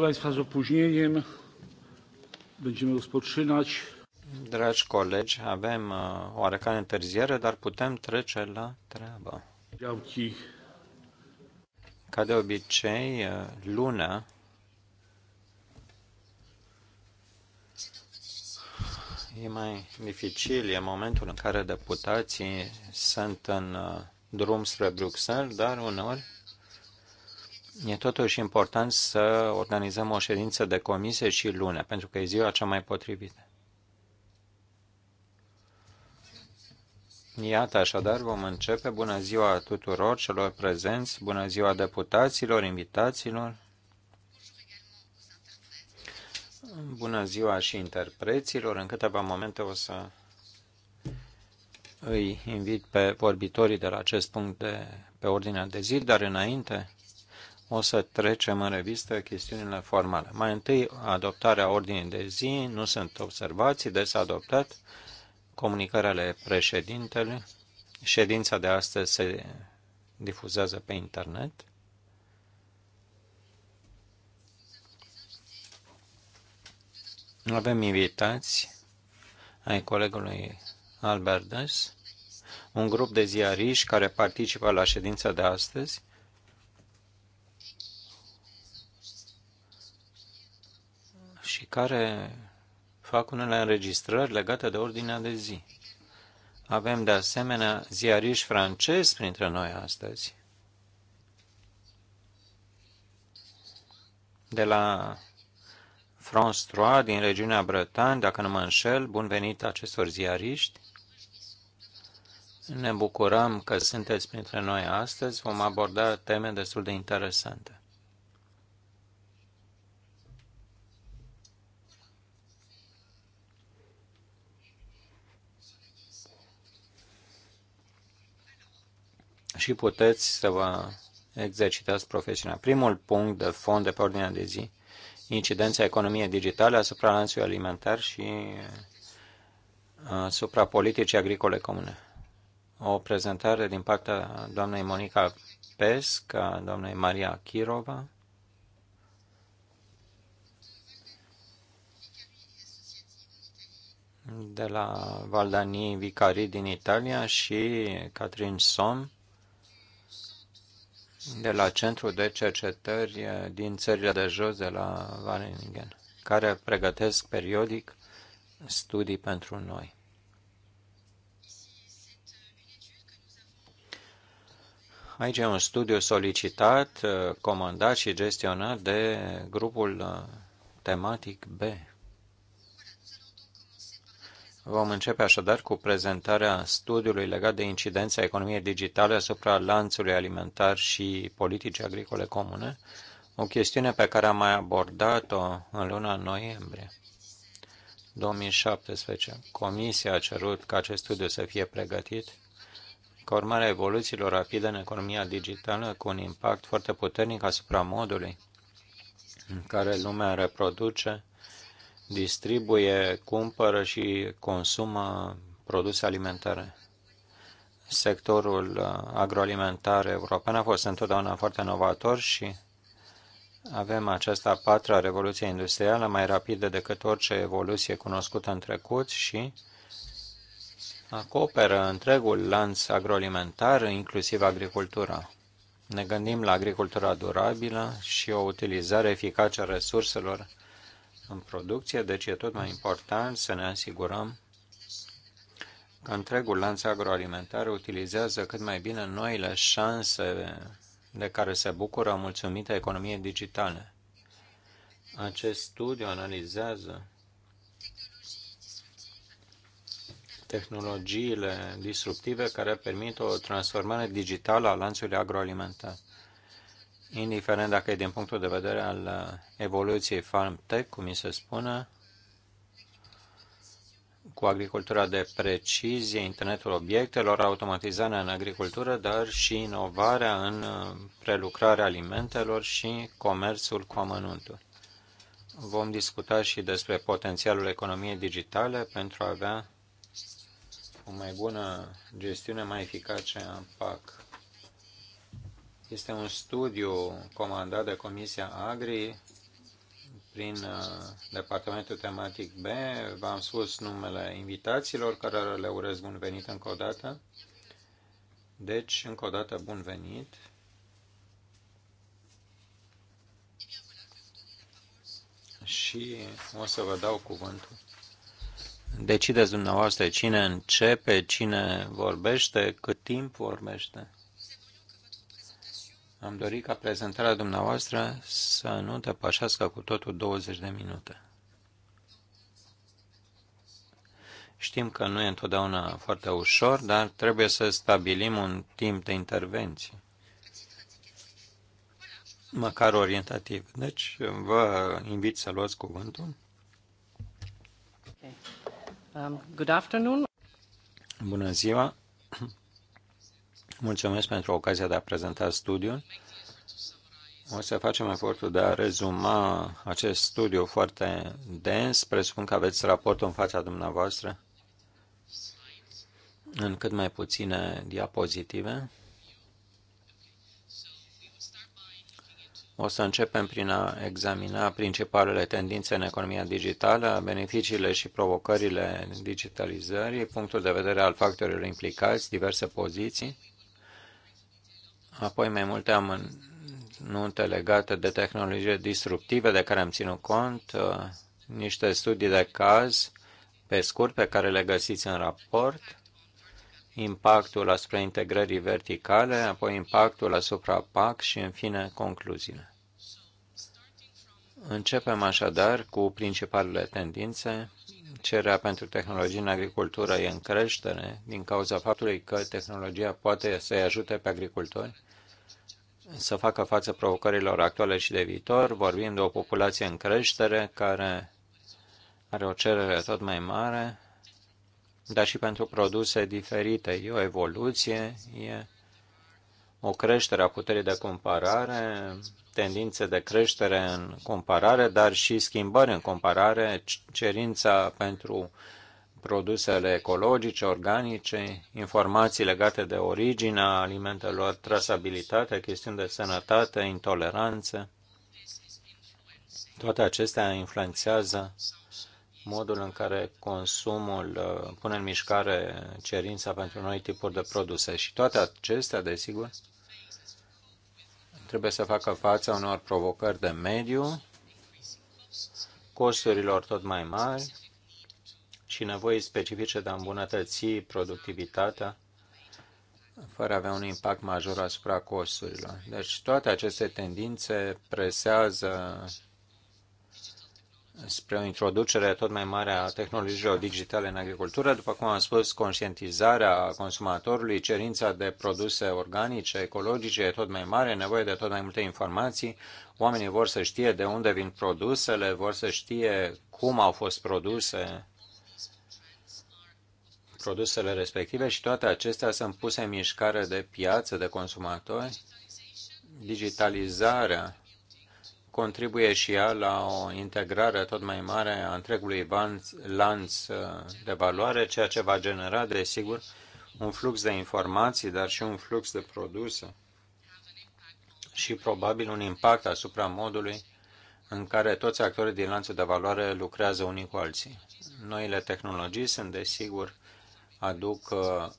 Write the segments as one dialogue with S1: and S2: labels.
S1: Państwa, z opóźnieniem będziemy rozpoczynać. Dragi
S2: colegi, avem uh, oarecare întârziere, dar putem trece la treabă. Ca de obicei, uh, luna e mai dificil, e momentul în care deputații sunt în uh, drum spre Bruxelles, dar uneori E totuși important să organizăm o ședință de comisie și lune, pentru că e ziua cea mai potrivită. Iată, așadar, vom începe. Bună ziua tuturor celor prezenți, bună ziua deputaților, invitaților. Bună ziua și interpreților. În câteva momente o să îi invit pe vorbitorii de la acest punct de pe ordinea de zi, dar înainte o să trecem în revistă chestiunile formale. Mai întâi, adoptarea ordinii de zi, nu sunt observații, des adoptat, comunicarea adoptat comunicările președintelui. Ședința de astăzi se difuzează pe internet. Avem invitați ai colegului Des, un grup de ziariști care participă la ședința de astăzi și care fac unele înregistrări legate de ordinea de zi. Avem de asemenea ziariști francezi printre noi astăzi. De la 3, din regiunea Bretagne, dacă nu mă înșel, bun venit acestor ziariști. Ne bucurăm că sunteți printre noi astăzi. Vom aborda teme destul de interesante. și puteți să vă exercitați profesional. Primul punct de fond de pe ordinea de zi, incidența economiei digitale asupra lanțului alimentar și uh, asupra politicii agricole comune. O prezentare din partea doamnei Monica Pesc, a doamnei Maria Chirova, de la Valdani Vicari din Italia și Catherine Som de la Centrul de Cercetări eh, din țările de jos, de la Wageningen, care pregătesc periodic studii pentru noi. Aici e un studiu solicitat, eh, comandat și gestionat de grupul eh, tematic B. Vom începe așadar cu prezentarea studiului legat de incidența economiei digitale asupra lanțului alimentar și politicii agricole comune, o chestiune pe care am mai abordat-o în luna noiembrie 2017. Comisia a cerut ca acest studiu să fie pregătit ca urmare a evoluțiilor rapide în economia digitală cu un impact foarte puternic asupra modului în care lumea reproduce distribuie, cumpără și consumă produse alimentare. Sectorul uh, agroalimentar european a fost întotdeauna foarte inovator și avem această a patra revoluție industrială mai rapidă decât orice evoluție cunoscută în trecut și acoperă întregul lanț agroalimentar, inclusiv agricultura. Ne gândim la agricultura durabilă și o utilizare eficace a resurselor în producție, deci e tot mai important să ne asigurăm că întregul lanț agroalimentar utilizează cât mai bine noile șanse de care se bucură mulțumită economie digitale. Acest studiu analizează tehnologiile disruptive care permit o transformare digitală a lanțului agroalimentar indiferent dacă e din punctul de vedere al uh, evoluției farm tech, cum mi se spune, cu agricultura de precizie, internetul obiectelor, automatizarea în agricultură, dar și inovarea în uh, prelucrarea alimentelor și comerțul cu amănuntul. Vom discuta și despre potențialul economiei digitale pentru a avea o mai bună gestiune mai eficace a PAC. Este un studiu comandat de Comisia Agri prin uh, departamentul tematic B. V-am spus numele invitațiilor care le urez bun venit încă o dată. Deci, încă o dată, bun venit. Și o să vă dau cuvântul. Decideți dumneavoastră cine începe, cine vorbește, cât timp vorbește. Am dorit ca prezentarea dumneavoastră să nu depășească cu totul 20 de minute. Știm că nu e întotdeauna foarte ușor, dar trebuie să stabilim un timp de intervenție, măcar orientativ. Deci vă invit să luați cuvântul.
S3: Um, good afternoon.
S2: Bună ziua! Mulțumesc pentru ocazia de a prezenta studiul. O să facem efortul de a rezuma acest studiu foarte dens. Presupun că aveți raportul în fața dumneavoastră în cât mai puține diapozitive. O să începem prin a examina principalele tendințe în economia digitală, beneficiile și provocările digitalizării, punctul de vedere al factorilor implicați, diverse poziții, apoi mai multe amănunte legate de tehnologie disruptive de care am ținut cont, uh, niște studii de caz pe scurt pe care le găsiți în raport, impactul asupra integrării verticale, apoi impactul asupra PAC și, în fine, concluziile. Începem așadar cu principalele tendințe. Cererea pentru tehnologii în agricultură e în creștere din cauza faptului că tehnologia poate să-i ajute pe agricultori să facă față provocărilor actuale și de viitor. Vorbim de o populație în creștere care are o cerere tot mai mare, dar și pentru produse diferite. E o evoluție, e o creștere a puterii de comparare, tendințe de creștere în comparare, dar și schimbări în comparare, cerința pentru uh, produsele ecologice, organice, informații legate de origine alimentelor, trasabilitate, chestiuni de sănătate, intoleranță. Toate acestea influențează modul în care consumul uh, pune în mișcare cerința pentru noi tipuri de produse. Și toate acestea, desigur, trebuie să facă fața unor provocări de mediu, costurilor tot mai mari, și nevoi specifice de a îmbunătăți productivitatea fără a avea un impact major asupra costurilor. Deci toate aceste tendințe presează spre o introducere tot mai mare a tehnologiilor digitale în agricultură, după cum am spus, conștientizarea consumatorului, cerința de produse organice, ecologice e tot mai mare, nevoie de tot mai multe informații, oamenii vor să știe de unde vin produsele, vor să știe cum au fost produse, produsele respective și toate acestea sunt puse în mișcare de piață, de consumatori. Digitalizarea contribuie și ea la o integrare tot mai mare a întregului lanț uh, de valoare, ceea ce va genera, desigur, un flux de informații, dar și un flux de produse și probabil un impact asupra modului în care toți actorii din lanțul de valoare lucrează unii cu alții. Noile tehnologii sunt, desigur, aduc uh,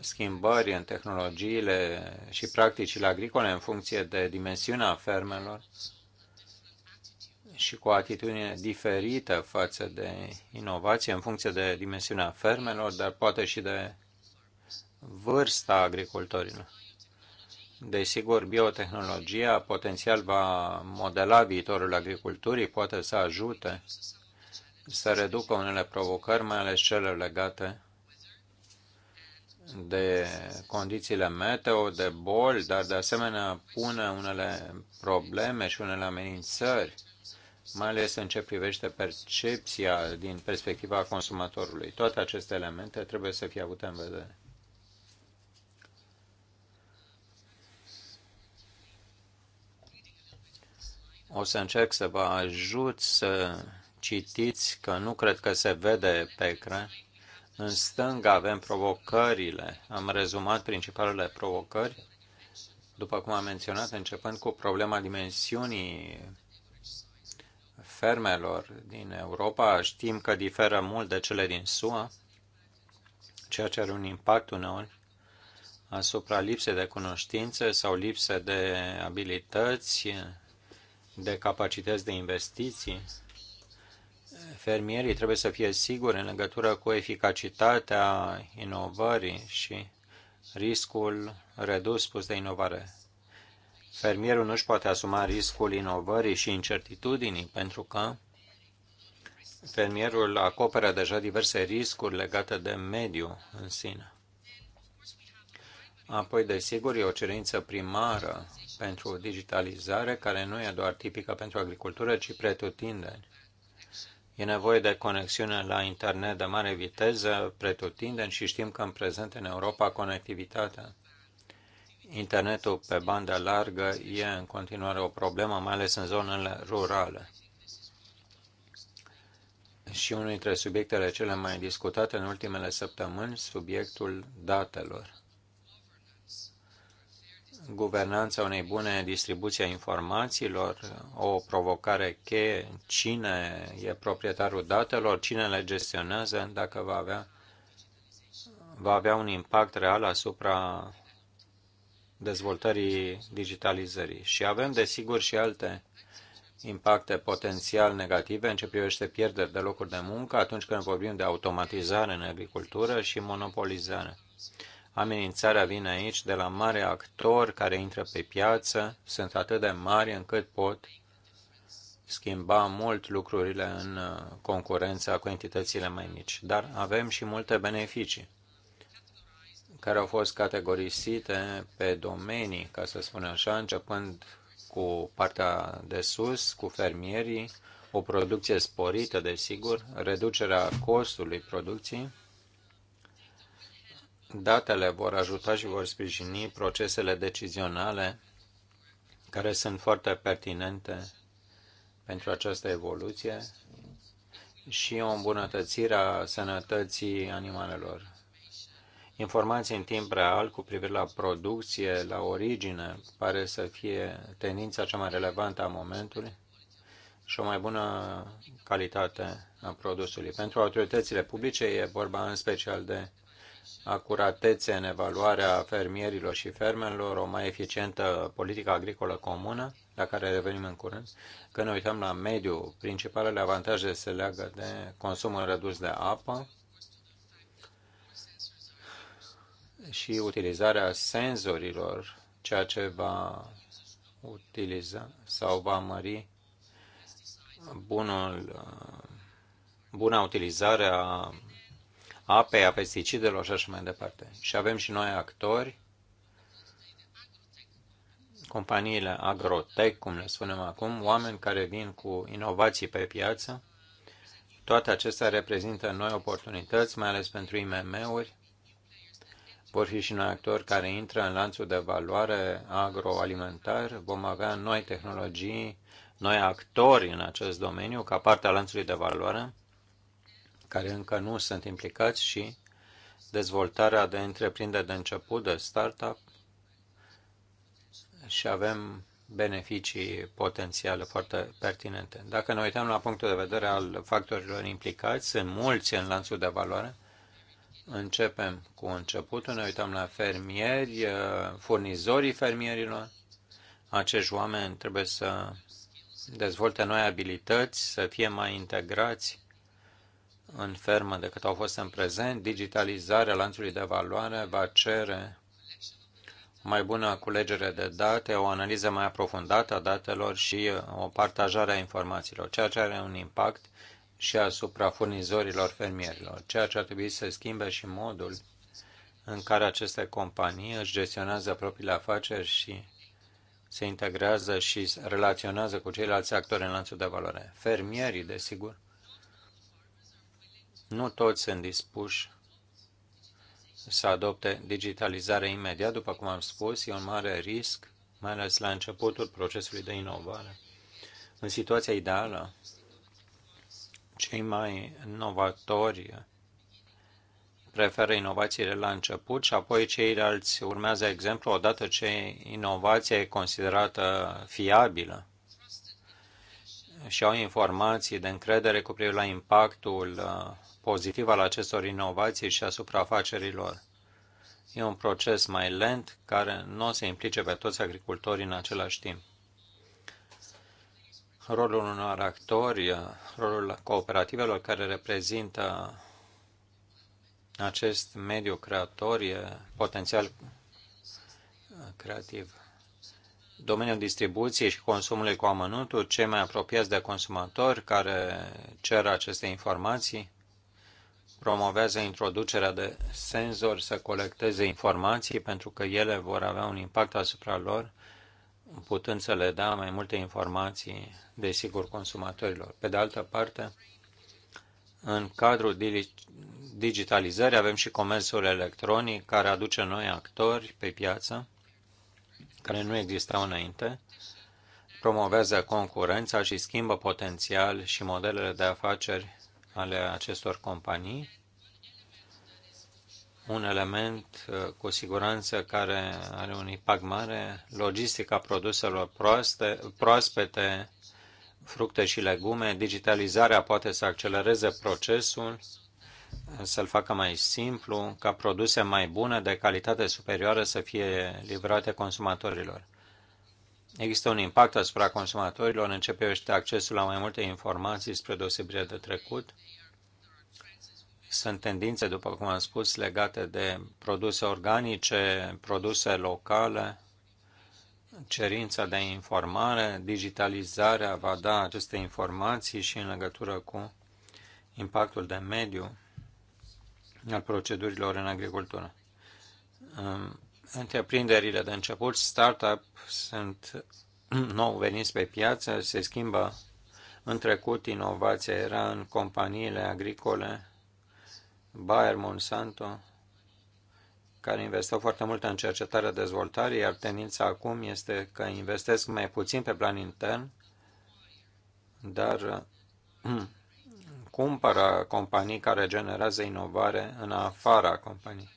S2: schimbări în tehnologiile și practicile agricole în funcție de dimensiunea fermelor și cu o atitudine diferită față de inovație în funcție de dimensiunea fermelor, dar poate și de vârsta agricultorilor. Desigur, biotehnologia potențial va modela viitorul agriculturii, poate să ajute să reducă unele provocări, mai ales cele legate de condițiile meteo, de boli, dar de asemenea pune unele probleme și unele amenințări, mai ales în ce privește percepția din perspectiva consumatorului. Toate aceste elemente trebuie să fie avute în vedere. O să încerc să vă ajut să citiți, că nu cred că se vede pe ecran în stânga avem provocările. Am rezumat principalele provocări, după cum am menționat, începând cu problema dimensiunii fermelor din Europa. Știm că diferă mult de cele din SUA, ceea ce are un impact uneori asupra lipsei de cunoștințe sau lipse de abilități, de capacități de investiții Fermierii trebuie să fie siguri în legătură cu eficacitatea inovării și riscul redus pus de inovare. Fermierul nu își poate asuma riscul inovării și incertitudinii pentru că fermierul acoperă deja diverse riscuri legate de mediu în sine. Apoi, desigur, e o cerință primară pentru digitalizare, care nu e doar tipică pentru agricultură, ci pretutindeni. E nevoie de conexiune la internet de mare viteză, pretutindeni și știm că în prezent în Europa conectivitatea internetul pe bandă largă e în continuare o problemă, mai ales în zonele rurale. Și unul dintre subiectele cele mai discutate în ultimele săptămâni, subiectul datelor guvernanța unei bune distribuții a informațiilor, o provocare cheie, cine e proprietarul datelor, cine le gestionează, dacă va avea, va avea un impact real asupra dezvoltării digitalizării. Și avem, desigur, și alte impacte potențial negative în ce privește pierderi de locuri de muncă atunci când vorbim de automatizare în agricultură și monopolizare. Amenințarea vine aici de la mare actori care intră pe piață, sunt atât de mari încât pot schimba mult lucrurile în uh, concurența cu entitățile mai mici. Dar avem și multe beneficii care au fost categorisite pe domenii, ca să spunem așa, începând cu partea de sus, cu fermierii, o producție sporită, desigur, reducerea costului producției, Datele vor ajuta și vor sprijini procesele decizionale care sunt foarte pertinente pentru această evoluție și o îmbunătățire a sănătății animalelor. Informații în timp real cu privire la producție, la origine, pare să fie tendința cea mai relevantă a momentului și o mai bună calitate a produsului. Pentru autoritățile publice e vorba în special de acuratețe în evaluarea fermierilor și fermelor, o mai eficientă politică agricolă comună, la care revenim în curând. Când ne uităm la mediu, principalele avantaje se leagă de consumul redus de apă și utilizarea senzorilor, ceea ce va utiliza sau va mări bunul, buna utilizare a apei, a pesticidelor și așa mai departe. Și avem și noi actori, companiile agrotech, cum le spunem acum, oameni care vin cu inovații pe piață. Toate acestea reprezintă noi oportunități, mai ales pentru IMM-uri. Vor fi și noi actori care intră în lanțul de valoare agroalimentar. Vom avea noi tehnologii, noi actori în acest domeniu, ca parte a lanțului de valoare care încă nu sunt implicați și dezvoltarea de întreprinderi de început, de startup și avem beneficii potențiale foarte pertinente. Dacă ne uităm la punctul de vedere al factorilor implicați, sunt mulți în lanțul de valoare. Începem cu începutul, ne uităm la fermieri, furnizorii fermierilor. Acești oameni trebuie să dezvolte noi abilități, să fie mai integrați în fermă decât au fost în prezent. Digitalizarea lanțului de valoare va cere mai bună culegere de date, o analiză mai aprofundată a datelor și o partajare a informațiilor, ceea ce are un impact și asupra furnizorilor fermierilor, ceea ce ar trebui să schimbe și modul în care aceste companii își gestionează propriile afaceri și se integrează și relaționează cu ceilalți actori în lanțul de valoare. Fermierii, desigur, nu toți sunt dispuși să adopte digitalizarea imediat, după cum am spus, e un mare risc, mai ales la începutul procesului de inovare. În situația ideală, cei mai inovatori preferă inovațiile la început și apoi ceilalți urmează exemplu odată ce inovația e considerată fiabilă și au informații de încredere cu privire la impactul uh, pozitiv al acestor inovații și asupra afacerilor. E un proces mai lent care nu o să implice pe toți agricultorii în același timp. Rolul unor actori, rolul cooperativelor care reprezintă acest mediu creator e potențial creativ. Domeniul distribuției și consumului cu amănuntul, cei mai apropiați de consumatori care cer aceste informații, promovează introducerea de senzori să colecteze informații pentru că ele vor avea un impact asupra lor, putând să le da mai multe informații, desigur, consumatorilor. Pe de altă parte, în cadrul digitalizării avem și comerțul electronic care aduce noi actori pe piață care nu existau înainte, promovează concurența și schimbă potențial și modelele de afaceri ale acestor companii. Un element uh, cu siguranță care are un impact mare, logistica produselor proaste, proaspete, fructe și legume, digitalizarea poate să accelereze procesul, să-l facă mai simplu, ca produse mai bune, de calitate superioară să fie livrate consumatorilor. Există un impact asupra consumatorilor, începește accesul la mai multe informații spre deosebire de trecut. Sunt tendințe, după cum am spus, legate de produse organice, produse locale, cerința de informare, digitalizarea va da aceste informații și în legătură cu impactul de mediu al procedurilor în agricultură. Întreprinderile de început, startup, sunt nou veniți pe piață, se schimbă. În trecut, inovația era în companiile agricole, Bayer, Monsanto, care investeau foarte mult în cercetare dezvoltare, iar tendința acum este că investesc mai puțin pe plan intern, dar cumpără companii care generează inovare în afara companiei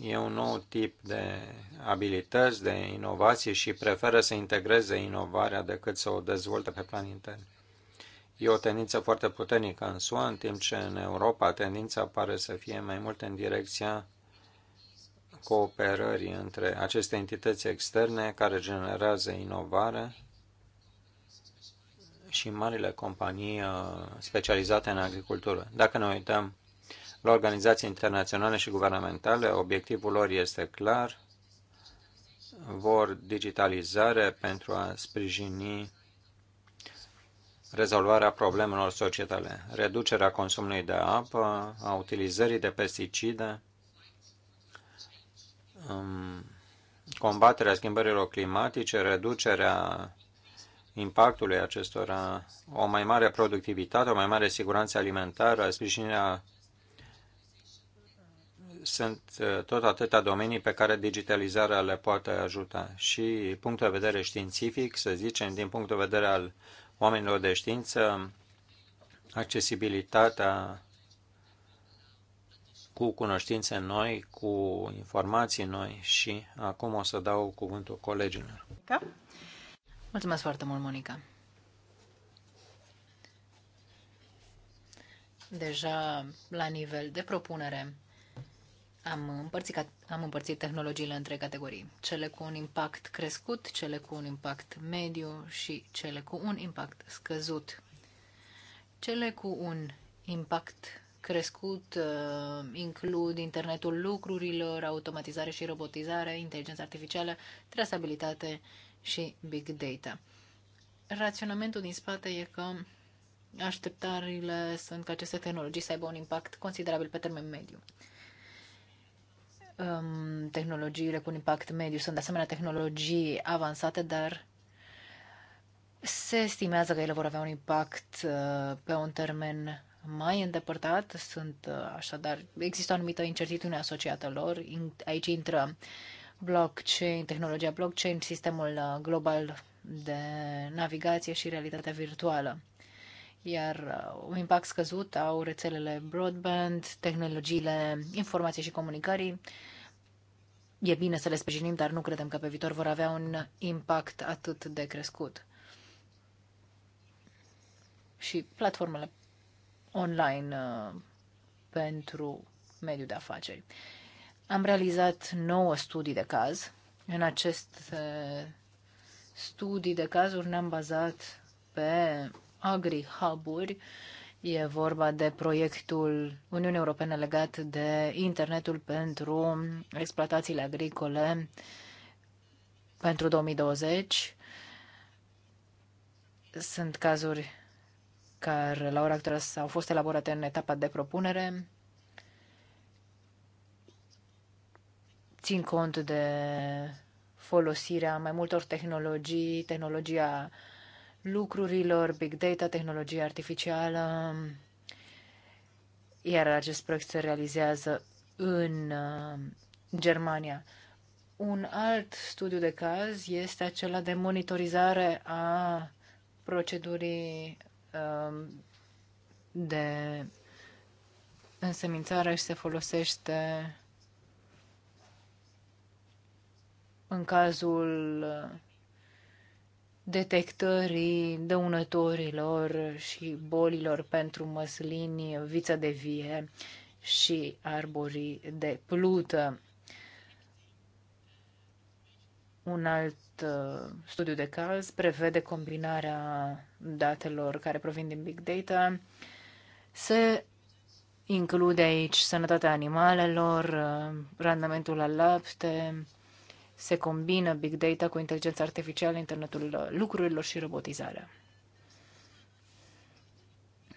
S2: e un nou tip de abilități, de inovație și preferă să integreze inovarea decât să o dezvolte pe plan intern. E o tendință foarte puternică în SUA, în timp ce în Europa tendința pare să fie mai mult în direcția cooperării între aceste entități externe care generează inovare și marile companii uh, specializate în agricultură. Dacă ne uităm la organizații internaționale și guvernamentale. Obiectivul lor este clar. Vor digitalizare pentru a sprijini rezolvarea problemelor societale, reducerea consumului de apă, a utilizării de pesticide, um, combaterea schimbărilor climatice, reducerea impactului acestora, o mai mare productivitate, o mai mare siguranță alimentară, sprijinirea sunt uh, tot atâtea domenii pe care digitalizarea le poate ajuta. Și punct de vedere științific, să zicem, din punct de vedere al oamenilor de știință, accesibilitatea cu cunoștințe noi, cu informații noi și acum o să dau cuvântul colegilor.
S3: Mulțumesc foarte mult, Monica. Deja la nivel de propunere am împărțit, am împărțit tehnologiile între categorii. Cele cu un impact crescut, cele cu un impact mediu și cele cu un impact scăzut. Cele cu un impact crescut uh, includ internetul lucrurilor, automatizare și robotizare, inteligența artificială, trasabilitate și big data. Raționamentul din spate e că așteptările sunt ca aceste tehnologii să aibă un impact considerabil pe termen mediu um, tehnologiile cu un impact mediu sunt de asemenea tehnologii avansate, dar se estimează că ele vor avea un impact uh, pe un termen mai îndepărtat, sunt uh, așadar, există o anumită incertitudine asociată lor. In, aici intră blockchain, tehnologia blockchain, sistemul uh, global de navigație și realitatea virtuală iar uh, un impact scăzut au rețelele broadband, tehnologiile informației și comunicării. E bine să le sprijinim, dar nu credem că pe viitor vor avea un impact atât de crescut. Și platformele online uh, pentru mediul de afaceri. Am realizat nouă studii de caz. În aceste uh, studii de cazuri ne-am bazat pe agri-hub-uri. E vorba de proiectul Uniunii Europene legat de internetul pentru exploatațiile agricole pentru 2020. Sunt cazuri care la ora actuală au fost elaborate în etapa de propunere. Țin cont de folosirea mai multor tehnologii, tehnologia lucrurilor, big data, tehnologie artificială, iar acest proiect se realizează în uh, Germania. Un alt studiu de caz este acela de monitorizare a procedurii um, de însemințare și se folosește în cazul uh, detectării dăunătorilor și bolilor pentru măslini, viță de vie și arborii de plută. Un alt uh, studiu de caz prevede combinarea datelor care provin din big data. Se include aici sănătatea animalelor, uh, randamentul la lapte, se combină big data cu inteligența artificială, internetul uh, lucrurilor și robotizarea.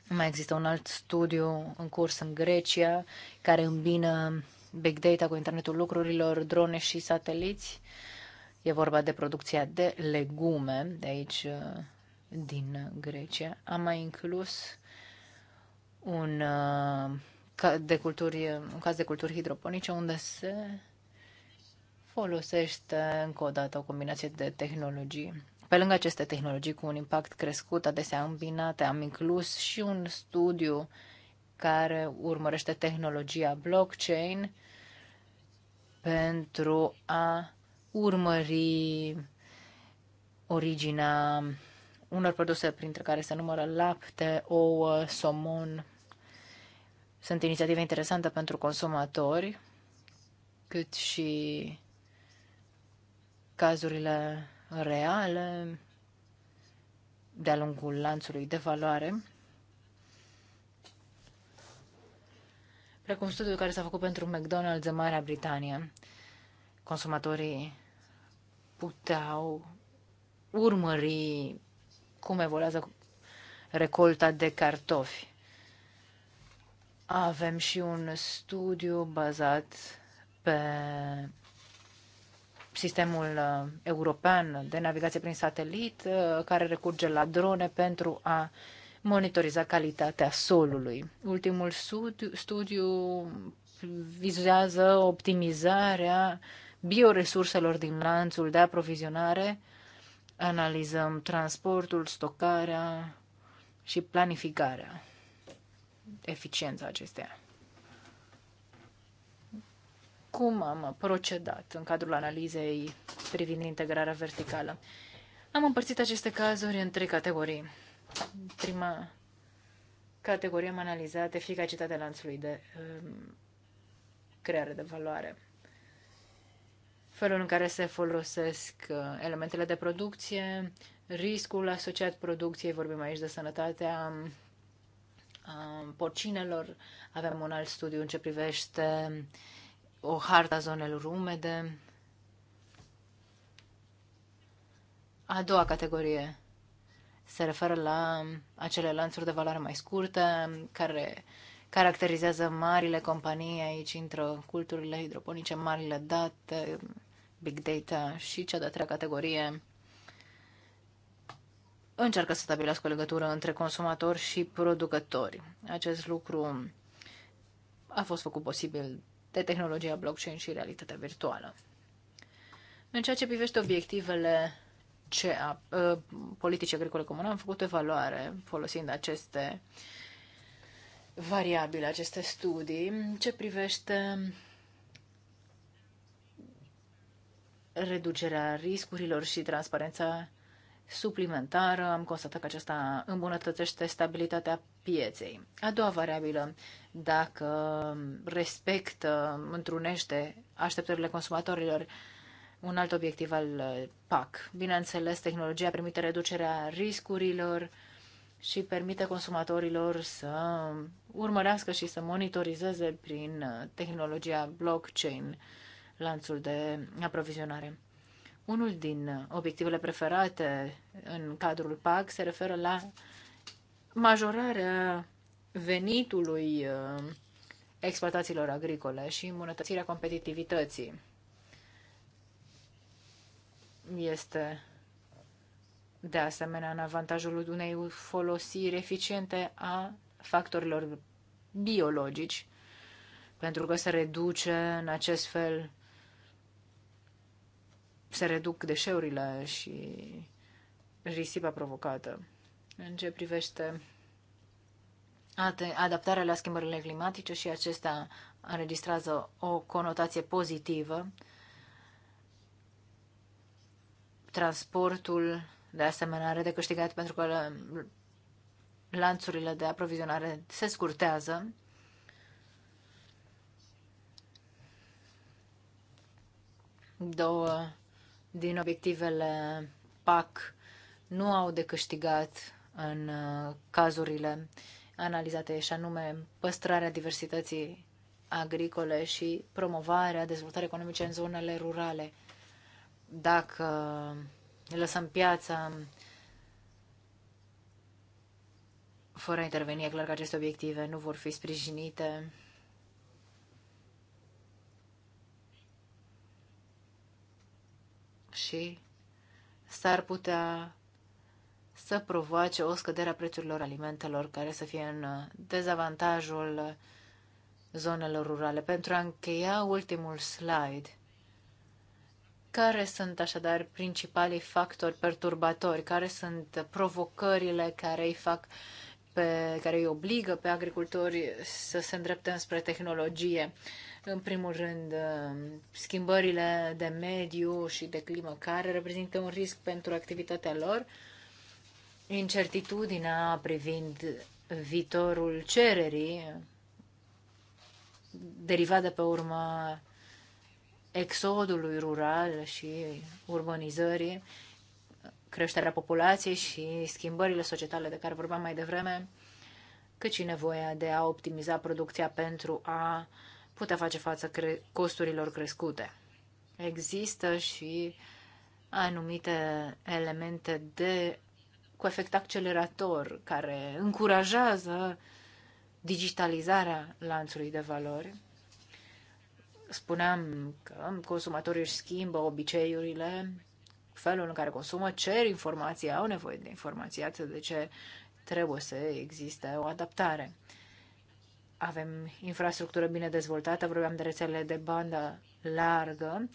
S3: Mai există un alt studiu în curs în Grecia care îmbină big data cu internetul lucrurilor, drone și sateliți. E vorba de producția de legume de aici uh, din Grecia. Am mai inclus un, uh, de culturi, un caz de culturi hidroponice unde se folosește încă o dată o combinație de tehnologii. Pe lângă aceste tehnologii cu un impact crescut, adesea îmbinate, am inclus și un studiu care urmărește tehnologia blockchain pentru a urmări originea unor produse printre care se numără lapte, ouă, somon. Sunt inițiative interesante pentru consumatori, cât și cazurile reale de-a lungul lanțului de valoare, precum studiul care s-a făcut pentru McDonald's în Marea Britanie. Consumatorii puteau urmări cum evoluează recolta de cartofi. Avem și un studiu bazat pe sistemul uh, european de navigație prin satelit, uh, care recurge la drone pentru a monitoriza calitatea solului. Ultimul studiu vizează optimizarea bioresurselor din lanțul de aprovizionare. Analizăm transportul, stocarea și planificarea, eficiența acesteia cum am procedat în cadrul analizei privind integrarea verticală. Am împărțit aceste cazuri în trei categorii. Prima categorie am analizat eficacitatea lanțului de um, creare de valoare. Felul în care se folosesc uh, elementele de producție, riscul asociat producției, vorbim aici de sănătatea um, porcinelor, avem un alt studiu în ce privește o harta zonelor umede. A doua categorie se referă la acele lanțuri de valoare mai scurte care caracterizează marile companii. Aici într-o culturile hidroponice, marile date, big data și cea de-a treia categorie încearcă să stabilească o legătură între consumatori și producători. Acest lucru a fost făcut posibil de tehnologia blockchain și realitatea virtuală. În ceea ce privește obiectivele CEA, ă, politicii agricole comune, am făcut evaluare folosind aceste variabile, aceste studii, ce privește reducerea riscurilor și transparența suplimentară. Am constatat că aceasta îmbunătățește stabilitatea pieței. A doua variabilă, dacă respectă, întrunește așteptările consumatorilor, un alt obiectiv al PAC. Bineînțeles, tehnologia permite reducerea riscurilor și permite consumatorilor să urmărească și să monitorizeze prin tehnologia blockchain lanțul de aprovizionare. Unul din obiectivele preferate în cadrul PAC se referă la majorarea venitului uh, exploatațiilor agricole și îmbunătățirea competitivității. Este de asemenea în avantajul unei folosiri eficiente a factorilor biologici, pentru că se reduce în acest fel se reduc deșeurile și risipa provocată. În ce privește adaptarea la schimbările climatice și acestea înregistrează o conotație pozitivă. Transportul, de asemenea, are de câștigat pentru că lanțurile de aprovizionare se scurtează. Două din obiectivele PAC nu au de câștigat în uh, cazurile analizate, și anume păstrarea diversității agricole și promovarea dezvoltării economice în zonele rurale. Dacă lăsăm piața fără a interveni, e clar că aceste obiective nu vor fi sprijinite și s-ar putea să provoace o scădere a prețurilor alimentelor care să fie în dezavantajul zonelor rurale. Pentru a încheia ultimul slide, care sunt așadar principalii factori perturbatori? Care sunt provocările care îi fac pe, care îi obligă pe agricultori să se îndrepte înspre tehnologie? În primul rând, uh, schimbările de mediu și de climă care reprezintă un risc pentru activitatea lor, incertitudinea privind viitorul cererii derivat de pe urma exodului rural și urbanizării, creșterea populației și schimbările societale de care vorbeam mai devreme, cât și nevoia de a optimiza producția pentru a putea face față cre- costurilor crescute. Există și anumite elemente de cu efect accelerator care încurajează digitalizarea lanțului de valori. Spuneam că consumatorii își schimbă obiceiurile, felul în care consumă, cer informații, au nevoie de informații, atât de ce trebuie să existe o adaptare avem infrastructură bine dezvoltată, vorbeam de rețelele de bandă largă,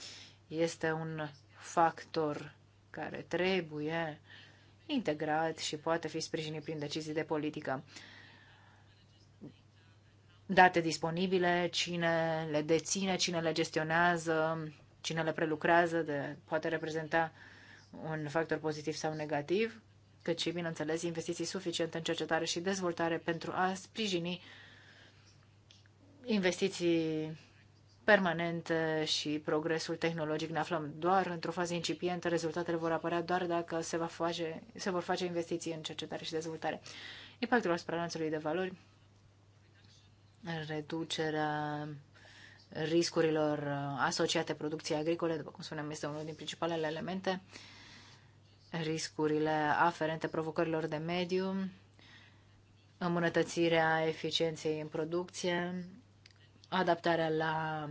S3: este un factor care trebuie integrat și poate fi sprijinit prin decizii de politică. Date disponibile, cine le deține, cine le gestionează, cine le prelucrează, de, poate reprezenta un factor pozitiv sau negativ, cât și, bineînțeles, investiții suficiente în cercetare și dezvoltare pentru a sprijini investiții permanente și progresul tehnologic. Ne aflăm doar într-o fază incipientă, rezultatele vor apărea doar dacă se, va face, se vor face investiții în cercetare și dezvoltare. Impactul asupra lanțului de valori, reducerea riscurilor asociate producției agricole, după cum spuneam, este unul din principalele elemente, riscurile aferente provocărilor de mediu, îmbunătățirea eficienței în producție, adaptarea la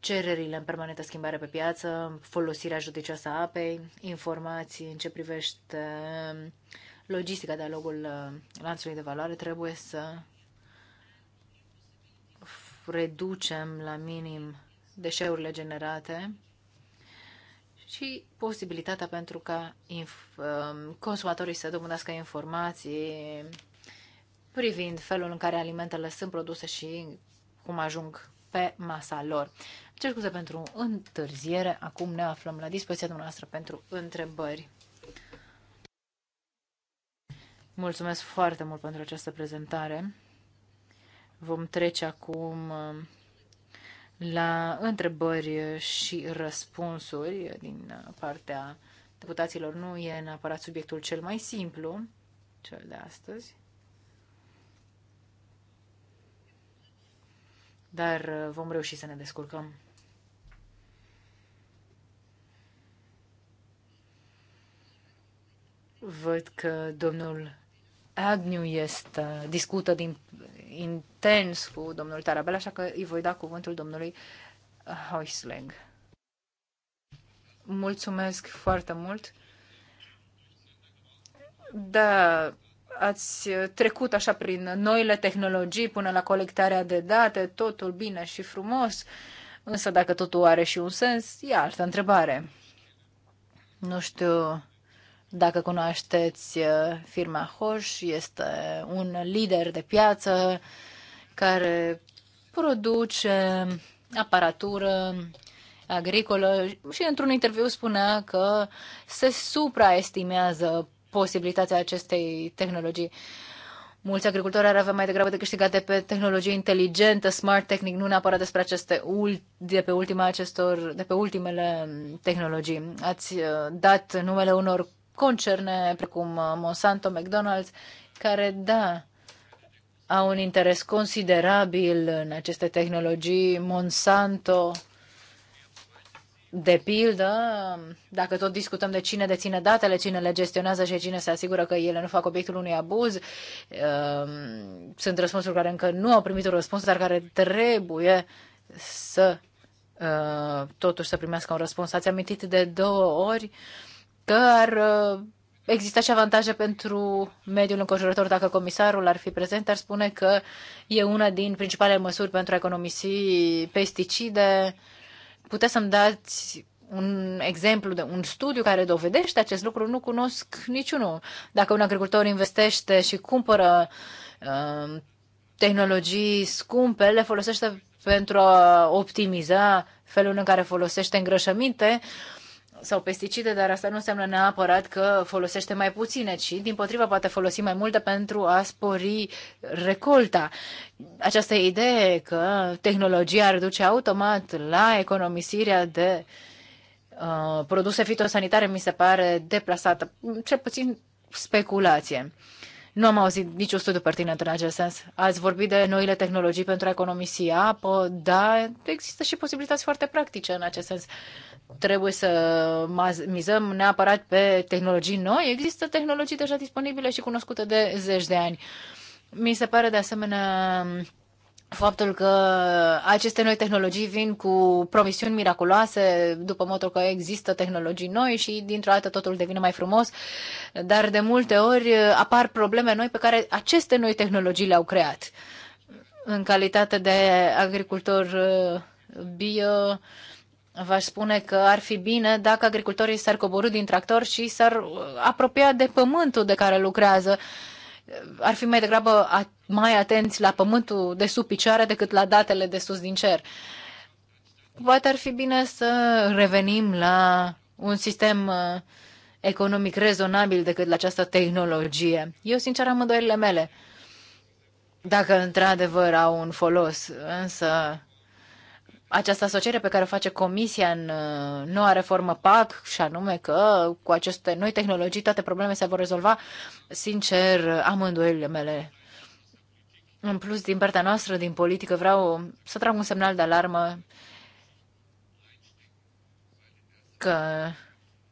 S3: cererile în permanentă schimbare pe piață, folosirea judicioasă a apei, informații în ce privește logistica, dialogul uh, lanțului de valoare, trebuie să reducem la minim deșeurile generate și posibilitatea pentru ca um, consumatorii să dobândească informații privind felul în care alimentele sunt produse și cum ajung pe masa lor. Cer scuze pentru întârziere. Acum ne aflăm la dispoziția dumneavoastră pentru întrebări. Mulțumesc foarte mult pentru această prezentare. Vom trece acum uh, la întrebări și răspunsuri din partea deputaților. Nu e neapărat subiectul cel mai simplu, cel de astăzi. dar uh, vom reuși să ne descurcăm. Văd că domnul Agnew este, uh, discută din, intens cu domnul Tarabel, așa că îi voi da cuvântul domnului Hoisling. Mulțumesc foarte mult. Da, ați uh, trecut așa prin noile tehnologii până la colectarea de date, totul bine și frumos, însă dacă totul are și un sens, e altă întrebare. Nu știu dacă cunoașteți uh, firma Hoș, este un lider de piață care produce aparatură agricolă și într-un interviu spunea că se supraestimează posibilitatea acestei tehnologii. Mulți agricultori ar avea mai degrabă de câștigat de pe tehnologie inteligentă, smart technic, nu neapărat despre aceste de pe, ultima acestor, de pe ultimele tehnologii. Ați uh, dat numele unor concerne precum uh, Monsanto, McDonald's, care, da, au un interes considerabil în aceste tehnologii. Monsanto de pildă, dacă tot discutăm de cine deține datele, cine le gestionează și cine se asigură că ele nu fac obiectul unui abuz, um, sunt răspunsuri care încă nu au primit un răspuns, dar care trebuie să uh, totuși să primească un răspuns. Ați amintit de două ori că ar uh, exista și avantaje pentru mediul înconjurător. Dacă comisarul ar fi prezent, ar spune că e una din principalele măsuri pentru a economisi pesticide, puteți să-mi dați un exemplu de un studiu care dovedește acest lucru, nu cunosc niciunul. Dacă un agricultor investește și cumpără uh, tehnologii scumpe, le folosește pentru a optimiza felul în care folosește îngrășăminte, uh, sau pesticide, dar asta nu înseamnă neapărat că folosește mai puține, ci din potriva poate folosi mai multe pentru a spori recolta. Această idee că tehnologia ar duce automat la economisirea de uh, produse fitosanitare mi se pare deplasată, cel puțin speculație. Nu am auzit niciun studiu pertinent în acest sens. Ați vorbit de noile tehnologii pentru a economisi apă, dar există și posibilități foarte practice în acest sens trebuie să mizăm neapărat pe tehnologii noi. Există tehnologii deja disponibile și cunoscute de zeci de ani. Mi se pare de asemenea faptul că aceste noi tehnologii vin cu promisiuni miraculoase, după modul că există tehnologii noi și dintr-o dată totul devine mai frumos, dar de multe ori apar probleme noi pe care aceste noi tehnologii le-au creat. În calitate de agricultor uh, bio, V-aș spune că ar fi bine dacă agricultorii s-ar coborâ din tractor și s-ar uh, apropia de pământul de care lucrează. Uh, ar fi mai degrabă mai atenți la pământul de sub picioare decât la datele de sus din cer. Poate ar fi bine să revenim la un sistem uh, economic rezonabil decât la această tehnologie. Eu, sincer, am îndoielile mele. Dacă într-adevăr au un folos, însă această asociere pe care o face Comisia în uh, noua reformă PAC, și anume că cu aceste noi tehnologii toate problemele se vor rezolva, sincer, amânduielile mele. În plus, din partea noastră, din politică, vreau să trag un semnal de alarmă că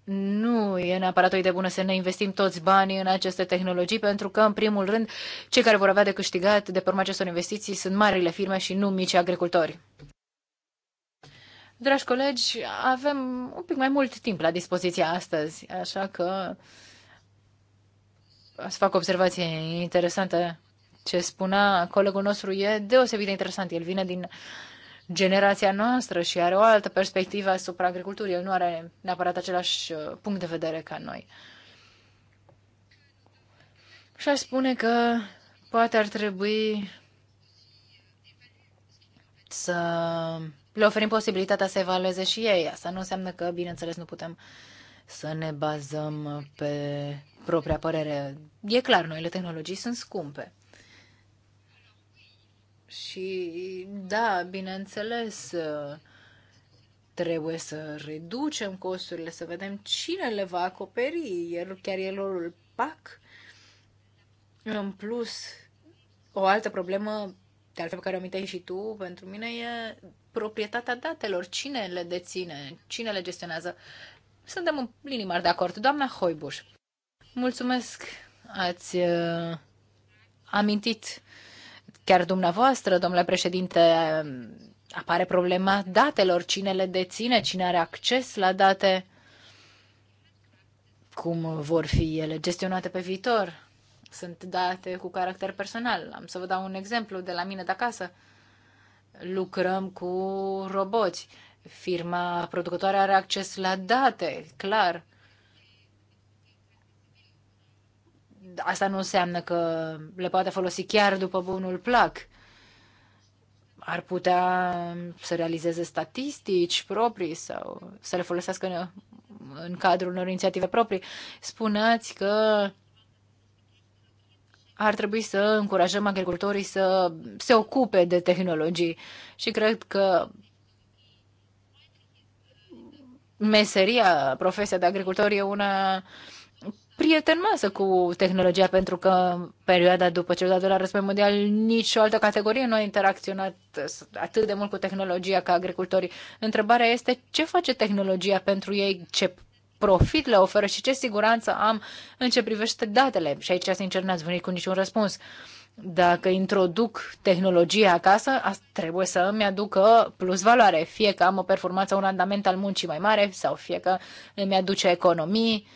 S3: nu e neapărat o idee bună să ne investim toți banii în aceste tehnologii, pentru că, în primul rând, cei care vor avea de câștigat de pe urma acestor investiții sunt marile firme și nu mici agricultori. Dragi colegi, avem un pic mai mult timp la dispoziție astăzi, așa că să fac observație interesantă. Ce spunea colegul nostru e deosebit de interesant. El vine din generația noastră și are o altă perspectivă asupra agriculturii. El nu are neapărat același uh, punct de vedere ca noi. Și aș spune că poate ar trebui să le oferim posibilitatea să evalueze și ei. Asta nu înseamnă că, bineînțeles, nu putem să ne bazăm pe propria părere. E clar, noile tehnologii sunt scumpe. Și da, bineînțeles, trebuie să reducem costurile, să vedem cine le va acoperi, Iar chiar e rolul PAC. În plus, o altă problemă de altfel pe care o aminteai și tu, pentru mine e proprietatea datelor. Cine le deține? Cine le gestionează? Suntem în linii mari de acord. Doamna Hoibuș, mulțumesc. Ați uh, amintit chiar dumneavoastră, domnule președinte, um, apare problema datelor. Cine le deține? Cine are acces la date? Cum vor fi ele gestionate pe viitor? Sunt date cu caracter personal. Am să vă dau un exemplu de la mine de acasă. Lucrăm cu roboți. Firma producătoare are acces la date, clar. Asta nu înseamnă că le poate folosi chiar după bunul plac ar putea să realizeze statistici proprii sau să le folosească în, în cadrul unor inițiative proprii. Spuneați că ar trebui să încurajăm agricultorii să se ocupe de tehnologii și cred că meseria, profesia de agricultor e una prietenoasă cu tehnologia, pentru că în perioada după cel de-al doilea război mondial nicio altă categorie nu a interacționat atât de mult cu tehnologia ca agricultorii. Întrebarea este ce face tehnologia pentru ei, ce profit le oferă și ce siguranță am în ce privește datele. Și aici, sincer, n-ați venit cu niciun răspuns. Dacă introduc tehnologia acasă, trebuie să îmi aducă plus valoare, fie că am o performanță, un randament al muncii mai mare sau fie că îmi aduce economii.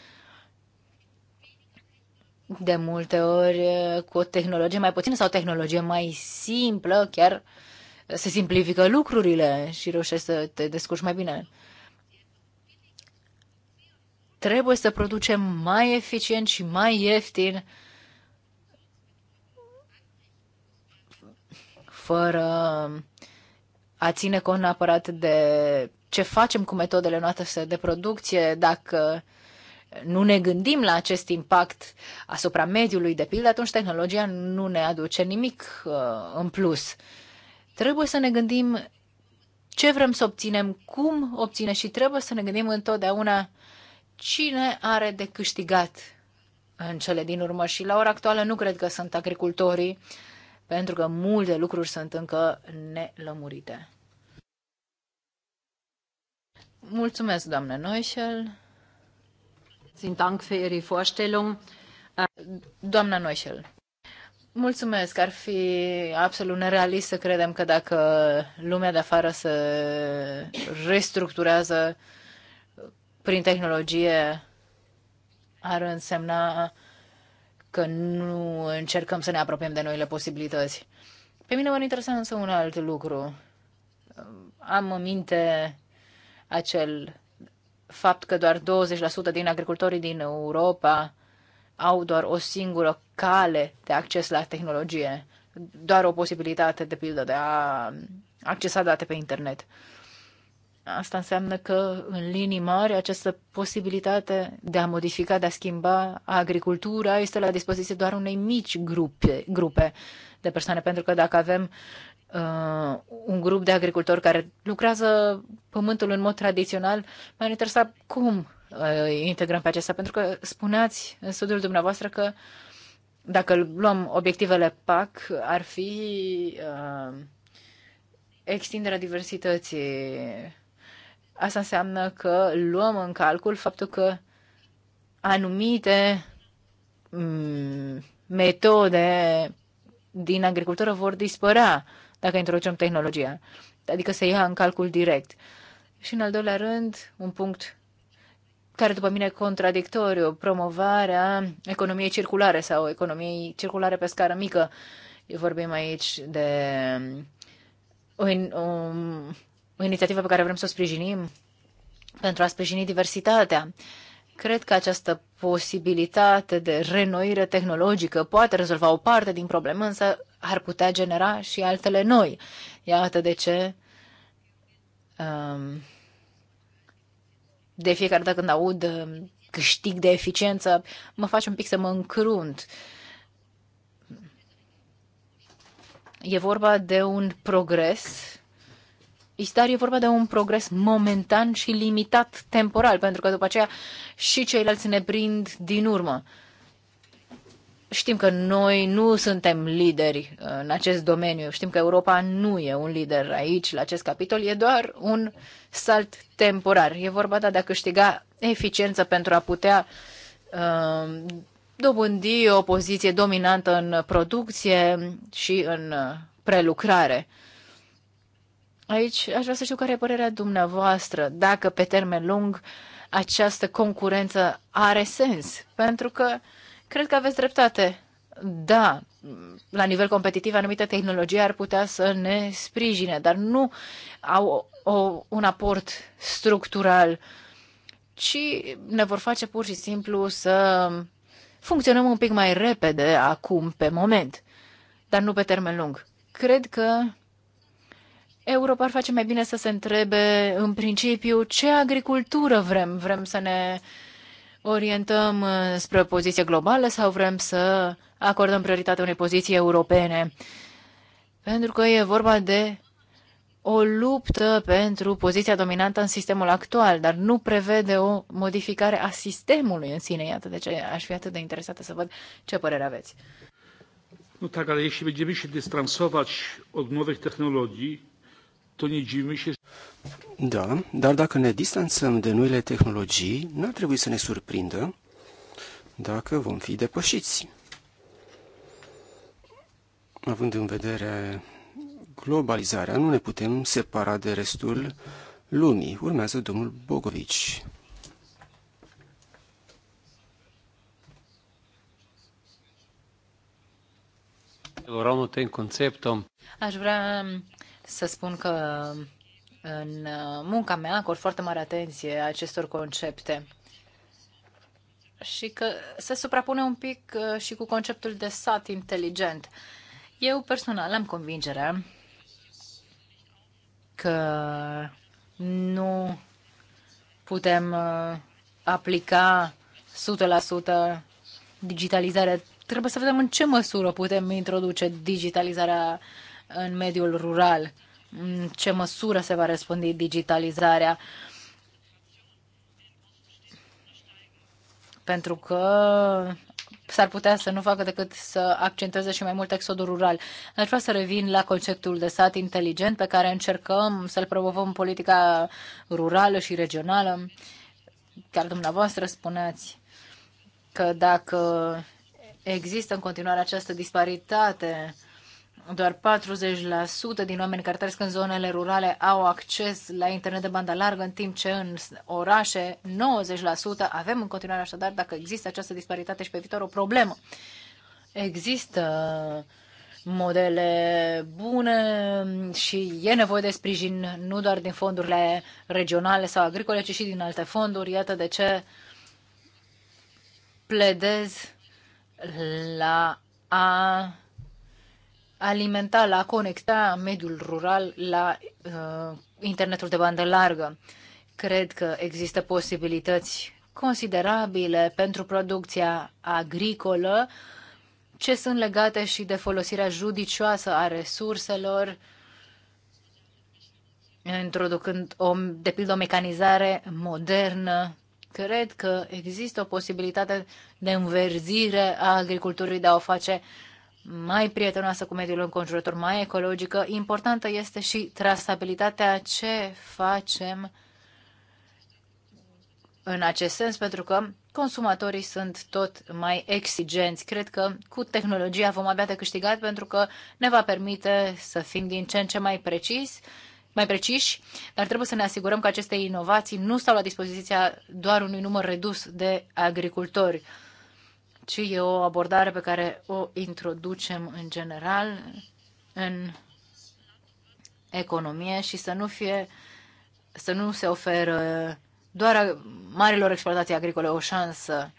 S3: De multe ori, cu o tehnologie mai puțină sau o tehnologie mai simplă, chiar se simplifică lucrurile și reușești să te descurci mai bine. Trebuie să producem mai eficient și mai ieftin fără a ține cont neapărat de ce facem cu metodele noastre de producție, dacă nu ne gândim la acest impact asupra mediului, de pildă, atunci tehnologia nu ne aduce nimic uh, în plus. Trebuie să ne gândim ce vrem să obținem, cum obține și trebuie să ne gândim întotdeauna cine are de câștigat în cele din urmă și la ora actuală nu cred că sunt agricultorii, pentru că multe lucruri sunt încă nelămurite. Mulțumesc, doamnă Noișel. Sunt Dank für Ihre Vorstellung. Doamna Noișel. mulțumesc. Ar fi absolut nerealist să credem că dacă lumea de afară se restructurează, prin tehnologie ar însemna că nu încercăm să ne apropiem de noile posibilități. Pe mine mă interesa însă un alt lucru. Am în minte acel fapt că doar 20% din agricultorii din Europa au doar o singură cale de acces la tehnologie, doar o posibilitate, de pildă, de a accesa date pe internet. Asta înseamnă că, în linii mari, această posibilitate de a modifica, de a schimba agricultura este la dispoziție doar unei mici grupe, grupe de persoane, pentru că dacă avem uh, un grup de agricultori care lucrează pământul în mod tradițional, m-ar interesa cum uh, integrăm pe acesta, pentru că spuneați în studiul dumneavoastră că dacă luăm obiectivele PAC, ar fi uh, extinderea diversității Asta înseamnă că luăm în calcul faptul că anumite mm, metode din agricultură vor dispărea dacă introducem tehnologia. Adică se ia în calcul direct. Și în al doilea rând, un punct care după mine contradictoriu, promovarea economiei circulare sau economiei circulare pe scară mică. Vorbim aici de mm, un, o inițiativă pe care vrem să o sprijinim pentru a sprijini diversitatea. Cred că această posibilitate de renoire tehnologică poate rezolva o parte din problemă, însă ar putea genera și altele noi. Iată de ce um, de fiecare dată când aud um, câștig de eficiență, mă face un pic să mă încrunt. E vorba de un progres dar e vorba de un progres momentan și limitat temporal, pentru că după aceea și ceilalți ne prind din urmă. Știm că noi nu suntem lideri uh, în acest domeniu, știm că Europa nu e un lider aici, la acest capitol, e doar un salt temporar. E vorba da, de a câștiga eficiență pentru a putea uh, dobândi o poziție dominantă în producție și în uh, prelucrare. Aici aș vrea să știu care e părerea dumneavoastră, dacă pe termen lung această concurență are sens, pentru că cred că aveți dreptate. Da, la nivel competitiv, anumite tehnologii ar putea să ne sprijine, dar nu au o, o, un aport structural, ci ne vor face pur și simplu să funcționăm un pic mai repede acum, pe moment, dar nu pe termen lung. Cred că Europa ar face mai bine să se întrebe în principiu ce agricultură vrem. Vrem să ne orientăm uh, spre o poziție globală sau vrem să acordăm prioritate unei poziții europene? Pentru că e vorba de o luptă pentru poziția dominantă în sistemul actual, dar nu prevede o modificare a sistemului în sine. Iată de ce aș fi atât de interesată să văd ce părere aveți. No
S1: tak, ale jeśli będziemy się dystansować od nowych technologii,
S4: da, dar dacă ne distanțăm de noile tehnologii, n-ar trebui să ne surprindă dacă vom fi depășiți. Având în vedere globalizarea, nu ne putem separa de restul lumii. Urmează domnul Bogovici.
S3: Aș vrea să spun că în uh, munca mea acord foarte mare atenție acestor concepte și că se suprapune un pic uh, și cu conceptul de sat inteligent. Eu personal am convingerea că nu putem uh, aplica 100% digitalizarea. Trebuie să vedem în ce măsură putem introduce digitalizarea uh, în mediul rural, în ce măsură se va răspândi digitalizarea. Pentru că s-ar putea să nu facă decât să accenteze și mai mult exodul rural. Aș vrea să revin la conceptul de sat inteligent pe care încercăm să-l promovăm politica rurală și regională. Chiar dumneavoastră spuneați că dacă există în continuare această disparitate doar 40% din oameni care trăiesc în zonele rurale au acces la internet de bandă largă, în timp ce în orașe 90% avem în continuare așadar, dacă există această disparitate și pe viitor, o problemă. Există modele bune și e nevoie de sprijin nu doar din fondurile regionale sau agricole, ci și din alte fonduri. Iată de ce pledez la a alimenta, la conecta mediul rural la uh, internetul de bandă largă. Cred că există posibilități considerabile pentru producția agricolă ce sunt legate și de folosirea judicioasă a resurselor, introducând, o, de pildă, o mecanizare modernă. Cred că există o posibilitate de înverzire a agriculturii de a o face uh, mai prietenoasă cu mediul înconjurător, mai ecologică. Importantă este și trasabilitatea ce facem în acest sens, pentru că consumatorii sunt tot mai exigenți. Cred că cu tehnologia vom avea de câștigat pentru că ne va permite să fim din ce în ce mai preciși, mai preciși, dar trebuie să ne asigurăm că aceste inovații nu stau la dispoziția doar unui număr redus de agricultori ci e o abordare pe care o introducem în general în economie și să nu fie să nu se oferă doar marilor exploatații agricole o șansă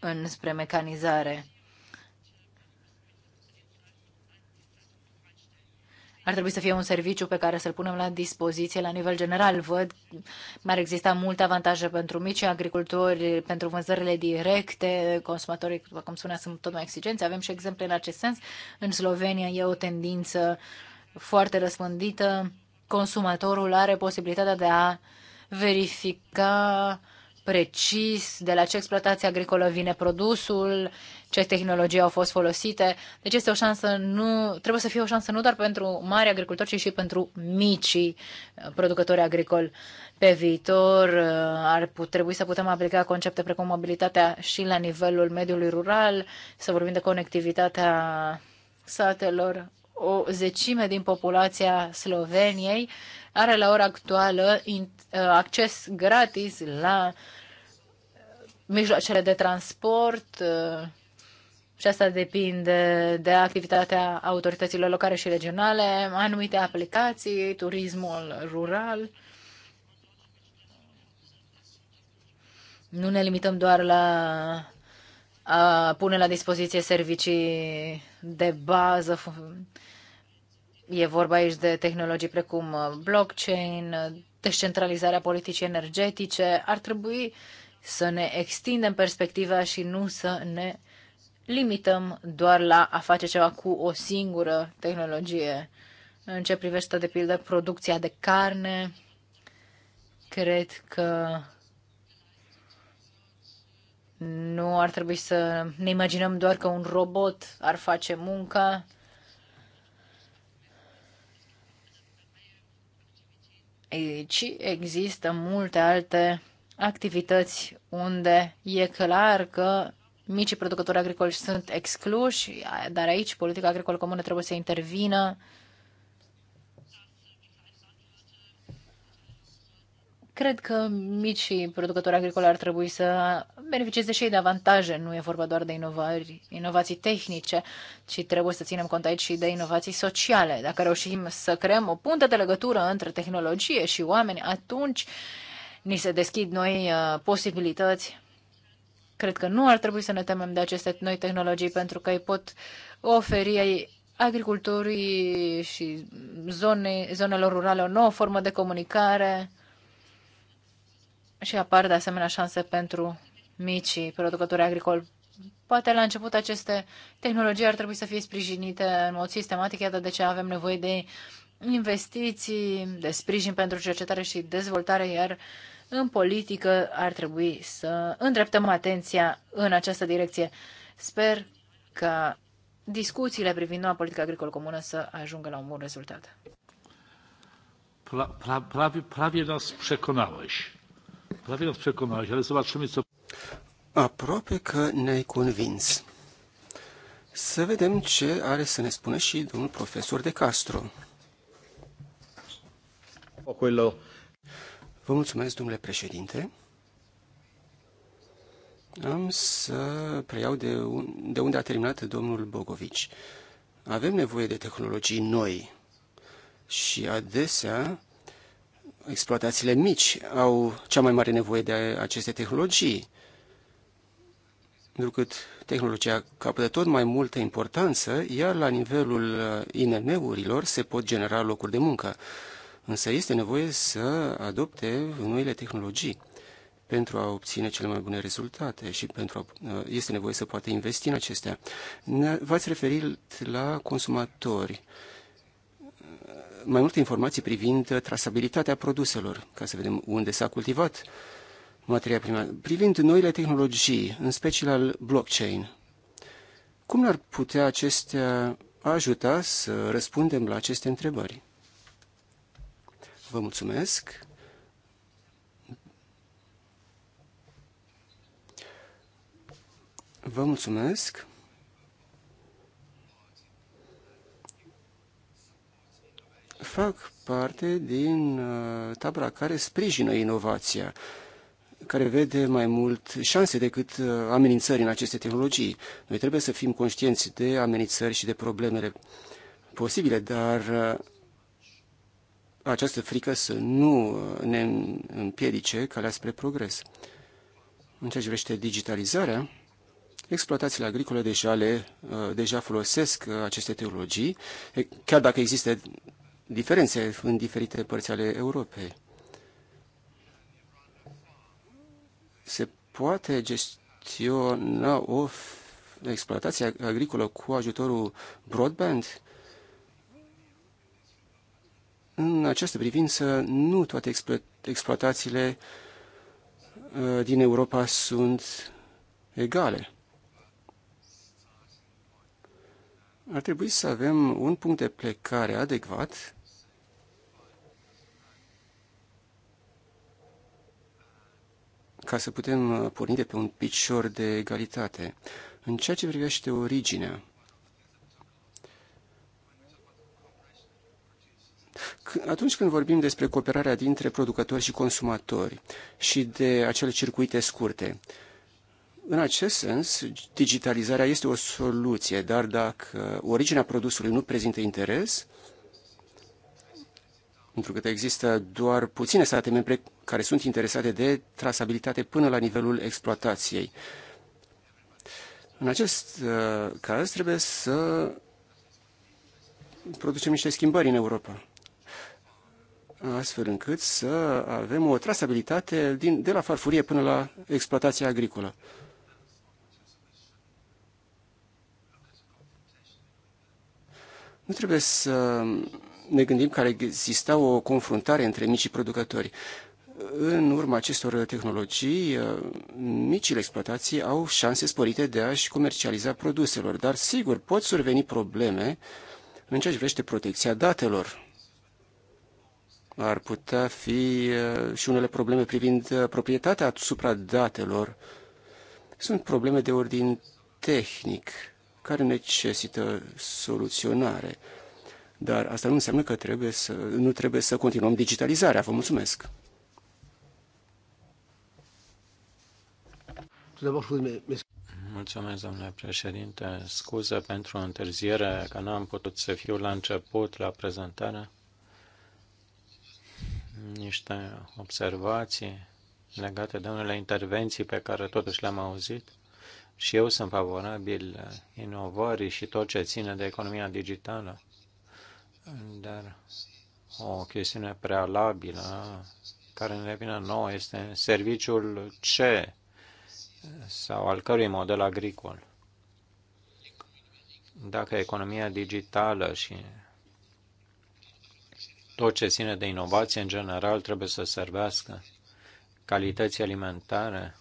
S3: înspre mecanizare. ar trebui să fie un serviciu pe care să-l punem la dispoziție la nivel general. Văd mai exista multe avantaje pentru mici agricultori, pentru vânzările directe, consumatorii, după cum spunea, sunt tot mai exigenți. Avem și exemple în acest sens. În Slovenia e o tendință foarte răspândită. Consumatorul are posibilitatea de a verifica precis de la ce exploatație agricolă vine produsul, ce tehnologii au fost folosite. Deci este o șansă nu, trebuie să fie o șansă nu doar pentru mari agricultori, ci și pentru micii uh, producători agricoli. Pe viitor uh, ar put, trebui să putem aplica concepte precum mobilitatea și la nivelul mediului rural, să vorbim de conectivitatea satelor o zecime din populația Sloveniei are la ora actuală uh, acces gratis la uh, mijloacele de transport uh, și asta depinde de activitatea autorităților locale și regionale, anumite aplicații, turismul rural. Nu ne limităm doar la a pune la dispoziție servicii de bază E vorba aici de tehnologii precum uh, blockchain, uh, descentralizarea politicii energetice. Ar trebui să ne extindem perspectiva și nu să ne limităm doar la a face ceva cu o singură tehnologie. În ce privește, de pildă, producția de carne, cred că nu ar trebui să ne imaginăm doar că un robot ar face munca, ci există multe alte activități unde e clar că micii producători agricoli sunt excluși, dar aici politica agricolă comună trebuie să intervină Cred că micii producători agricoli ar trebui să beneficieze și ei de avantaje. Nu e vorba doar de inovări, inovații tehnice, ci trebuie să ținem cont aici și de inovații sociale. Dacă reușim să creăm o punte de legătură între tehnologie și oameni, atunci ni se deschid noi uh, posibilități. Cred că nu ar trebui să ne temem de aceste noi tehnologii pentru că îi pot oferi agricultorii și zone, zonelor rurale o nouă formă de comunicare și apar de asemenea șanse pentru micii producători agricoli. Poate la început aceste tehnologii ar trebui să fie sprijinite în mod sistematic, iată de ce avem nevoie de investiții, de sprijin pentru cercetare și dezvoltare, iar în politică ar trebui să îndreptăm atenția în această direcție. Sper că discuțiile privind noua politică agricolă comună să ajungă la un bun rezultat.
S1: Pra, pra, prawie, prawie nas przekonałeś.
S4: Aproape că ne-ai convins. Să vedem ce are să ne spună și domnul profesor De Castro. Vă mulțumesc, domnule președinte. Am să preiau de, un, de unde a terminat domnul Bogovici. Avem nevoie de tehnologii noi și adesea exploatațiile mici au cea mai mare nevoie de aceste tehnologii, pentru că tehnologia capătă tot mai multă importanță, iar la nivelul uh, INM-urilor se pot genera locuri de muncă. Însă este nevoie să adopte noile tehnologii pentru a obține cele mai bune rezultate și pentru a, uh, este nevoie să poată investi în acestea. V-ați referit la consumatori. Uh, mai multe informații privind trasabilitatea produselor, ca să vedem unde s-a cultivat materia primă, privind noile tehnologii, în special blockchain. Cum ar putea acestea ajuta să răspundem la aceste întrebări? Vă mulțumesc! Vă mulțumesc! fac parte din uh, tabra care sprijină inovația, care vede mai mult șanse decât uh, amenințări în aceste tehnologii. Noi trebuie să fim conștienți de amenințări și de problemele posibile, dar uh, această frică să nu ne împiedice calea spre progres. În ceea ce privește digitalizarea, exploatațiile agricole deja, le, deja folosesc aceste tehnologii, chiar dacă există diferențe în diferite părți ale Europei. Se poate gestiona o exploatație agricolă cu ajutorul broadband? În această privință, nu toate explo exploatațiile uh, din Europa sunt egale. ar trebui să avem un punct de plecare adecvat ca să putem uh, porni de pe un picior de egalitate. În ceea ce privește originea, atunci când vorbim despre cooperarea dintre producători și consumatori și de acele circuite scurte, în acest sens, digitalizarea este o soluție, dar dacă originea produsului nu prezintă interes, pentru că există doar puține state membre care sunt interesate de trasabilitate până la nivelul exploatației. În acest uh, caz trebuie să producem niște schimbări în Europa, astfel încât să avem o trasabilitate din, de la farfurie până la exploatația agricolă. Nu trebuie să ne gândim că ar exista o confruntare între micii producători. În urma acestor tehnologii, micile exploatații au șanse sporite de a-și comercializa produselor, dar sigur pot surveni probleme în ceea ce privește protecția datelor. Ar putea fi uh, și unele probleme privind uh, proprietatea asupra datelor. Sunt probleme de ordin tehnic care necesită soluționare. Dar asta nu înseamnă că trebuie să, nu trebuie să continuăm digitalizarea. Vă mulțumesc!
S2: Mulțumesc, domnule președinte. Scuze pentru întârziere, că nu am putut să fiu la început, la prezentare. Niște observații legate de unele intervenții pe care totuși le-am auzit și eu sunt favorabil uh, inovării și tot ce ține de economia digitală, dar o chestiune prealabilă uh, care ne revine nouă este serviciul ce uh, sau al cărui model agricol. Dacă economia digitală și tot ce ține de inovație în general trebuie să servească calității alimentare,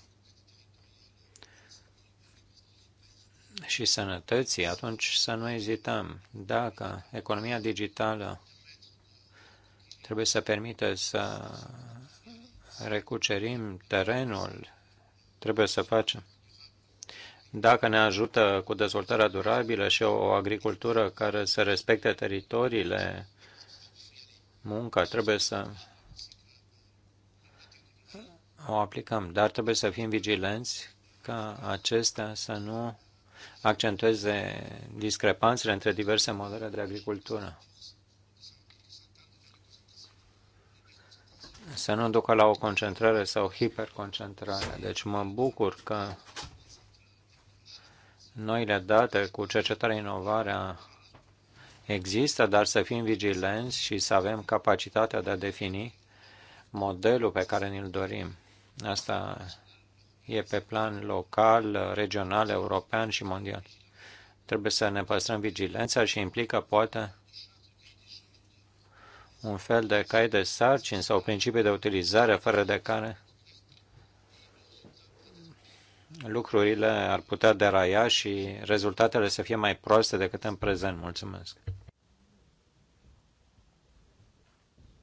S2: și sănătății, atunci să nu ezităm. Dacă economia digitală trebuie să permită să recucerim terenul, trebuie să facem. Dacă ne ajută cu dezvoltarea durabilă și o agricultură care să respecte teritoriile, munca trebuie să o aplicăm, dar trebuie să fim vigilenți ca acestea să nu accentueze discrepanțele între diverse modele de agricultură. Să nu ducă la o concentrare sau hiperconcentrare. Deci mă bucur că noile date cu cercetarea inovarea există, dar să fim vigilenți și să avem capacitatea de a defini modelul pe care ne-l dorim. Asta e pe plan local, regional, european și mondial. Trebuie să ne păstrăm vigilența și implică poate un fel de cai de sarcini sau principii de utilizare fără de care lucrurile ar putea deraia și rezultatele să fie mai proaste decât în prezent. Mulțumesc.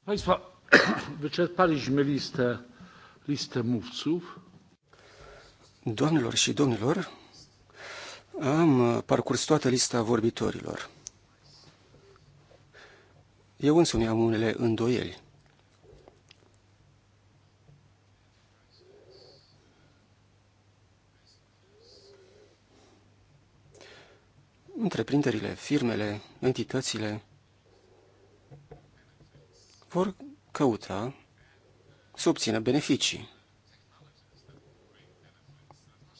S1: Państwa,
S4: wyczerpaliśmy listę, listę mówców. Doamnelor și domnilor, am uh, parcurs toată lista vorbitorilor. Eu mi am unele îndoieli. Întreprinderile, firmele, entitățile vor căuta să obțină beneficii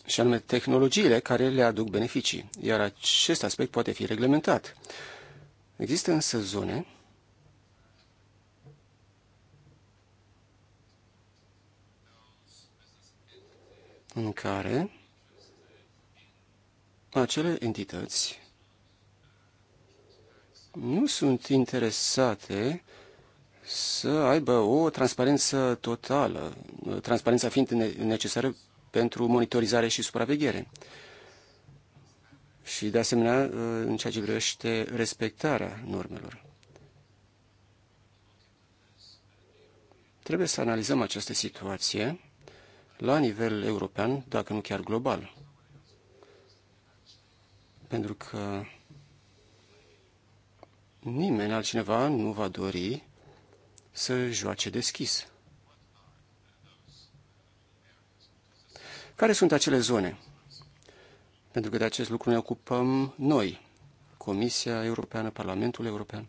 S4: și anume tehnologiile care le aduc beneficii, iar acest aspect poate fi reglementat. Există însă zone în care acele entități nu sunt interesate să aibă o transparență totală, transparența fiind necesară pentru monitorizare și supraveghere. Și, de asemenea, în ceea ce privește respectarea normelor. Trebuie să analizăm această situație la nivel european, dacă nu chiar global. Pentru că nimeni altcineva nu va dori să joace deschis. Care sunt acele zone? Pentru că de acest lucru ne ocupăm noi, Comisia Europeană, Parlamentul European.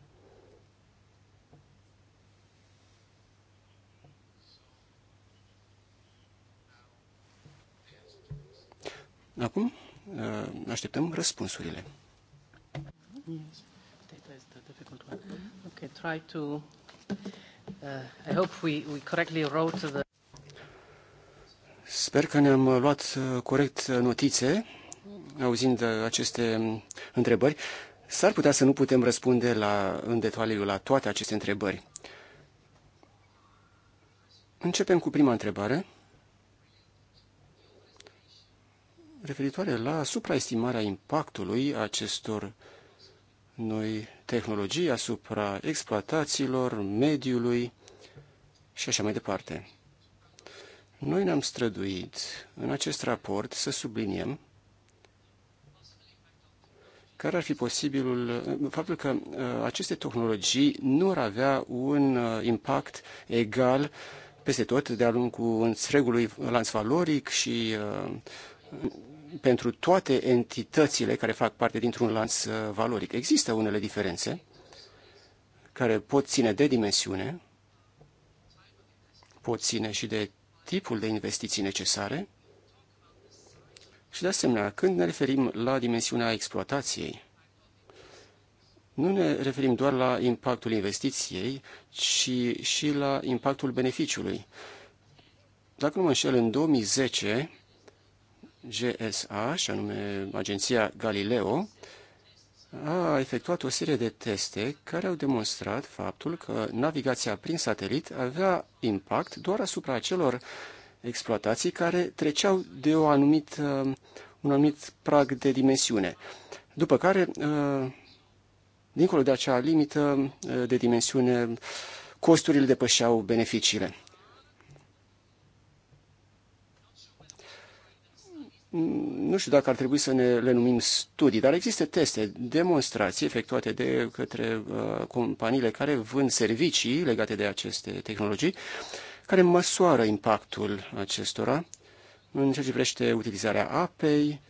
S4: Acum uh, așteptăm răspunsurile.
S3: Okay, try to. Uh, I hope we, we correctly wrote the.
S4: Sper că ne-am uh, luat uh, corect uh, notițe auzind aceste um, întrebări. S-ar putea să nu putem răspunde la, în detaliu la toate aceste întrebări. Începem cu prima întrebare. Referitoare la supraestimarea impactului acestor noi tehnologii asupra exploatațiilor, mediului și așa mai departe. Noi ne-am străduit în acest raport să subliniem care ar fi posibilul, faptul că uh, aceste tehnologii nu ar avea un uh, impact egal peste tot de-a lungul întregului lanț valoric și uh, pentru toate entitățile care fac parte dintr-un lanț valoric. Există unele diferențe care pot ține de dimensiune, pot ține și de tipul de investiții necesare și, de asemenea, când ne referim la dimensiunea exploatației, nu ne referim doar la impactul investiției, ci și la impactul beneficiului. Dacă nu mă înșel, în 2010, GSA, și anume Agenția Galileo, a efectuat o serie de teste care au demonstrat faptul că navigația prin satelit avea impact doar asupra acelor exploatații care treceau de o anumit, uh, un anumit prag de dimensiune. După care, uh, dincolo de acea limită uh, de dimensiune, costurile depășeau beneficiile. nu știu dacă ar trebui să ne le numim studii, dar există teste, demonstrații efectuate de către uh, companiile care vând servicii legate de aceste tehnologii, care măsoară impactul acestora în ceea ce privește utilizarea apei,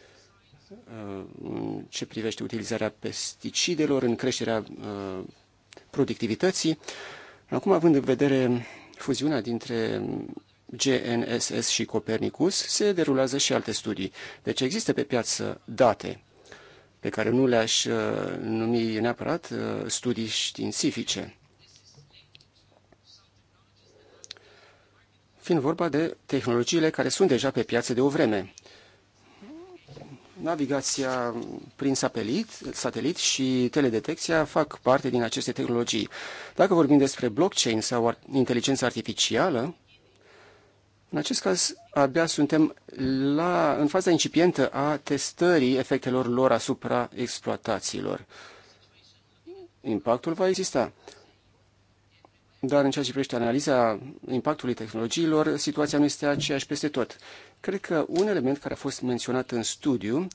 S4: uh, în ce privește utilizarea pesticidelor, în creșterea uh, productivității. Acum, având în vedere fuziunea dintre GNSS și Copernicus, se derulează și alte studii. Deci există pe piață date pe care nu le-aș uh, numi neapărat uh, studii științifice. Fiind vorba de tehnologiile care sunt deja pe piață de o vreme. Navigația prin satelit, satelit și teledetecția fac parte din aceste tehnologii. Dacă vorbim despre blockchain sau inteligența artificială, în acest caz, abia suntem la, în faza incipientă a testării efectelor lor asupra exploatațiilor. Impactul va exista. Dar în ceea ce privește analiza impactului tehnologiilor, situația nu este aceeași peste tot. Cred că un element care a fost menționat în studiu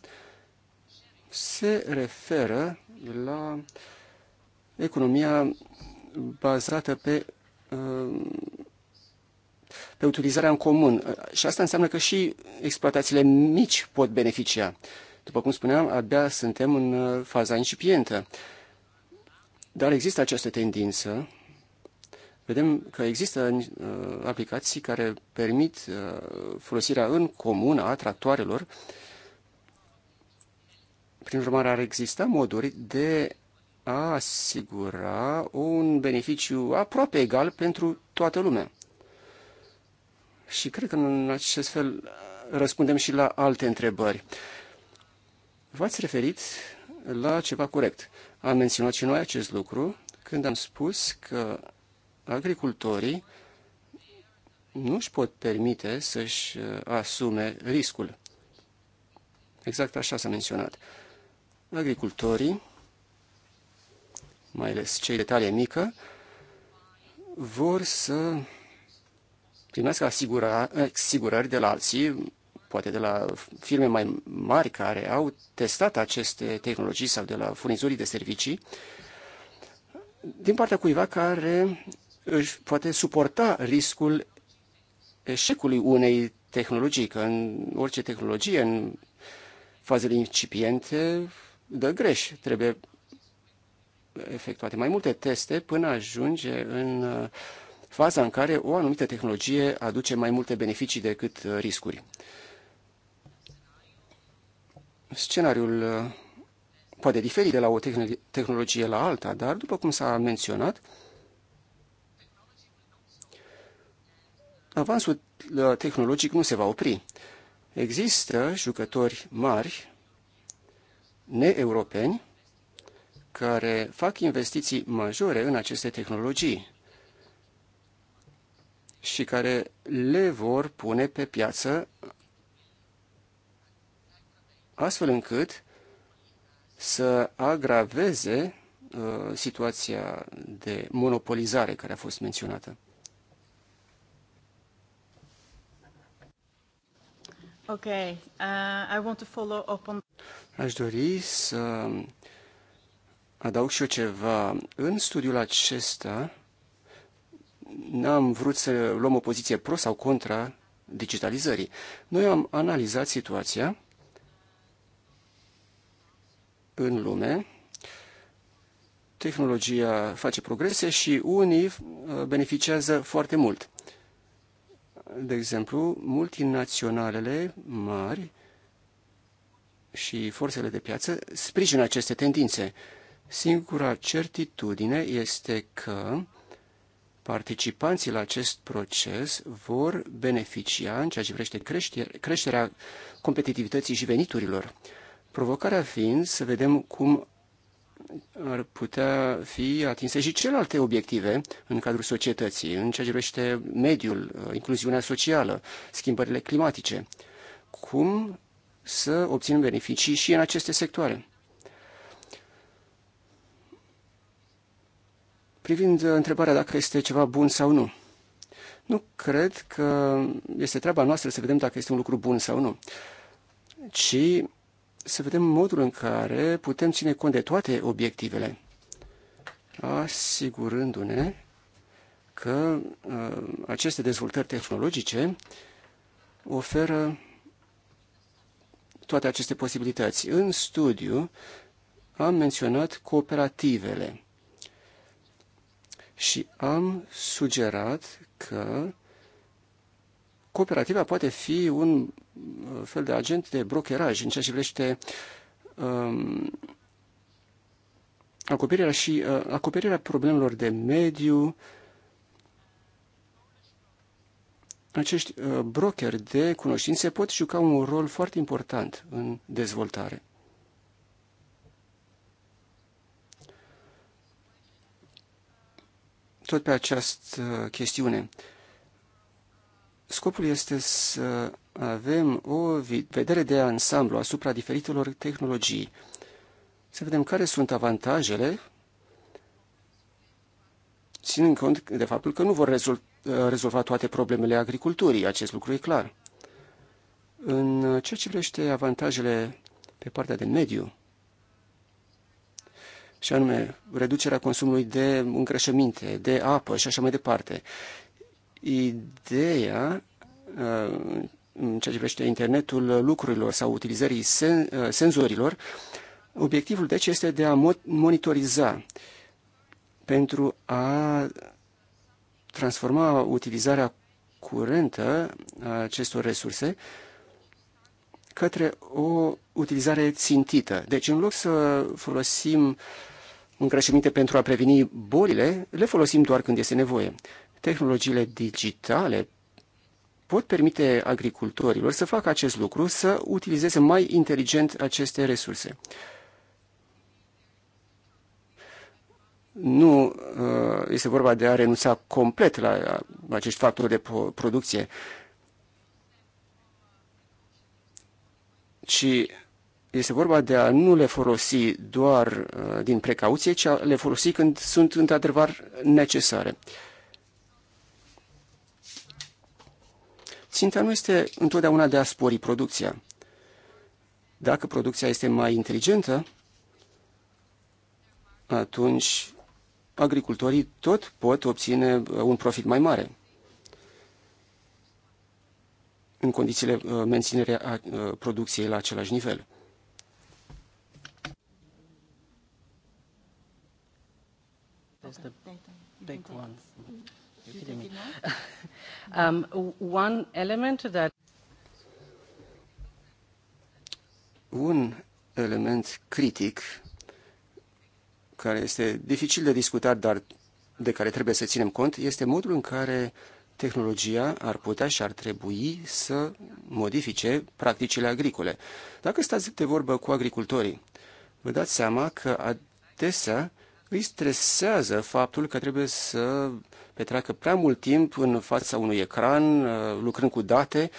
S4: se referă la economia bazată pe uh, pe utilizarea în comun. Și asta înseamnă că și exploatațiile mici pot beneficia. După cum spuneam, abia suntem în uh, faza incipientă. Dar există această tendință. Vedem că există uh, aplicații care permit uh, folosirea în comun a tractoarelor. Prin urmare, ar exista moduri de a asigura un beneficiu aproape egal pentru toată lumea și cred că în acest fel uh, răspundem și la alte întrebări. V-ați referit la ceva corect. Am menționat și noi acest lucru când am spus că agricultorii nu își pot permite să-și uh, asume riscul. Exact așa s-a menționat. Agricultorii, mai ales cei de talie mică, vor să primesc asigura, asigurări de la alții, poate de la firme mai mari care au testat aceste tehnologii sau de la furnizorii de servicii, din partea cuiva care își poate suporta riscul eșecului unei tehnologii, că în orice tehnologie, în fazele incipiente, dă greș. Trebuie efectuate mai multe teste până ajunge în uh, faza în care o anumită tehnologie aduce mai multe beneficii decât uh, riscuri. Scenariul uh, poate diferi de la o tehnologie la alta, dar, după cum s-a menționat, avansul uh, tehnologic nu se va opri. Există jucători mari, neeuropeni, care fac investiții majore în aceste tehnologii și care le vor pune pe piață astfel încât să agraveze uh, situația de monopolizare care a fost menționată.
S3: Okay. Uh, I want to follow up on...
S4: Aș dori să adaug și eu ceva. În studiul acesta, n-am vrut să luăm o poziție pro sau contra digitalizării. Noi am analizat situația în lume, tehnologia face progrese și unii uh, beneficiază foarte mult. De exemplu, multinaționalele mari și forțele de piață sprijină aceste tendințe. Singura certitudine este că participanții la acest proces vor beneficia în ceea ce privește creșterea competitivității și veniturilor. Provocarea fiind să vedem cum ar putea fi atinse și celelalte obiective în cadrul societății, în ceea ce privește mediul, uh, incluziunea socială, schimbările climatice. Cum să obținem beneficii și în aceste sectoare. privind uh, întrebarea dacă este ceva bun sau nu. Nu cred că este treaba noastră să vedem dacă este un lucru bun sau nu, ci să vedem modul în care putem ține cont de toate obiectivele, asigurându-ne că uh, aceste dezvoltări tehnologice oferă toate aceste posibilități. În studiu am menționat cooperativele și am sugerat că cooperativa poate fi un uh, fel de agent de brokeraj în ceea ce privește um, acoperirea și uh, acoperirea problemelor de mediu. Acești uh, brokeri de cunoștințe pot juca un rol foarte important în dezvoltare. tot pe această chestiune. Scopul este să avem o vedere de ansamblu asupra diferitelor tehnologii, să vedem care sunt avantajele, ținând cont de faptul că nu vor rezolva toate problemele agriculturii, acest lucru e clar. În ceea ce privește avantajele pe partea de mediu, și anume reducerea consumului de îngrășăminte, de apă și așa mai departe. Ideea uh, în ceea ce privește internetul lucrurilor sau utilizării sen, uh, senzorilor, obiectivul deci este de a monitoriza pentru a transforma utilizarea curentă a acestor resurse către o utilizare țintită. Deci, în loc să folosim încrășăminte pentru a preveni bolile, le folosim doar când este nevoie. Tehnologiile digitale pot permite agricultorilor să facă acest lucru, să utilizeze mai inteligent aceste resurse. Nu uh, este vorba de a renunța complet la acești factori de producție, ci este vorba de a nu le folosi doar uh, din precauție, ci a le folosi când sunt într-adevăr necesare. Ținta nu este întotdeauna de a spori producția. Dacă producția este mai inteligentă, atunci agricultorii tot pot obține uh, un profit mai mare în condițiile uh, menținerea producției la același nivel. the big one.
S3: Mm-hmm. um, one element that
S4: un element critic care este dificil de discutat, dar de care trebuie să ținem cont, este modul în care tehnologia ar putea și ar trebui să modifice practicile agricole. Dacă stați de vorbă cu agricultorii, vă dați seama că adesea uh, îi stresează faptul că trebuie să petreacă prea mult timp în fața unui ecran, uh, lucrând cu date,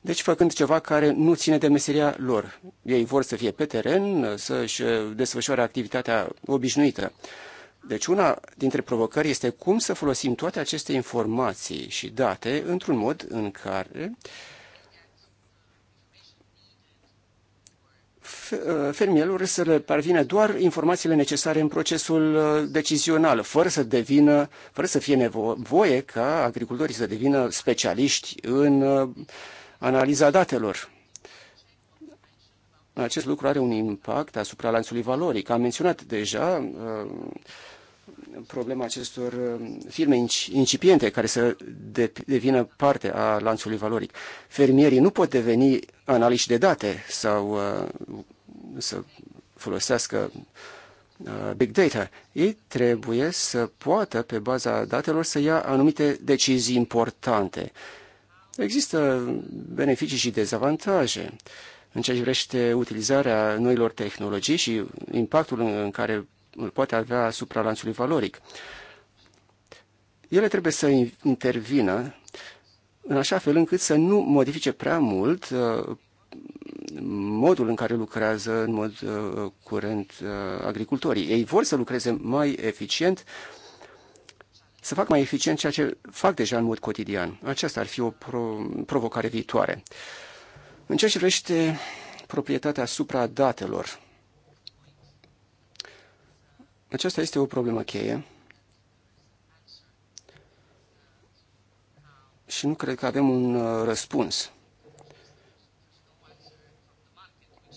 S4: deci făcând ceva care nu ține de meseria lor. Ei vor să fie pe teren, uh, să-și uh, desfășoare activitatea obișnuită. Deci una dintre provocări este cum să folosim toate aceste informații și date într-un mod în care uh, Uh, fermierilor să le parvină doar informațiile necesare în procesul uh, decizional, fără să devină, fără să fie nevoie ca agricultorii să devină specialiști în uh, analiza datelor. Acest lucru are un impact asupra lanțului valoric. Am menționat deja problema acestor um, firme incipiente care să devină parte a lanțului valoric. Fermierii nu pot deveni analiști de date sau uh, să folosească uh, big data. Ei trebuie să poată, pe baza datelor, să ia anumite decizii importante. Există beneficii și dezavantaje în ceea ce privește utilizarea noilor tehnologii și impactul în care îl poate avea asupra lanțului valoric. Ele trebuie să intervină în așa fel încât să nu modifice prea mult uh, modul în care lucrează în mod uh, curent uh, agricultorii. Ei vor să lucreze mai eficient, să fac mai eficient ceea ce fac deja în mod cotidian. Aceasta ar fi o provocare viitoare. În ceea ce privește proprietatea asupra datelor, aceasta este o problemă cheie și nu cred că avem un uh, răspuns.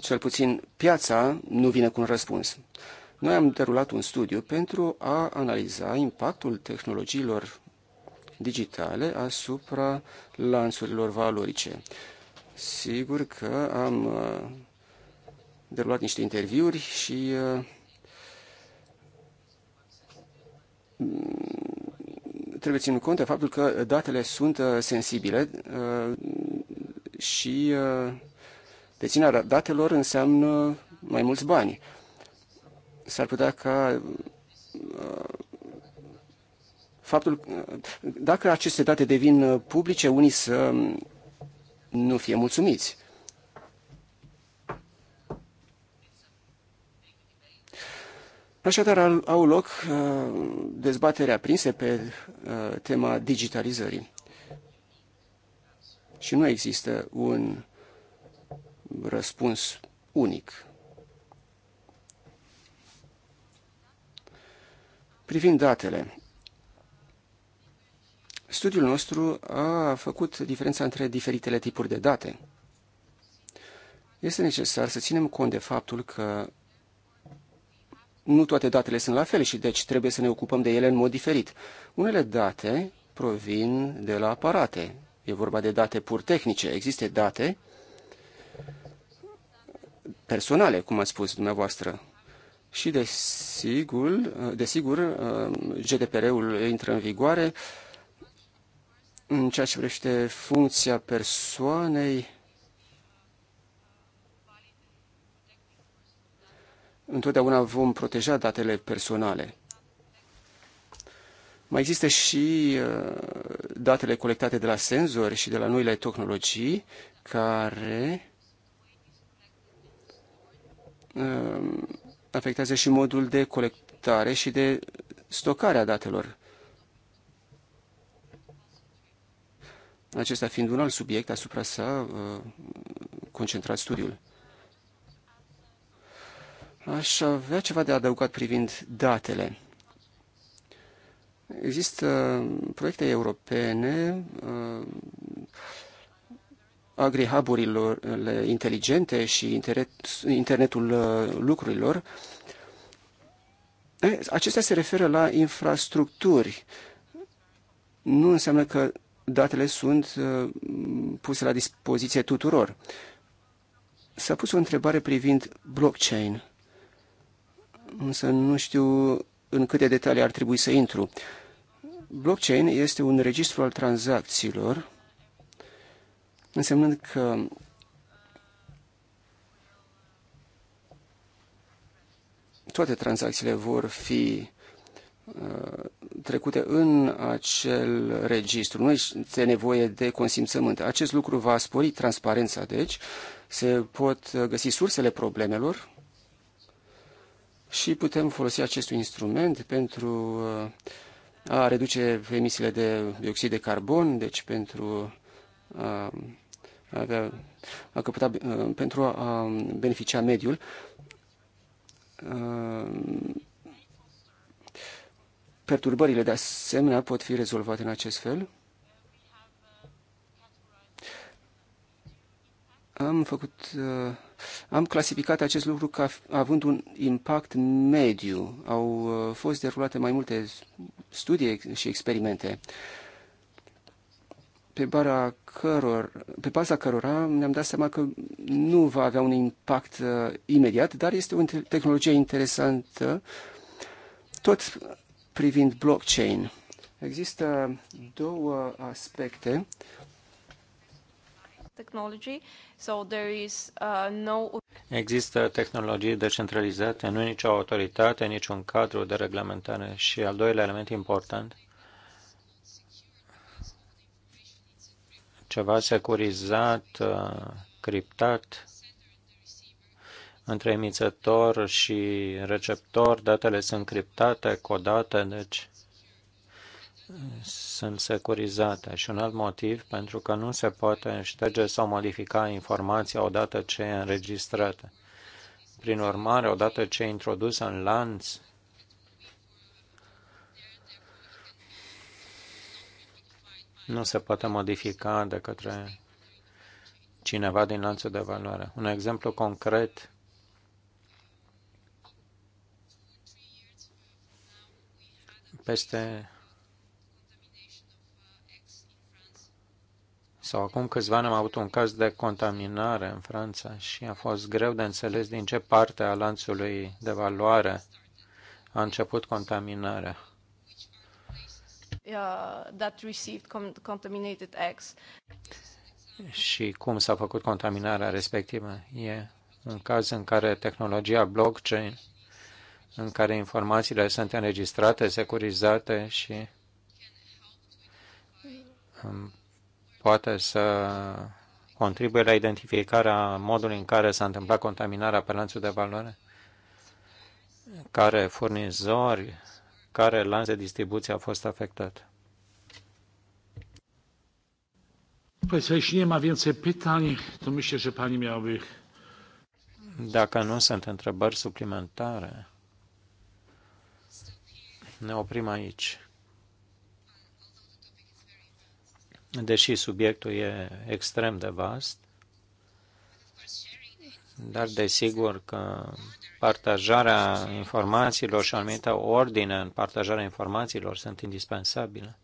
S4: Cel puțin piața nu vine cu un răspuns. Noi am derulat un studiu pentru a analiza impactul tehnologiilor digitale asupra lanțurilor valorice. Sigur că am uh, derulat niște interviuri și uh, Mm, trebuie ținut cont de faptul că datele sunt uh, sensibile uh, și uh, deținerea datelor înseamnă mai mulți bani. S-ar putea ca faptul dacă aceste date devin publice, unii să nu fie mulțumiți. Așadar, au loc uh, dezbatere aprinse pe uh, tema digitalizării. Și nu există un răspuns unic. Privind datele, studiul nostru a făcut diferența între diferitele tipuri de date. Este necesar să ținem cont de faptul că nu toate datele sunt la fel și deci trebuie să ne ocupăm de ele în mod diferit. Unele date provin de la aparate. E vorba de date pur tehnice. Există date personale, cum a spus dumneavoastră. Și desigur, desigur GDPR-ul intră în vigoare în ceea ce privește funcția persoanei întotdeauna vom proteja datele personale. Mai există și uh, datele colectate de la senzori și de la noile tehnologii care uh, afectează și modul de colectare și de stocare a datelor. Acesta fiind un alt subiect asupra sa uh, concentrat studiul. Aș avea ceva de adăugat privind datele. Există proiecte europene, uh, agrihaburile inteligente și internetul uh, lucrurilor. Acestea se referă la infrastructuri. Nu înseamnă că datele sunt uh, puse la dispoziție tuturor. S-a pus o întrebare privind blockchain însă nu știu în câte detalii ar trebui să intru. Blockchain este un registru al tranzacțiilor, însemnând că toate tranzacțiile vor fi uh, trecute în acel registru. Nu este nevoie de consimțământ. Acest lucru va spori transparența, deci se pot găsi sursele problemelor și putem folosi acest instrument pentru uh, a reduce emisiile de dioxid de carbon, deci pentru uh, a, avea, a căpăta, uh, pentru a beneficia mediul. Perturbările de asemenea pot fi rezolvate în acest fel. Am făcut uh, am clasificat acest lucru ca având un impact mediu. Au uh, fost derulate mai multe studii și experimente pe, bara căror, pe baza cărora ne-am dat seama că nu va avea un impact uh, imediat, dar este o tehnologie interesantă, tot privind blockchain. Există două aspecte
S3: technology, so there is uh, no...
S2: Există tehnologii decentralizate, nu nicio autoritate, niciun cadru de reglementare. Și al doilea element important, ceva securizat, uh, criptat, între emițător și receptor, datele sunt criptate, codate, deci sunt securizate și un alt motiv pentru că nu se poate șterge sau modifica informația odată ce e înregistrată. Prin urmare, odată ce e introdusă în lanț, nu se poate modifica de către cineva din lanțul de valoare. Un exemplu concret peste sau acum câțiva ani am avut un caz de contaminare în Franța și a fost greu de înțeles din ce parte a lanțului de valoare a început contaminarea.
S3: that received contaminated eggs.
S2: Și cum s-a făcut contaminarea respectivă? E un caz în care tehnologia blockchain, în care informațiile sunt înregistrate, securizate și um, poate să contribuie la identificarea modului în care s-a întâmplat contaminarea pe lanțul de valoare? Care furnizori, care lanț de distribuție a fost afectat?
S1: Państwa, păi, jeśli nie ma więcej pytań, to myślę, że Pani miałaby...
S2: Dacă nu sunt întrebări suplimentare, ne oprim aici. deși subiectul e extrem de vast, dar desigur că partajarea informațiilor și anumită ordine în partajarea informațiilor sunt indispensabile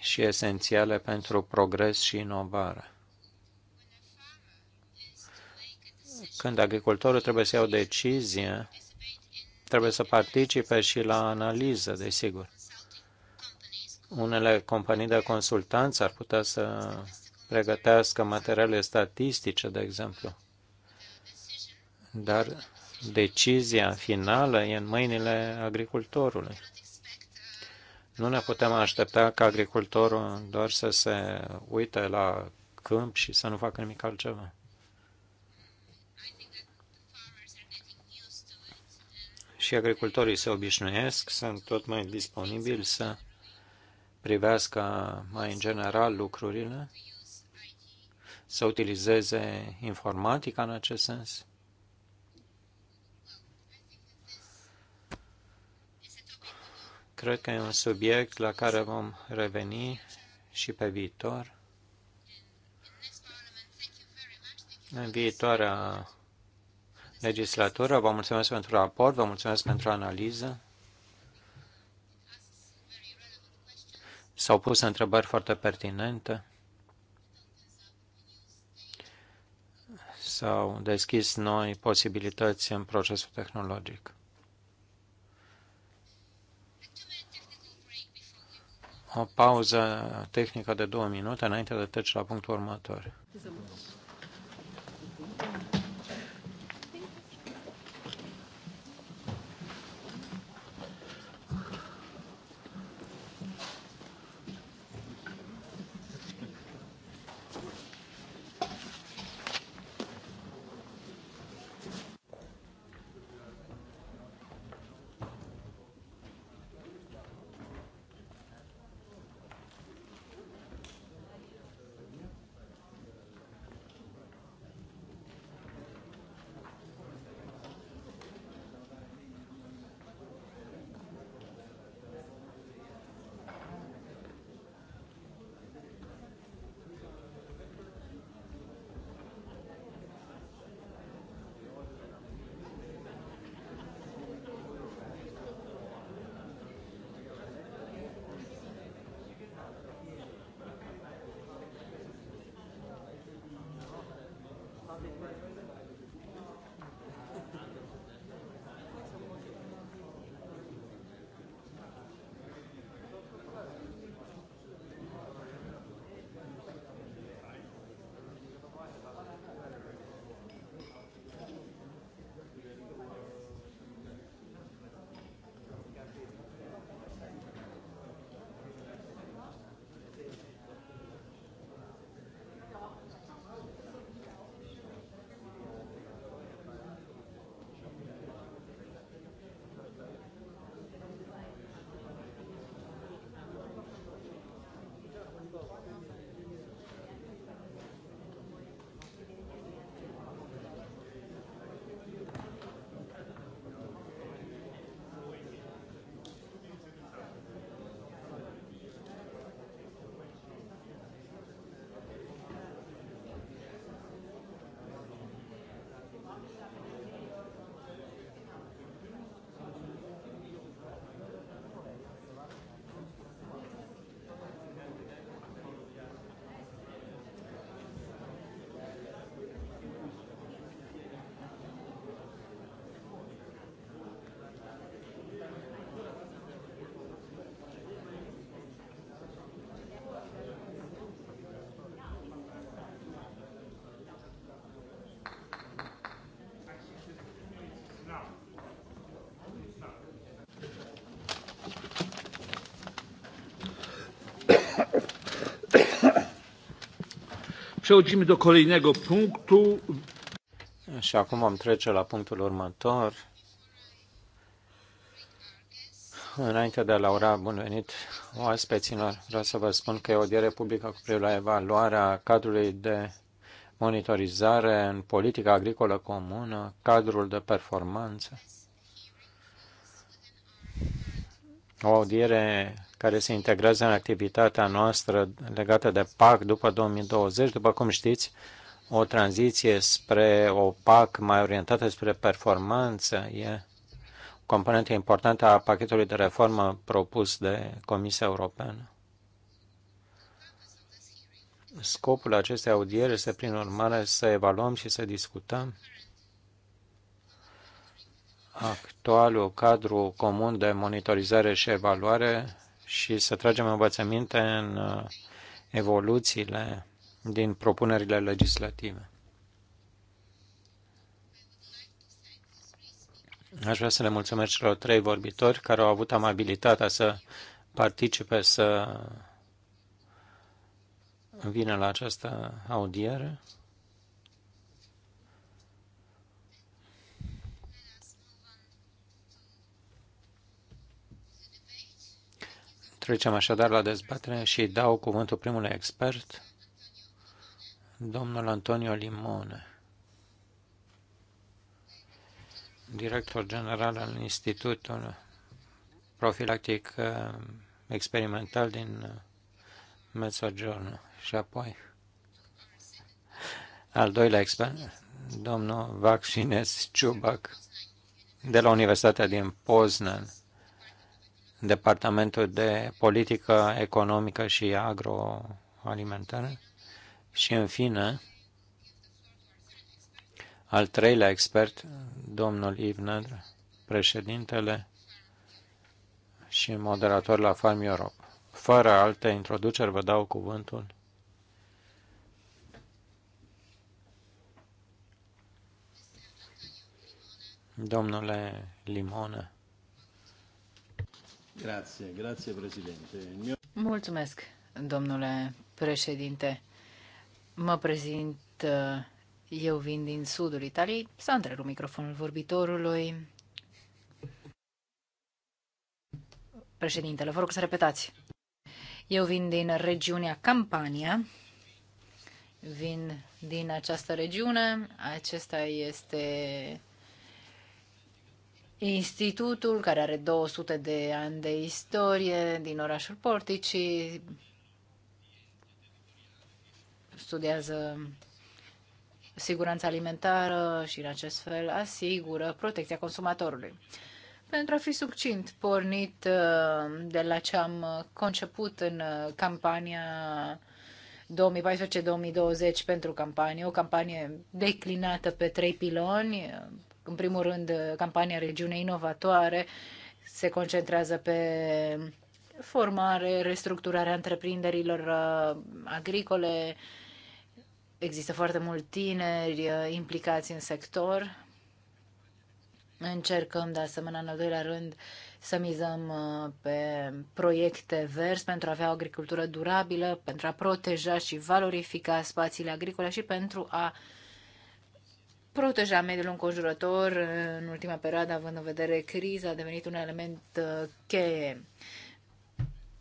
S2: și esențiale pentru progres și inovare. Când agricultorul trebuie să ia o decizie, trebuie să participe și la analiză, desigur. Unele companii de consultanță ar putea să pregătească materiale statistice, de exemplu. Dar decizia finală e în mâinile agricultorului. Nu ne putem aștepta ca agricultorul doar să se uite la câmp și să nu facă nimic altceva. Și agricultorii se obișnuiesc, sunt tot mai disponibili să privească mai în general lucrurile, să utilizeze informatica în acest sens. Cred că e un subiect la care vom reveni și pe viitor. În viitoarea legislatură, vă mulțumesc pentru raport, vă mulțumesc pentru analiză. S-au pus întrebări foarte pertinente. S-au deschis noi posibilități în procesul tehnologic. O pauză tehnică de două minute înainte de trece la punctul următor.
S1: Przechodzimy do kolejnego punktu.
S2: Și acum am trece la punctul următor. Înainte de a laura bun venit oaspeților, vreau să vă spun că e o diere publică cu privire la evaluarea cadrului de monitorizare în politica agricolă comună, cadrul de performanță. O audiere care se integrează în activitatea noastră legată de PAC după 2020. După cum știți, o tranziție spre o PAC mai orientată spre performanță e o componentă importantă a pachetului de reformă propus de Comisia Europeană. Scopul acestei audieri este, prin urmare, să evaluăm și să discutăm actualul cadru comun de monitorizare și evaluare și să tragem învățăminte în uh, evoluțiile din propunerile legislative. Aș vrea să le mulțumesc celor trei vorbitori care au avut amabilitatea să participe, să vină la această audiere. Trecem așadar la dezbatere și dau cuvântul primului expert, domnul Antonio Limone, director general al Institutului Profilactic uh, Experimental din uh, Mezzogiorno și apoi al doilea expert, domnul Vaccines Ciubac, de la Universitatea din Poznan Departamentul de Politică Economică și Agroalimentară și, în fine, al treilea expert, domnul Ivner, președintele și moderator la Farm Europe. Fără alte introduceri, vă dau cuvântul. Domnule Limone,
S3: Mulțumesc, domnule președinte. Mă prezint, uh, eu vin din sudul Italiei. S-a întrerupt microfonul vorbitorului. Președintele, vă rog să repetați. Eu vin din regiunea Campania, vin din această regiune. Acesta este Institutul, care are 200 de ani de istorie din orașul Portici, studiază siguranța alimentară și, în acest fel, asigură protecția consumatorului. Pentru a fi succint, pornit uh, de la ce am conceput în uh, campania 2014-2020 pentru campanie, o campanie declinată pe trei piloni, uh, în primul rând, campania Regiune Inovatoare se concentrează pe formare, restructurarea întreprinderilor uh, agricole. Există foarte mulți tineri uh, implicați în sector. Încercăm, de asemenea, în al doilea rând, să mizăm uh, pe proiecte verzi pentru a avea o agricultură durabilă, pentru a proteja și valorifica spațiile agricole și pentru a uh, proteja mediul înconjurător în ultima perioadă, având în vedere criza, a devenit un element uh, cheie.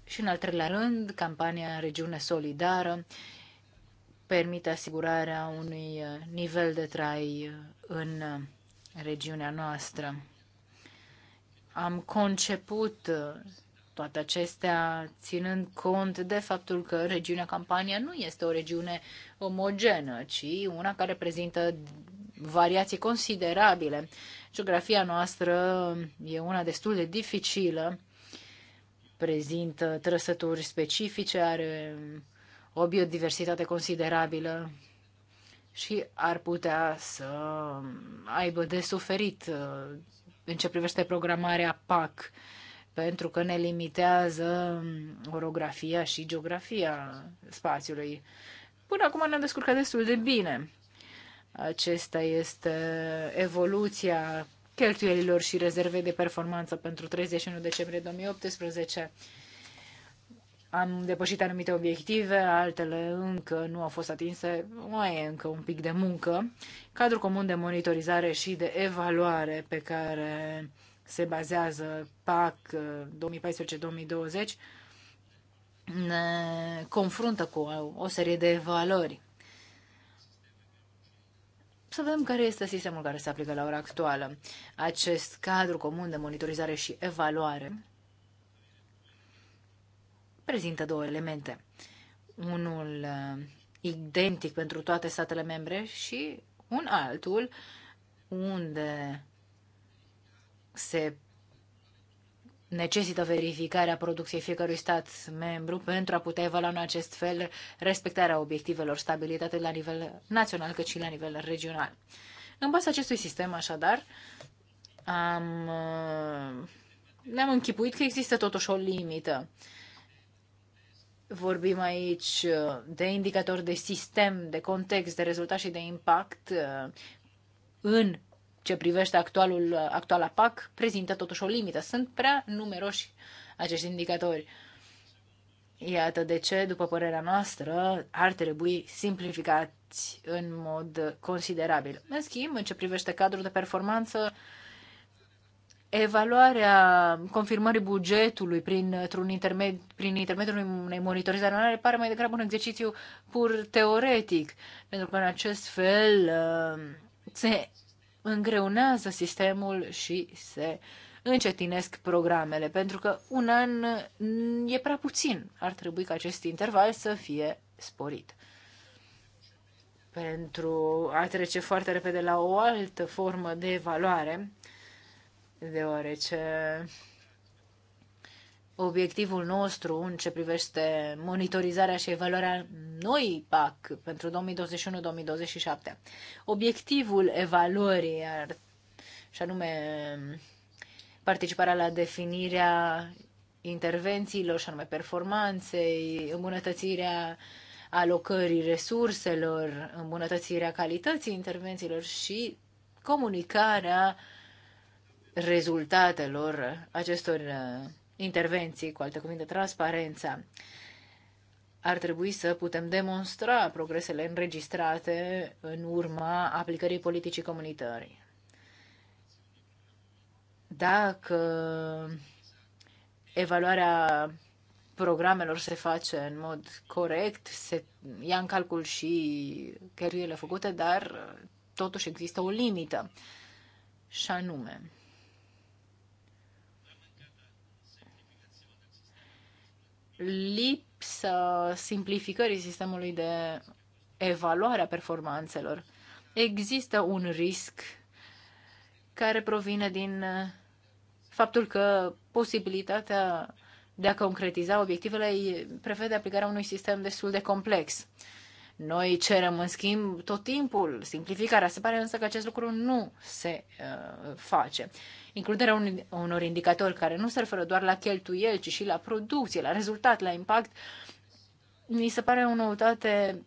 S3: Și în al treilea rând, campania Regiune Solidară permite asigurarea unui uh, nivel de trai uh, în regiunea noastră. Am conceput toate acestea ținând cont de faptul că regiunea Campania nu este o regiune omogenă, ci una care prezintă variații considerabile. Geografia noastră e una destul de dificilă, prezintă trăsături specifice, are o biodiversitate considerabilă și ar putea să aibă de suferit uh, în ce privește programarea PAC, pentru că ne limitează orografia și geografia spațiului. Până acum ne-am descurcat destul de bine. Acesta este evoluția cheltuielilor și rezervei de performanță pentru 31 decembrie 2018. Am depășit anumite obiective, altele încă nu au fost atinse, mai e încă un pic de muncă. Cadrul comun de monitorizare și de evaluare pe care se bazează PAC 2014-2020 ne confruntă cu o serie de valori să vedem care este sistemul care se aplică la ora actuală. Acest cadru comun de monitorizare și evaluare prezintă două elemente. Unul uh, identic pentru toate statele membre și un altul unde se necesită verificarea producției fiecărui stat membru pentru a putea evalua în acest fel respectarea obiectivelor stabilite atât la nivel național cât și la nivel regional. În baza acestui sistem, așadar, am, ne-am închipuit că există totuși o limită. Vorbim aici de indicatori de sistem, de context, de rezultat și de impact în ce privește actualul, actuala PAC prezintă totuși o limită. Sunt prea numeroși acești indicatori. Iată de ce, după părerea noastră, ar trebui simplificați în mod considerabil. În schimb, în ce privește cadrul de performanță, evaluarea confirmării bugetului printr-un intermed, prin intermediul unei monitorizări anuale pare mai degrabă un exercițiu pur teoretic, pentru că în acest fel uh, se îngreunează sistemul și se încetinesc programele, pentru că un an e prea puțin. Ar trebui ca acest interval să fie sporit. Pentru a trece foarte repede la o altă formă de evaluare, deoarece obiectivul nostru în ce privește monitorizarea și evaluarea noi PAC pentru 2021-2027. Obiectivul evaluării, ar, și anume participarea la definirea intervențiilor, și anume performanței, îmbunătățirea alocării resurselor, îmbunătățirea calității intervențiilor și comunicarea rezultatelor acestor intervenții, cu alte cuvinte, transparența. Ar trebui să putem demonstra progresele înregistrate în urma aplicării politicii comunitării. Dacă evaluarea programelor se face în mod corect, se ia în calcul și cheltuielile făcute, dar totuși există o limită. Și anume, lipsă simplificării sistemului de evaluare a performanțelor. Există un risc care provine din uh, faptul că posibilitatea de a concretiza obiectivele prevede aplicarea unui sistem destul de complex. Noi cerem, în schimb, tot timpul simplificarea. Se pare însă că acest lucru nu se uh, face. Includerea un, unor indicatori care nu se referă doar la cheltuieli, ci și la producție, la rezultat, la impact, mi se pare o noutate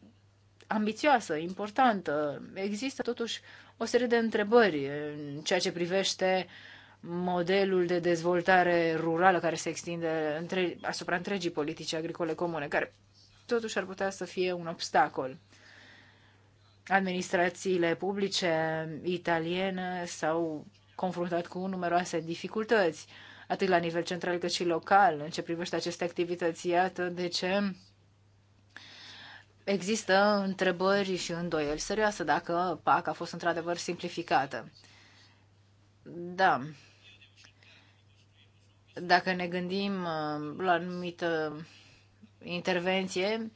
S3: ambițioasă, importantă. Există totuși o serie de întrebări în ceea ce privește modelul de dezvoltare rurală care se extinde între, asupra întregii politici agricole comune, care totuși ar putea să fie un obstacol. Administrațiile publice italiene s-au confruntat cu numeroase dificultăți, atât la nivel central cât și local, în ce privește aceste activități. Iată de ce există întrebări și îndoieli serioase dacă PAC a fost într-adevăr simplificată. Da. Dacă ne gândim uh, la anumită intervenție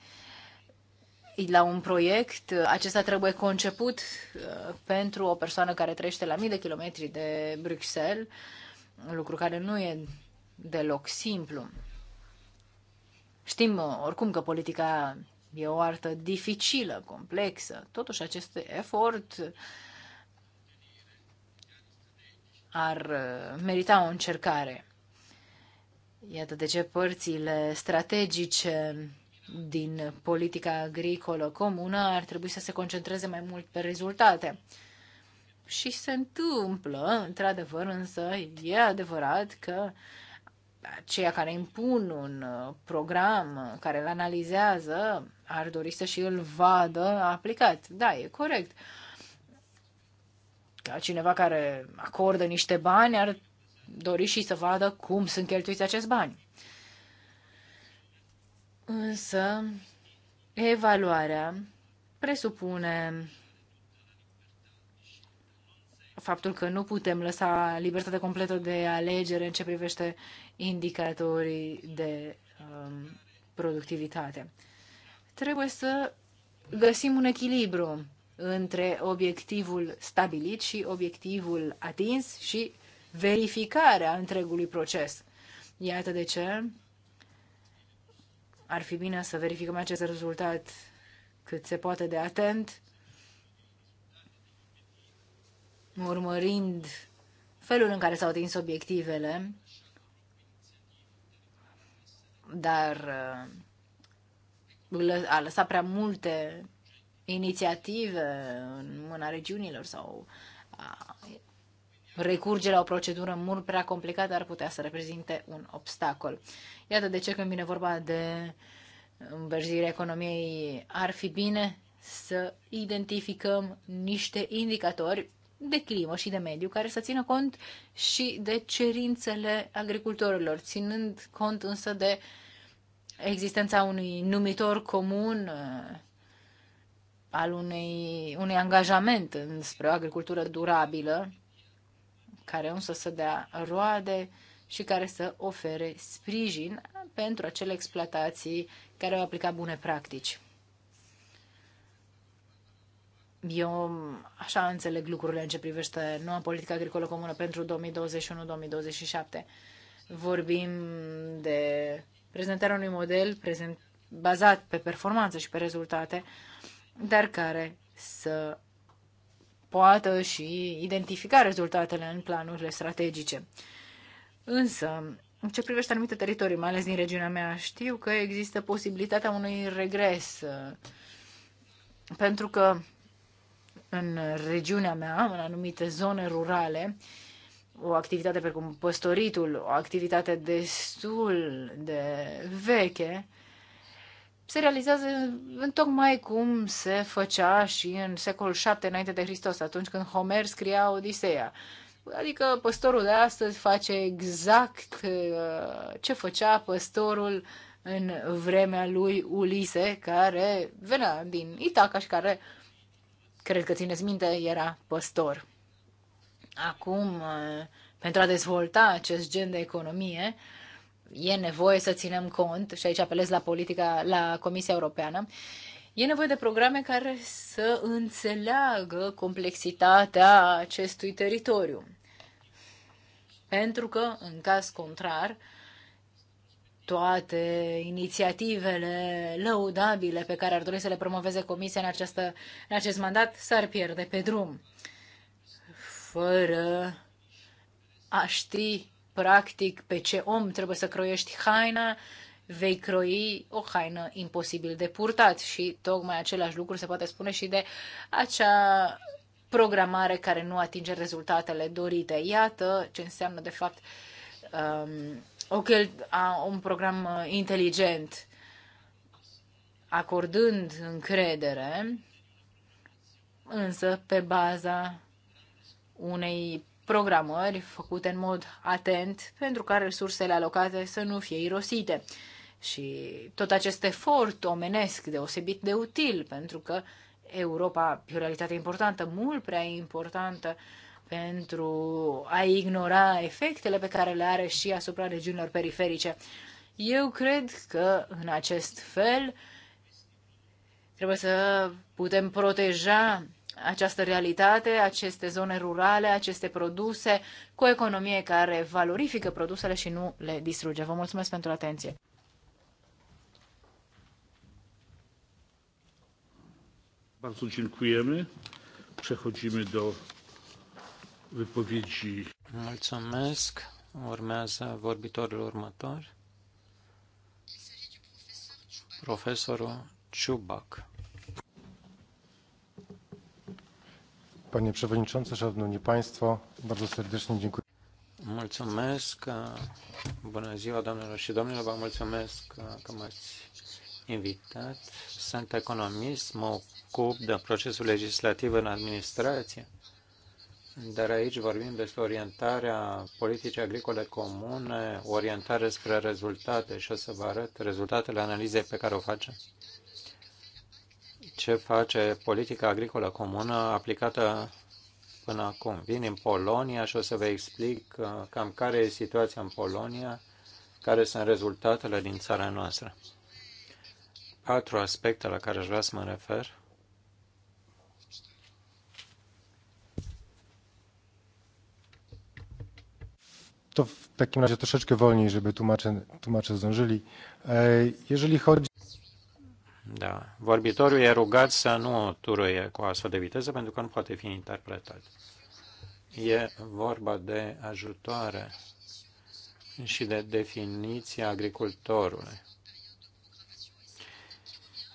S3: la un proiect, acesta trebuie conceput uh, pentru o persoană care trăiește la mii de kilometri de Bruxelles, lucru care nu e deloc simplu. Știm uh, oricum că politica e o artă dificilă, complexă. Totuși, acest efort ar uh, merita o încercare. Iată de ce părțile strategice din politica agricolă comună ar trebui să se concentreze mai mult pe rezultate. Și se întâmplă, într-adevăr, însă e adevărat că aceia care impun un program, care îl analizează, ar dori să și îl vadă aplicat. Da, e corect. Ca cineva care acordă niște bani ar dori și să vadă cum sunt cheltuiți acești bani. Însă, evaluarea presupune faptul că nu putem lăsa libertatea completă de alegere în ce privește indicatorii de um, productivitate. Trebuie să găsim un echilibru între obiectivul stabilit și obiectivul atins și verificarea întregului proces. Iată de ce ar fi bine să verificăm acest rezultat cât se poate de atent, urmărind felul în care s-au atins obiectivele, dar uh, a lăsat prea multe inițiative în mâna regiunilor sau recurge la o procedură mult prea complicată ar putea să reprezinte un obstacol. Iată de ce când vine vorba de înverzirea economiei, ar fi bine să identificăm niște indicatori de climă și de mediu care să țină cont și de cerințele agricultorilor, ținând cont însă de existența unui numitor comun al unei, unui angajament spre o agricultură durabilă, care însă să dea roade și care să ofere sprijin pentru acele exploatații care au aplicat bune practici. Eu așa înțeleg lucrurile în ce privește noua politică agricolă comună pentru 2021-2027. Vorbim de prezentarea unui model prezent, bazat pe performanță și pe rezultate, dar care să poată și identifica rezultatele în planurile strategice. Însă, în ce privește anumite teritorii, mai ales din regiunea mea, știu că există posibilitatea unui regres. Uh, pentru că în regiunea mea, în anumite zone rurale, o activitate precum păstoritul, o activitate destul de veche, se realizează în tocmai cum se făcea și în secolul VII înainte de Hristos, atunci când Homer scria Odiseea. Adică păstorul de astăzi face exact uh, ce făcea păstorul în vremea lui Ulise, care venea din Itaca și care, cred că țineți minte, era păstor. Acum, uh, pentru a dezvolta acest gen de economie, uh, e nevoie să ținem cont, și aici apelez la politica, la Comisia Europeană, e nevoie de programe care să înțeleagă complexitatea acestui teritoriu. Pentru că, în caz contrar, toate inițiativele lăudabile pe care ar dori să le promoveze Comisia în, această, în acest mandat s-ar pierde pe drum. Fără a ști practic pe ce om trebuie să croiești haina, vei croi o haină imposibil de purtat și tocmai același lucru se poate spune și de acea programare care nu atinge rezultatele dorite. Iată ce înseamnă de fapt um, o chel- a, un program uh, inteligent acordând încredere, însă pe baza unei programări făcute în mod atent pentru ca resursele alocate să nu fie irosite. Și tot acest efort omenesc deosebit de util pentru că Europa e o realitate importantă, mult prea importantă pentru a ignora efectele pe care le are și asupra regiunilor periferice. Eu cred că în acest fel trebuie să putem proteja această realitate, aceste zone rurale, aceste produse, cu o economie care valorifică produsele și nu le distruge. Vă mulțumesc pentru atenție!
S1: Bardzo dziękujemy. Przechodzimy do wypowiedzi.
S2: Mulțumesc. Urmează vorbitorul următor. Profesorul Ciubac. Panie Przewodniczący, Szanowni Państwo, bardzo serdecznie dziękuję. Mulțumesc, bună ziua doamnelor și domnilor, vă mulțumesc că m-ați invitat. Sunt economist, mă ocup de procesul legislativ în administrație, dar aici vorbim despre orientarea politicii agricole comune, orientare spre rezultate și o să vă arăt rezultatele analizei pe care o facem ce face politica agricolă comună aplicată până acum. Vin în Polonia și o să vă explic uh, cam care e situația în Polonia, care sunt rezultatele din țara noastră. Patru aspecte la care aș vrea să mă refer. To w takim razie troszeczkę wolniej, żeby tłumacze, tłumacze zdążyli. Jeżeli chodzi da. Vorbitorul e rugat să nu turăie cu astfel de viteză pentru că nu poate fi interpretat. E vorba de ajutoare și de definiția agricultorului.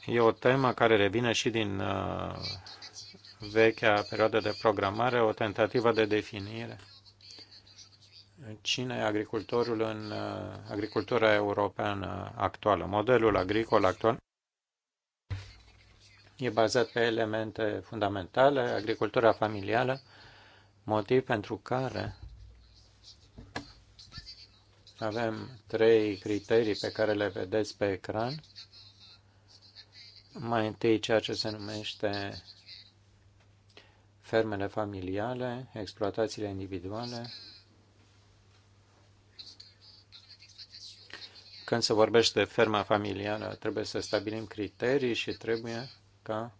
S2: E o temă care revine și din uh, vechea perioadă de programare, o tentativă de definire. Cine e agricultorul în uh, agricultura europeană actuală? Modelul agricol actual E bazat pe elemente fundamentale, agricultura familială, motiv pentru care avem trei criterii pe care le vedeți pe ecran. Mai întâi ceea ce se numește fermele familiale, exploatațiile individuale. Când se vorbește de ferma familială, trebuie să stabilim criterii și trebuie ca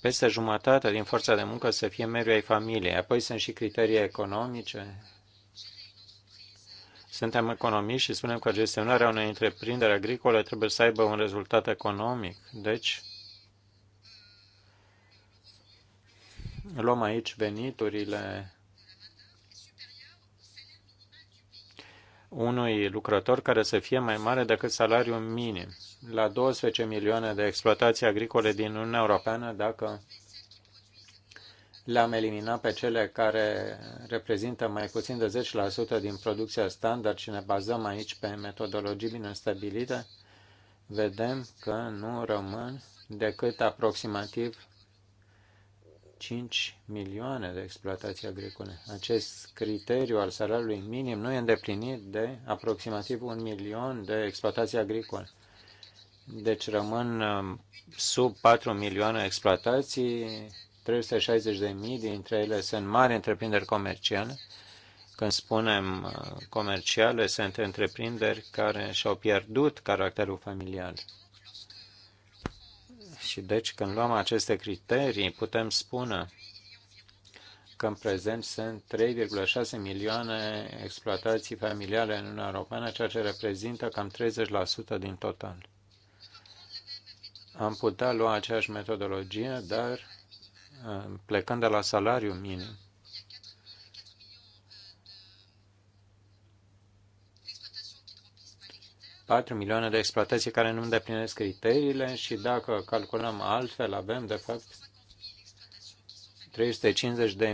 S2: peste jumătate din forța de muncă să fie membri ai familiei. Apoi sunt și criterii economice. Suntem economiști și spunem că gestionarea unei întreprinderi agricole trebuie să aibă un rezultat economic. Deci, luăm aici veniturile unui lucrător care să fie mai mare decât salariul minim la 12 milioane de exploatații agricole din Uniunea Europeană dacă le-am eliminat pe cele care reprezintă mai puțin de 10% din producția standard și ne bazăm aici pe metodologii bine stabilite, vedem că nu rămân decât aproximativ 5 milioane de exploatații agricole. Acest criteriu al salariului minim nu e îndeplinit de aproximativ un milion de exploatații agricole. Deci rămân um, sub 4 milioane exploatații, 360 de mii dintre ele sunt mari întreprinderi comerciale. Când spunem uh, comerciale, sunt întreprinderi care și-au pierdut caracterul familial și deci când luăm aceste criterii, putem spune că în prezent sunt 3,6 milioane exploatații familiale în Uniunea Europeană, ceea ce reprezintă cam 30% din total. Am putea lua aceeași metodologie, dar uh, plecând de la salariu minim. 4 milioane de exploatații care nu îndeplinesc criteriile și dacă calculăm altfel, avem de fapt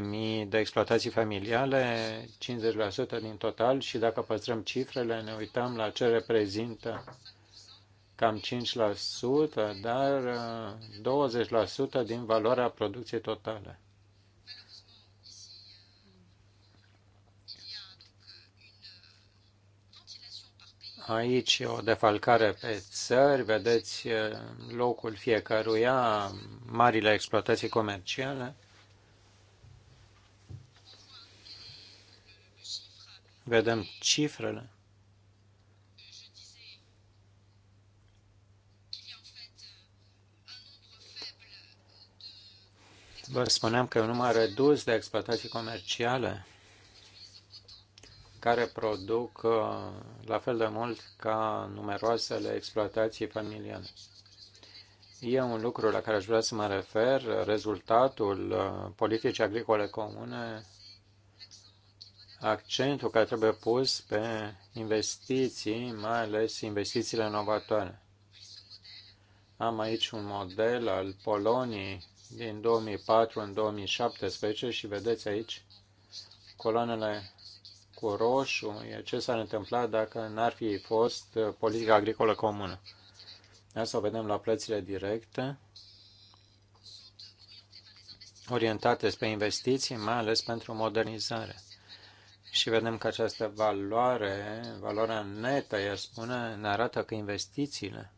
S2: mii de exploatații familiale, 50% din total și dacă păstrăm cifrele, ne uităm la ce reprezintă cam 5%, dar 20% uh, din valoarea producției totale. Aici o defalcare pe țări, vedeți locul fiecăruia, marile exploatații comerciale. Vedem cifrele. Vă spuneam că e un număr redus de exploatații comerciale care produc uh, la fel de mult ca numeroasele exploatații familiale. E un lucru la care aș vrea să mă refer, rezultatul uh, politicii agricole comune, accentul care trebuie pus pe investiții, mai ales investițiile inovatoare. Am aici un model al Poloniei din 2004 în 2017 și vedeți aici coloanele cu roșu ce s-ar întâmpla dacă n-ar fi fost politica agricolă comună. Asta o vedem la plățile directe orientate spre investiții, mai ales pentru modernizare. Și vedem că această valoare, valoarea netă, ea spune, ne arată că investițiile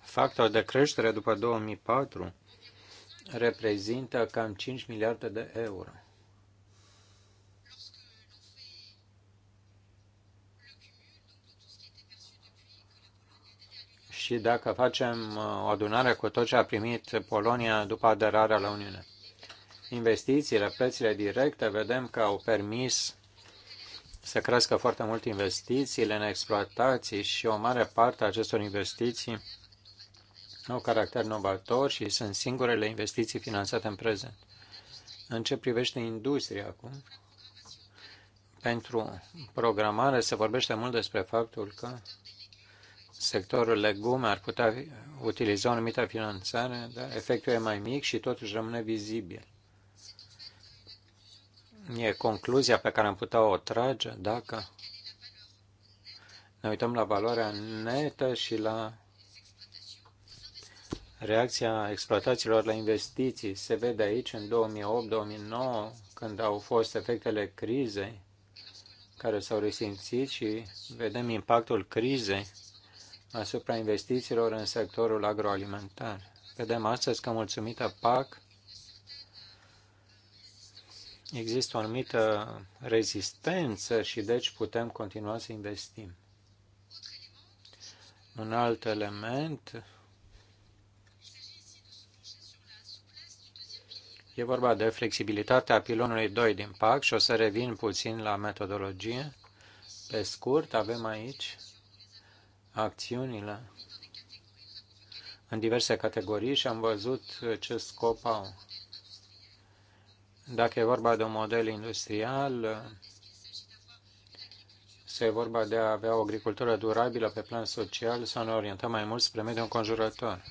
S2: factor de creștere după 2004 reprezintă cam 5 miliarde de euro. Și dacă facem uh, o adunare cu tot ce a primit Polonia după aderarea la Uniune. Investițiile, plățile directe, vedem că au permis să crească foarte mult investițiile în exploatații și o mare parte a acestor investiții au caracter novator și sunt singurele investiții finanțate în prezent. În ce privește industria acum, pentru programare se vorbește mult despre faptul că sectorul legume ar putea utiliza o anumită finanțare, dar efectul e mai mic și totuși rămâne vizibil. E concluzia pe care am putea o trage dacă ne uităm la valoarea netă și la reacția exploatațiilor la investiții. Se vede aici în 2008-2009, când au fost efectele crizei care s-au resimțit și vedem impactul crizei asupra investițiilor în sectorul agroalimentar. Vedem astăzi că, mulțumită PAC, există o anumită rezistență și deci putem continua să investim. Un alt element E vorba de flexibilitatea pilonului 2 din PAC și o să revin puțin la metodologie. Pe scurt, avem aici acțiunile în diverse categorii și am văzut ce scop au. Dacă e vorba de un model industrial, se e vorba de a avea o agricultură durabilă pe plan social, să ne orientăm mai mult spre mediul înconjurător.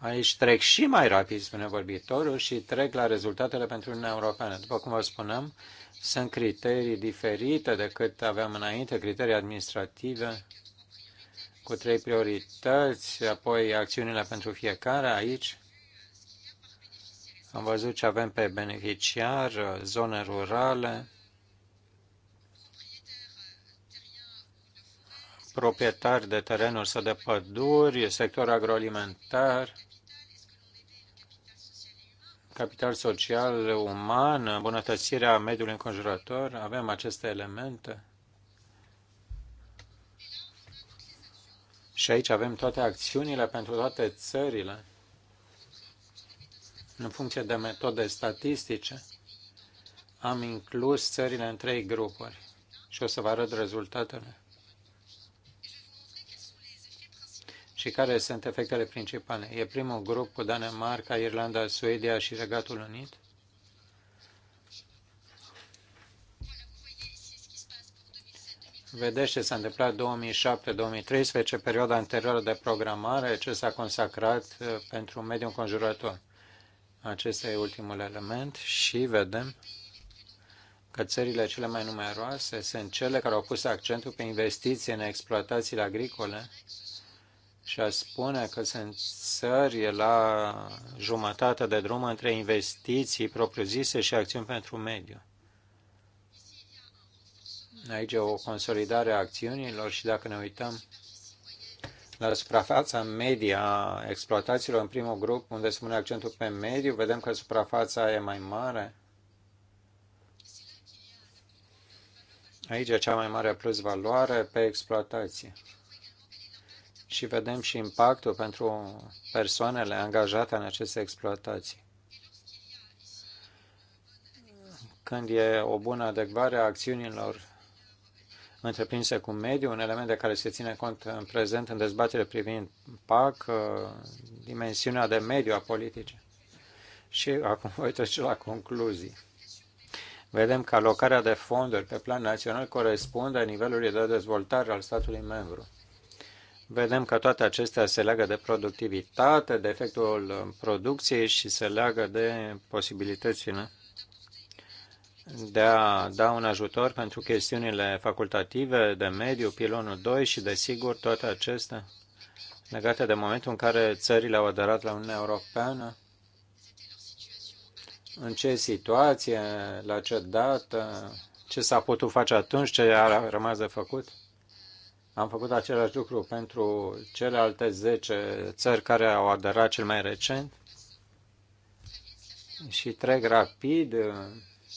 S2: Aici trec și mai rapid, spune vorbitorul, și trec la rezultatele pentru Uniunea Europeană. După cum vă spunem, sunt criterii diferite decât aveam înainte, criterii administrative cu trei priorități, apoi acțiunile pentru fiecare aici. Am văzut ce avem pe beneficiar, zone rurale, proprietari de terenuri sau de păduri, sector agroalimentar, capital social uman, îmbunătățirea mediului înconjurător, avem aceste elemente. Și aici avem toate acțiunile pentru toate țările, în funcție de metode statistice. Am inclus țările în trei grupuri și o să vă arăt rezultatele. și care sunt efectele principale. E primul grup cu Danemarca, Irlanda, Suedia și Regatul Unit? Vedeți ce s-a întâmplat 2007-2013, perioada anterioară de programare, ce s-a consacrat uh, pentru mediul înconjurător. Acesta e ultimul element și vedem că țările cele mai numeroase sunt cele care au pus accentul pe investiții în exploatațiile agricole și a spune că sunt țări la jumătate de drum între investiții propriu-zise și acțiuni pentru mediu. Aici e o consolidare a acțiunilor și dacă ne uităm la suprafața media a exploatațiilor în primul grup, unde se pune accentul pe mediu, vedem că suprafața e mai mare. Aici e cea mai mare plus valoare pe exploatație și vedem și impactul pentru persoanele angajate în aceste exploatații. Când e o bună adecvare a acțiunilor întreprinse cu mediul, un element de care se ține cont în prezent în dezbatere privind PAC, uh, dimensiunea de mediu a politicii. Și acum voi trece la concluzii. Vedem că alocarea de fonduri pe plan național corespunde nivelului de dezvoltare al statului membru vedem că toate acestea se leagă de productivitate, de efectul producției și se leagă de posibilitățile de a da un ajutor pentru chestiunile facultative, de mediu, pilonul 2 și, desigur, toate acestea legate de momentul în care țările au aderat la Uniunea Europeană, în ce situație, la ce dată, ce s-a putut face atunci, ce a rămas de făcut. Am făcut același lucru pentru celelalte 10 țări care au aderat cel mai recent și trec rapid.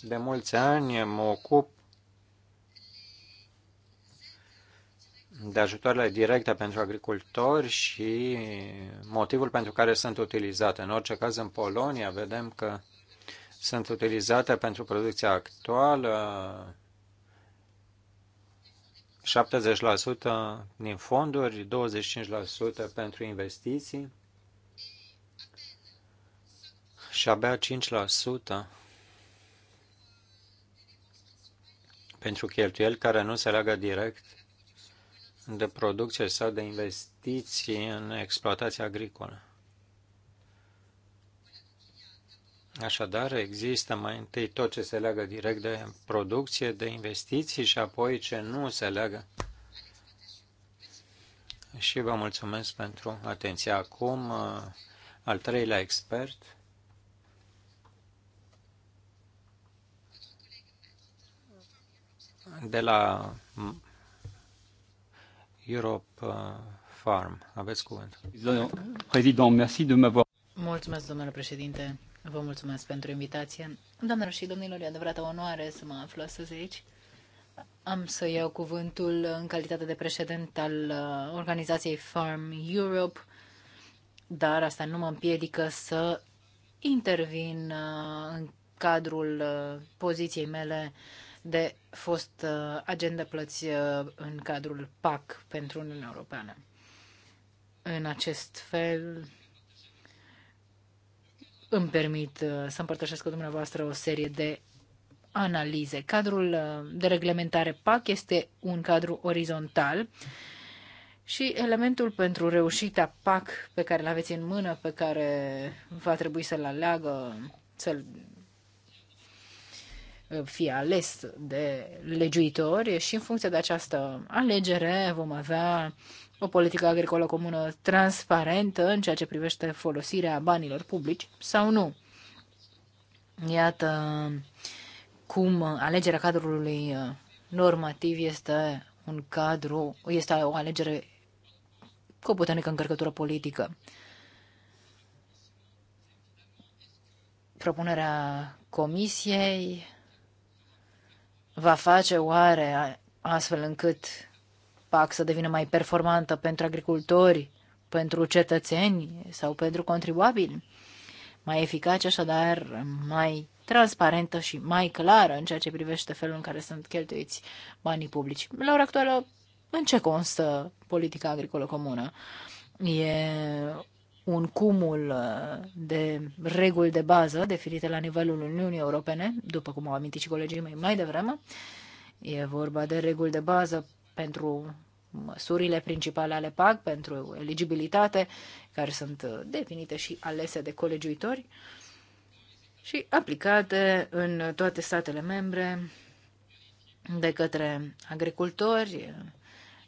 S2: De mulți ani mă ocup de ajutoarele directe pentru agricultori și motivul pentru care sunt utilizate. În orice caz, în Polonia vedem că sunt utilizate pentru producția actuală, 70% din fonduri, 25% pentru investiții și abia 5% pentru cheltuieli care nu se leagă direct de producție sau de investiții în exploatația agricolă. Așadar, există mai întâi tot ce se leagă direct de producție, de investiții și apoi ce nu se leagă. Și vă mulțumesc pentru atenția Acum, uh, al treilea expert. de la Europe uh, Farm. Aveți cuvânt.
S3: Mulțumesc, domnule președinte. Vă mulțumesc pentru invitație. Doamnelor și domnilor, e adevărată onoare să mă aflu astăzi aici. Am să iau cuvântul în calitate de președent al uh, organizației Farm Europe, dar asta nu mă împiedică să intervin uh, în cadrul uh, poziției mele de fost agent de plăți în cadrul PAC pentru Uniunea Europeană. În acest fel, îmi permit uh, să împărtășesc cu dumneavoastră o serie de analize. Cadrul uh, de reglementare PAC este un cadru orizontal și elementul pentru reușita PAC pe care l-aveți în mână, pe care va trebui să-l aleagă, să-l uh, fie ales de legiuitori și în funcție de această alegere vom avea o politică agricolă comună transparentă în ceea ce privește folosirea banilor publici sau nu. Iată cum alegerea cadrului uh, normativ este un cadru, este o alegere cu o puternică încărcătură politică. Propunerea comisiei va face oare astfel încât PAC să devină mai performantă pentru agricultori, pentru cetățeni sau pentru contribuabili, mai eficace, așadar mai transparentă și mai clară în ceea ce privește felul în care sunt cheltuiți banii publici. La ora actuală, în ce constă politica agricolă comună? E un cumul de reguli de bază definite la nivelul Uniunii Europene, după cum au amintit și colegii mei mai devreme. E vorba de reguli de bază pentru măsurile principale ale PAC, pentru eligibilitate, care sunt uh, definite și alese de colegiuitori și aplicate în toate statele membre de către agricultori,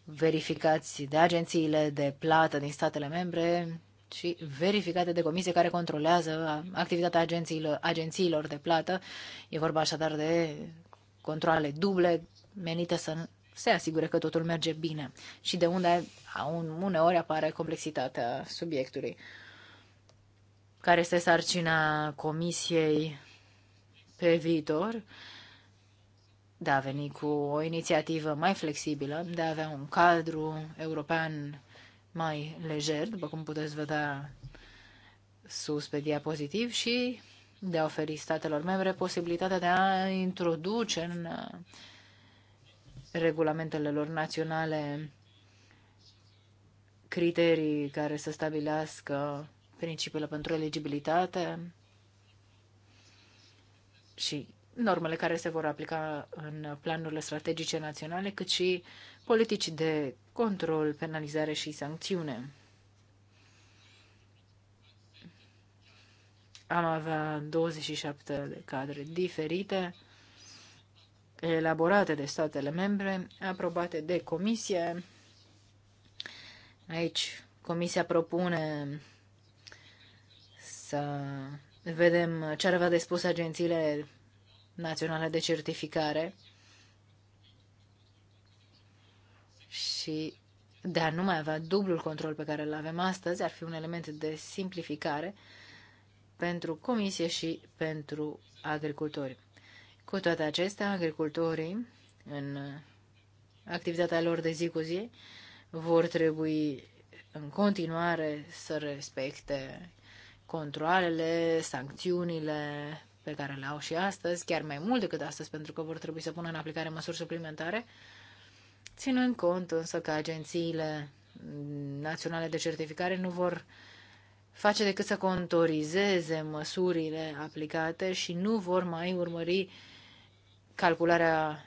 S3: verificați de agențiile de plată din statele membre și verificate de comisie care controlează activitatea agențiilor, agențiilor de plată. E vorba așadar de controle duble menite să se asigure că totul merge bine și de unde uneori apare complexitatea subiectului. Care este sarcina comisiei pe viitor? De a veni cu o inițiativă mai flexibilă, de a avea un cadru european mai lejer, după cum puteți vedea sus pe diapozitiv, și de a oferi statelor membre posibilitatea de a introduce în regulamentele lor naționale criterii care să stabilească principiile pentru eligibilitate și normele care se vor aplica în planurile strategice naționale, cât și politici de control, penalizare și sancțiune. Am avea 27 de cadre diferite elaborate de statele membre, aprobate de comisie. Aici comisia propune să vedem ce ar avea de spus agențiile naționale de certificare și de a nu mai avea dublul control pe care îl avem astăzi, ar fi un element de simplificare pentru comisie și pentru agricultori. Cu toate acestea, agricultorii, în activitatea lor de zi cu zi, vor trebui în continuare să respecte controlele, sancțiunile pe care le au și astăzi, chiar mai mult decât astăzi, pentru că vor trebui să pună în aplicare măsuri suplimentare, ținând cont însă că agențiile naționale de certificare nu vor face decât să contorizeze măsurile aplicate și nu vor mai urmări calcularea,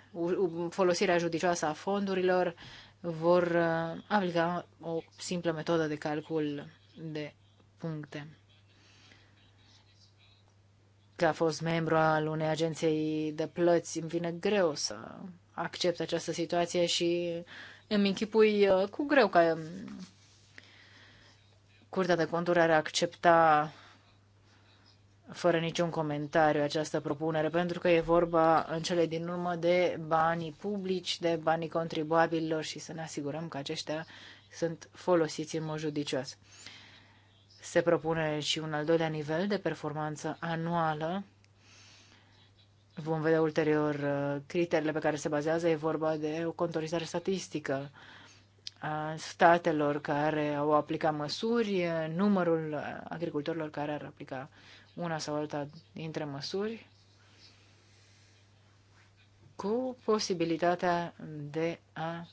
S3: folosirea judicioasă a fondurilor, vor uh, aplica o simplă metodă de calcul de puncte. Că a fost membru al unei agenții de plăți, îmi vine greu să accept această situație și îmi închipui uh, cu greu că um, Curtea de Conturi ar accepta fără niciun comentariu această propunere, pentru că e vorba în cele din urmă de banii publici, de banii contribuabililor și să ne asigurăm că aceștia sunt folosiți în mod judicios. Se propune și un al doilea nivel de performanță anuală. Vom vedea ulterior uh, criteriile pe care se bazează. E vorba de o contorizare statistică a statelor care au aplicat măsuri, uh, numărul uh, agricultorilor care ar aplica una sau alta dintre măsuri cu posibilitatea de a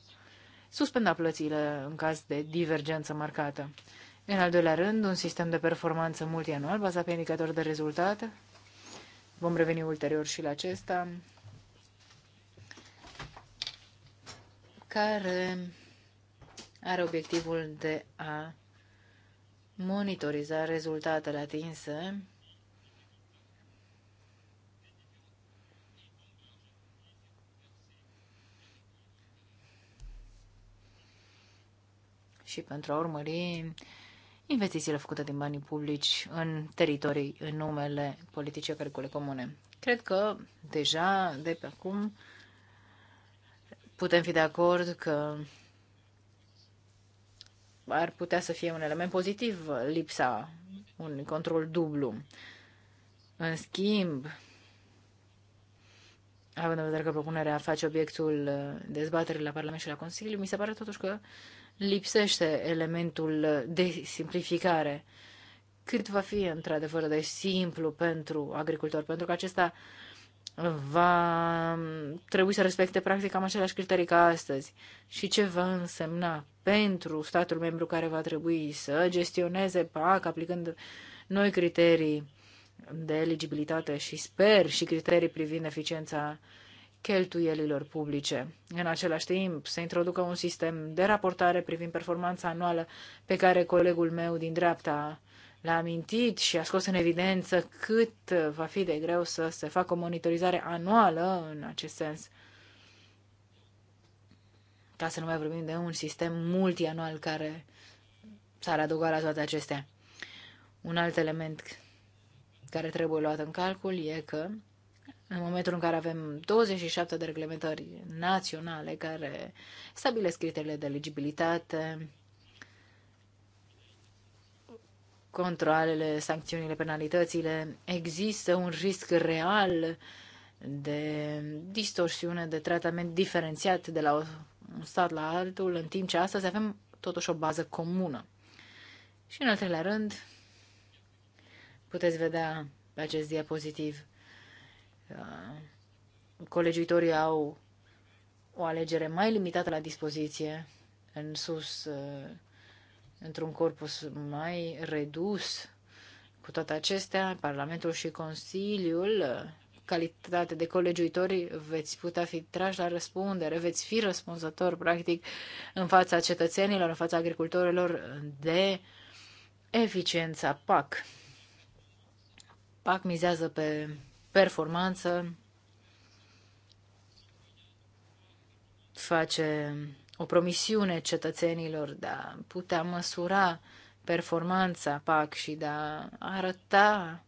S3: suspenda plățile în caz de divergență marcată. În al doilea rând, un sistem de performanță multianual bazat pe indicator de rezultate. Vom reveni ulterior și la acesta, care are obiectivul de a monitoriza rezultatele atinse și pentru a urmări investițiile făcute din banii publici în teritorii, în numele politicii agricole comune. Cred că deja, de pe acum, putem fi de acord că ar putea să fie un element pozitiv lipsa unui control dublu. În schimb, având în vedere că propunerea face obiectul uh, dezbaterii la Parlament și la Consiliu, mi se pare totuși că lipsește elementul de simplificare. Cât va fi într-adevăr de simplu pentru agricultor? Pentru că acesta va um, trebui să respecte practic cam aceleași criterii ca astăzi. Și ce va însemna pentru statul membru care va trebui să gestioneze PAC aplicând noi criterii de eligibilitate și sper și criterii privind eficiența cheltuielilor publice. În același timp, se introducă un sistem de raportare privind performanța anuală pe care colegul meu din dreapta l-a amintit și a scos în evidență cât va fi de greu să se facă o monitorizare anuală în acest sens. Ca să nu mai vorbim de un sistem multianual care s-ar adăuga la toate acestea. Un alt element care trebuie luat în calcul e că în momentul în care avem 27 de reglementări naționale care stabilesc criteriile de eligibilitate, controlele, sancțiunile, penalitățile, există un risc real de distorsiune, de tratament diferențiat de la un stat la altul, în timp ce astăzi avem totuși o bază comună. Și în al treilea rând, Puteți vedea pe acest diapozitiv. Uh, colegiuitorii au o alegere mai limitată la dispoziție, în sus, uh, într-un corpus mai redus. Cu toate acestea, Parlamentul și Consiliul, uh, calitate de colegiuitori, veți putea fi trași la răspundere, veți fi răspunzător, practic, în fața cetățenilor, în fața agricultorilor, de eficiența PAC. PAC mizează pe performanță, face o promisiune cetățenilor de a putea măsura performanța PAC și de a arăta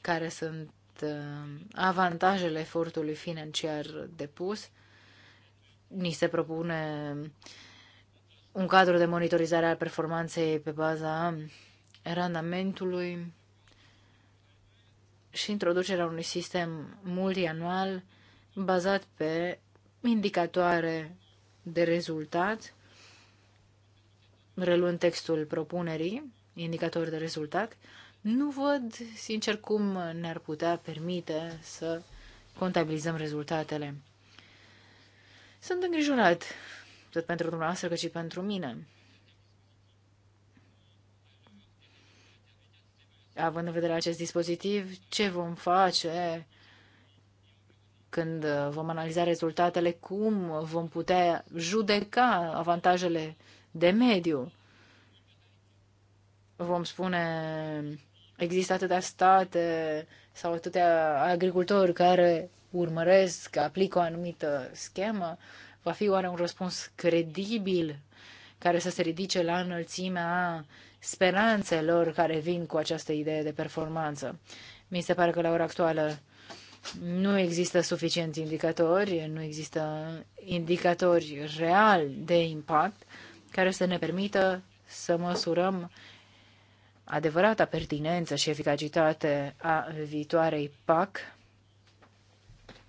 S3: care sunt uh, avantajele efortului financiar depus. Ni se propune un cadru de monitorizare a performanței pe baza randamentului și introducerea unui sistem multianual bazat pe indicatoare de rezultat, reluând textul propunerii, indicatori de rezultat, nu văd, sincer, cum ne-ar putea permite să contabilizăm rezultatele. Sunt îngrijorat, atât pentru dumneavoastră cât și pentru mine. având în vedere acest dispozitiv, ce vom face când vom analiza rezultatele, cum vom putea judeca avantajele de mediu. Vom spune, există atâtea state sau atâtea agricultori care urmăresc, aplică o anumită schemă, va fi oare un răspuns credibil care să se ridice la înălțimea speranțelor care vin cu această idee de performanță. Mi se pare că la ora actuală nu există suficienți indicatori, nu există indicatori real de impact care să ne permită să măsurăm adevărata pertinență și eficacitate a viitoarei PAC,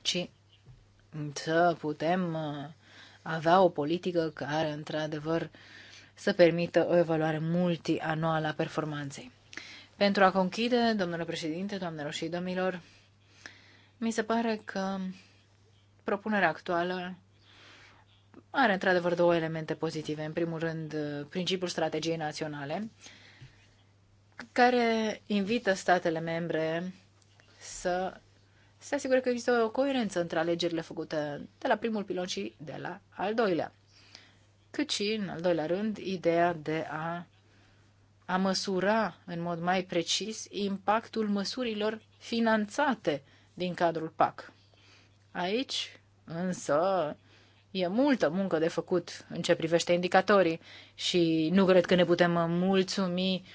S3: ci să putem uh, avea o politică care, într-adevăr, să permită o evaluare multianuală a performanței. Pentru a conchide, domnule președinte, doamnelor și domnilor, mi se pare că propunerea actuală are într-adevăr două elemente pozitive. În primul rând, principiul strategiei naționale, care invită statele membre să se asigure că există o coerență între alegerile făcute de la primul pilon și de la al doilea cât și, în al doilea rând, ideea de a, a măsura în mod mai precis impactul măsurilor finanțate din cadrul PAC. Aici, însă, e multă muncă de făcut în ce privește indicatorii și nu cred că ne putem mulțumi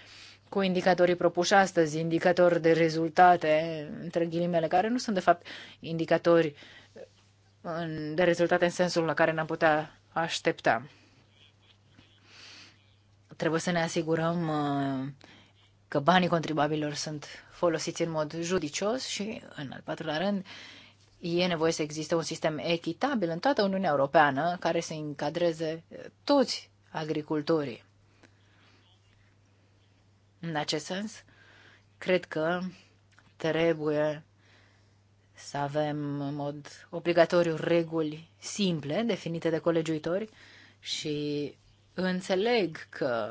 S3: cu indicatorii propuși astăzi, indicatori de rezultate, între ghilimele, care nu sunt, de fapt, indicatori de rezultate în sensul la care ne-am putea aștepta. Trebuie să ne asigurăm uh, că banii contribuabililor sunt folosiți în mod judicios și, în al patrulea rând, e nevoie să existe un sistem echitabil în toată Uniunea Europeană care să încadreze toți agricultorii. În acest sens, cred că trebuie să avem în mod obligatoriu reguli simple definite de colegiuitori și Înțeleg că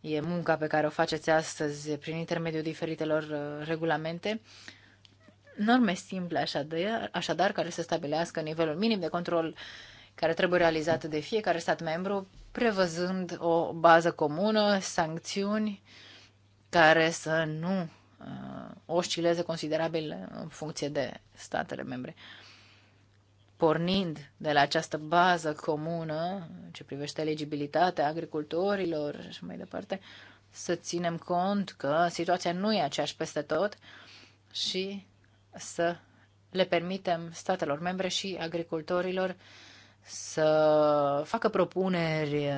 S3: e munca pe care o faceți astăzi prin intermediul diferitelor uh, regulamente, norme simple așadar, așadar care să stabilească nivelul minim de control care trebuie realizat de fiecare stat membru, prevăzând o bază comună, sancțiuni care să nu uh, oscileze considerabil în funcție de statele membre. Uh, pornind de la această bază comună ce privește eligibilitatea agricultorilor și mai departe, să ținem cont că situația nu e aceeași peste tot și să le permitem statelor membre și agricultorilor să facă propuneri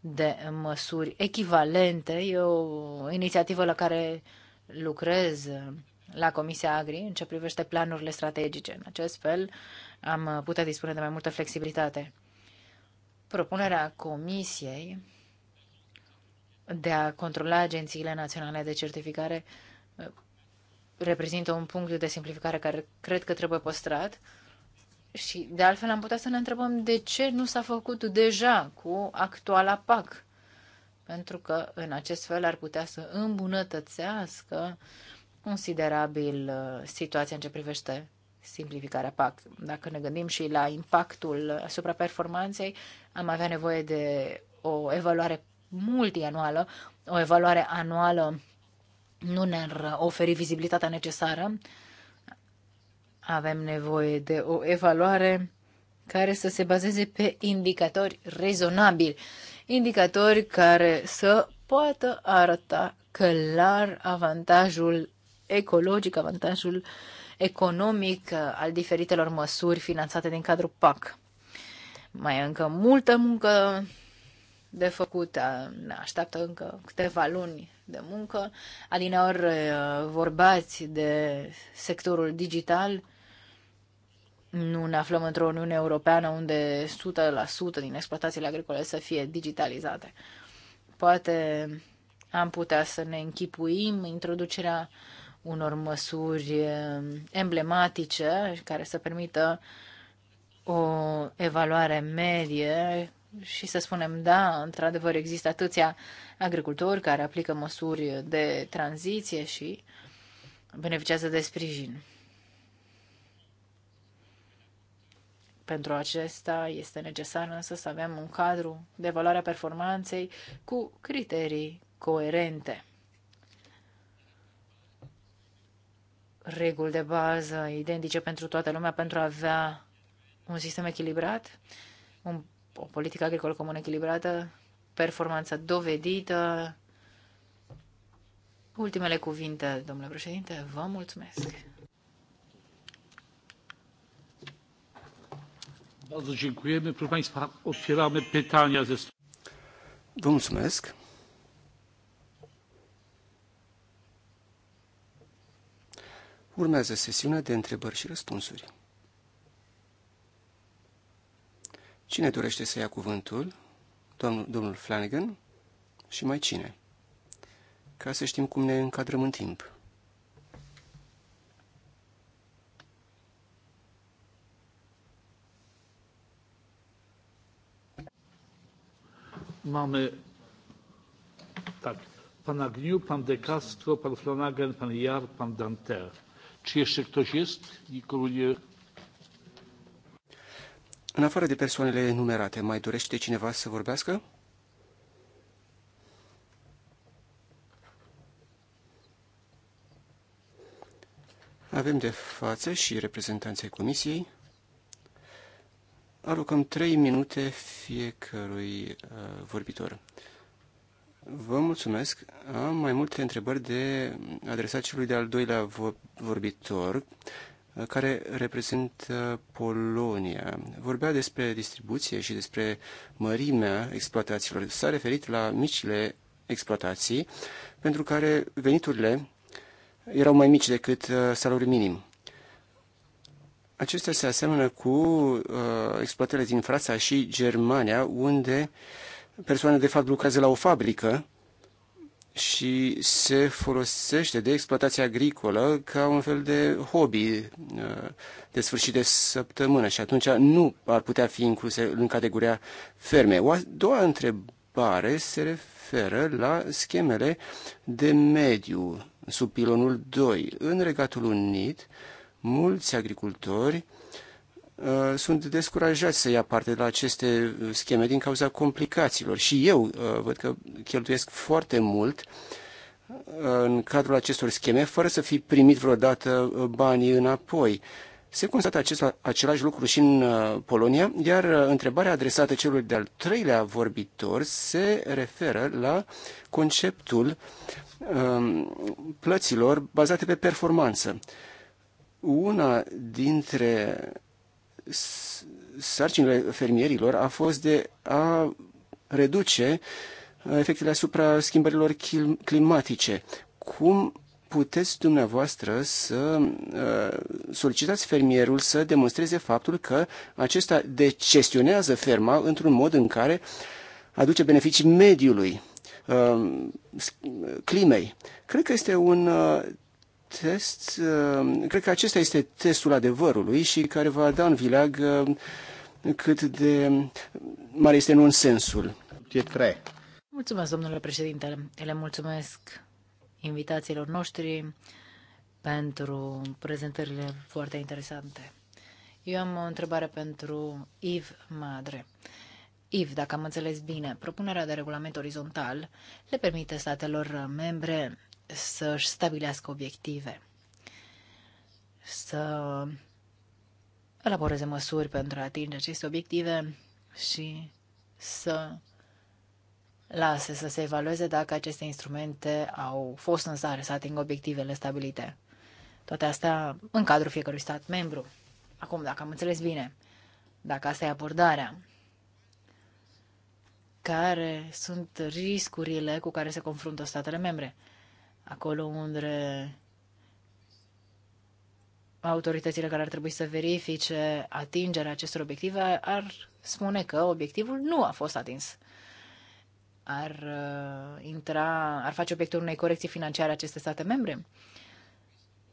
S3: de măsuri echivalente. E o inițiativă la care lucrez la Comisia Agri în ce privește planurile strategice. În acest fel am uh, putea dispune de mai multă flexibilitate. Propunerea Comisiei de a controla agențiile naționale de certificare uh, reprezintă un punct de simplificare care cred că trebuie păstrat și de altfel am putea să ne întrebăm de ce nu s-a făcut deja cu actuala PAC, pentru că în acest fel ar putea să îmbunătățească uh, considerabil uh, situația în ce privește simplificarea PAC. Dacă ne gândim și la impactul asupra performanței, am avea nevoie de o evaluare multianuală, o evaluare anuală nu ne-ar oferi vizibilitatea necesară. Avem nevoie de o evaluare care să se bazeze pe indicatori rezonabili, indicatori care să poată arăta clar avantajul ecologic, avantajul economic uh, al diferitelor măsuri finanțate din cadrul PAC. Mai e încă multă muncă de făcut, uh, ne așteaptă încă câteva luni de muncă. Adineori uh, vorbați de sectorul digital, nu ne aflăm într-o Uniune Europeană unde 100% din exploatațiile agricole să fie digitalizate. Poate am putea să ne închipuim introducerea unor măsuri emblematice care să permită o evaluare medie și să spunem, da, într-adevăr există atâția agricultori care aplică măsuri de tranziție și beneficiază de sprijin. Pentru acesta este necesar însă să avem un cadru de valoare a performanței cu criterii coerente. reguli de bază identice pentru toată lumea pentru a avea un sistem echilibrat, un, o politică agricolă comună echilibrată, performanță dovedită. Ultimele cuvinte, domnule președinte, vă mulțumesc.
S1: Vă
S4: mulțumesc. Urmează sesiunea de întrebări și răspunsuri. Cine dorește să ia cuvântul? Domnul, domnul Flanagan? Și mai cine? Ca să știm cum ne încadrăm în timp.
S1: Mamy tak, pan Agniu, pan De Castro, pan Flanagan, pan Jar, pan Dante. Czy jeszcze ktoś
S4: jest? Nikogo nie... În afară de persoanele numerate, mai dorește cineva să vorbească? Avem de față și reprezentanții comisiei. Alocăm trei minute fiecărui uh, vorbitor. Vă mulțumesc. Am mai multe întrebări de adresat celui de-al doilea vorbitor, uh, care reprezintă Polonia. Vorbea despre distribuție și despre mărimea exploatațiilor. S-a referit la micile exploatații, pentru care veniturile erau mai mici decât uh, salariul minim. Acestea se aseamănă cu uh, exploatările din Franța și Germania, unde uh, persoane de fapt lucrează la o fabrică și se folosește de exploatația agricolă ca un fel de hobby uh, de sfârșit de săptămână și atunci nu ar putea fi incluse în categoria ferme. O a doua întrebare se referă la schemele de mediu sub pilonul 2. În Regatul Unit, mulți agricultori Uh, sunt descurajați să ia parte la aceste uh, scheme din cauza complicațiilor. Și eu uh, văd că cheltuiesc foarte mult în cadrul acestor scheme, fără să fi primit vreodată banii înapoi. Se constată acest, același lucru și în Polonia, iar întrebarea adresată celor de-al treilea vorbitor se referă la conceptul um, plăților bazate pe performanță. Una dintre sarcinile fermierilor a fost de a reduce uh, efectele asupra schimbărilor climatice. Cum puteți dumneavoastră să uh, solicitați fermierul să demonstreze faptul că acesta decestionează ferma într-un mod în care aduce beneficii mediului, uh, climei. Cred că este un test, uh, cred că acesta este testul adevărului și care va da în vileag uh, cât de mare este nonsensul. E
S3: Mulțumesc, domnule președinte. Le mulțumesc invitațiilor noștri pentru prezentările foarte interesante. Eu am o întrebare pentru Yves Madre. IF, dacă am înțeles bine, propunerea de regulament orizontal le permite statelor membre să-și stabilească obiective, să elaboreze măsuri pentru a atinge aceste obiective și să lase să se evalueze dacă aceste instrumente au fost în stare să atingă obiectivele stabilite. Toate astea în cadrul fiecărui stat membru. Acum, dacă am înțeles bine, dacă asta e abordarea, care sunt riscurile cu care se confruntă statele membre acolo unde autoritățile care ar trebui să verifice atingerea acestor obiective ar spune că obiectivul nu a fost atins. Ar uh, intra, ar face obiectul unei corecții financiare aceste state membre.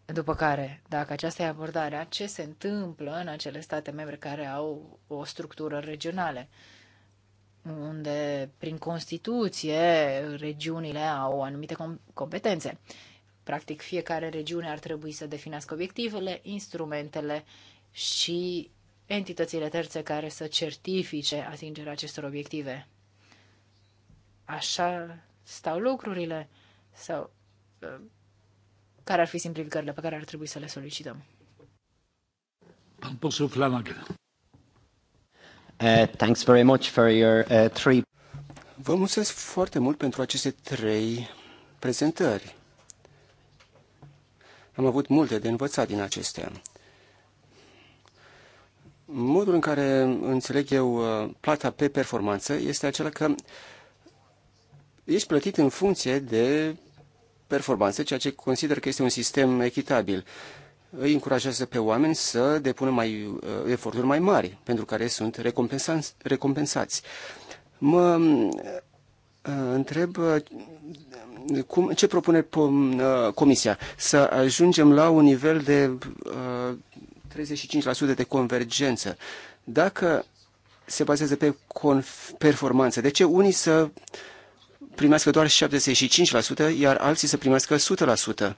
S3: După care, dacă aceasta e abordarea, ce se întâmplă în acele state membre care au o structură regională? unde prin Constituție regiunile au anumite competențe. Practic, fiecare regiune ar trebui să definească obiectivele, instrumentele și entitățile terțe care să certifice atingerea acestor obiective. Așa stau lucrurile sau ă, care ar fi simplificările pe care ar trebui să le solicităm?
S1: Am pus Flanagan.
S4: Uh, thanks very much for your uh, three. Vă mulțumesc foarte mult pentru aceste trei prezentări. Am avut multe de învățat din acestea. Modul în care înțeleg eu uh, plata pe performanță este acela că ești plătit în funcție de performanță, ceea ce consider că este un sistem echitabil îi încurajează pe oameni să depună mai, uh, eforturi mai mari, pentru care sunt recompensați. recompensați. Mă uh, întreb uh, cum, ce propune Comisia? Să ajungem la un nivel de 35% de convergență. Dacă se bazează pe performanță, de ce unii să primească doar 75%, iar alții să primească 100%?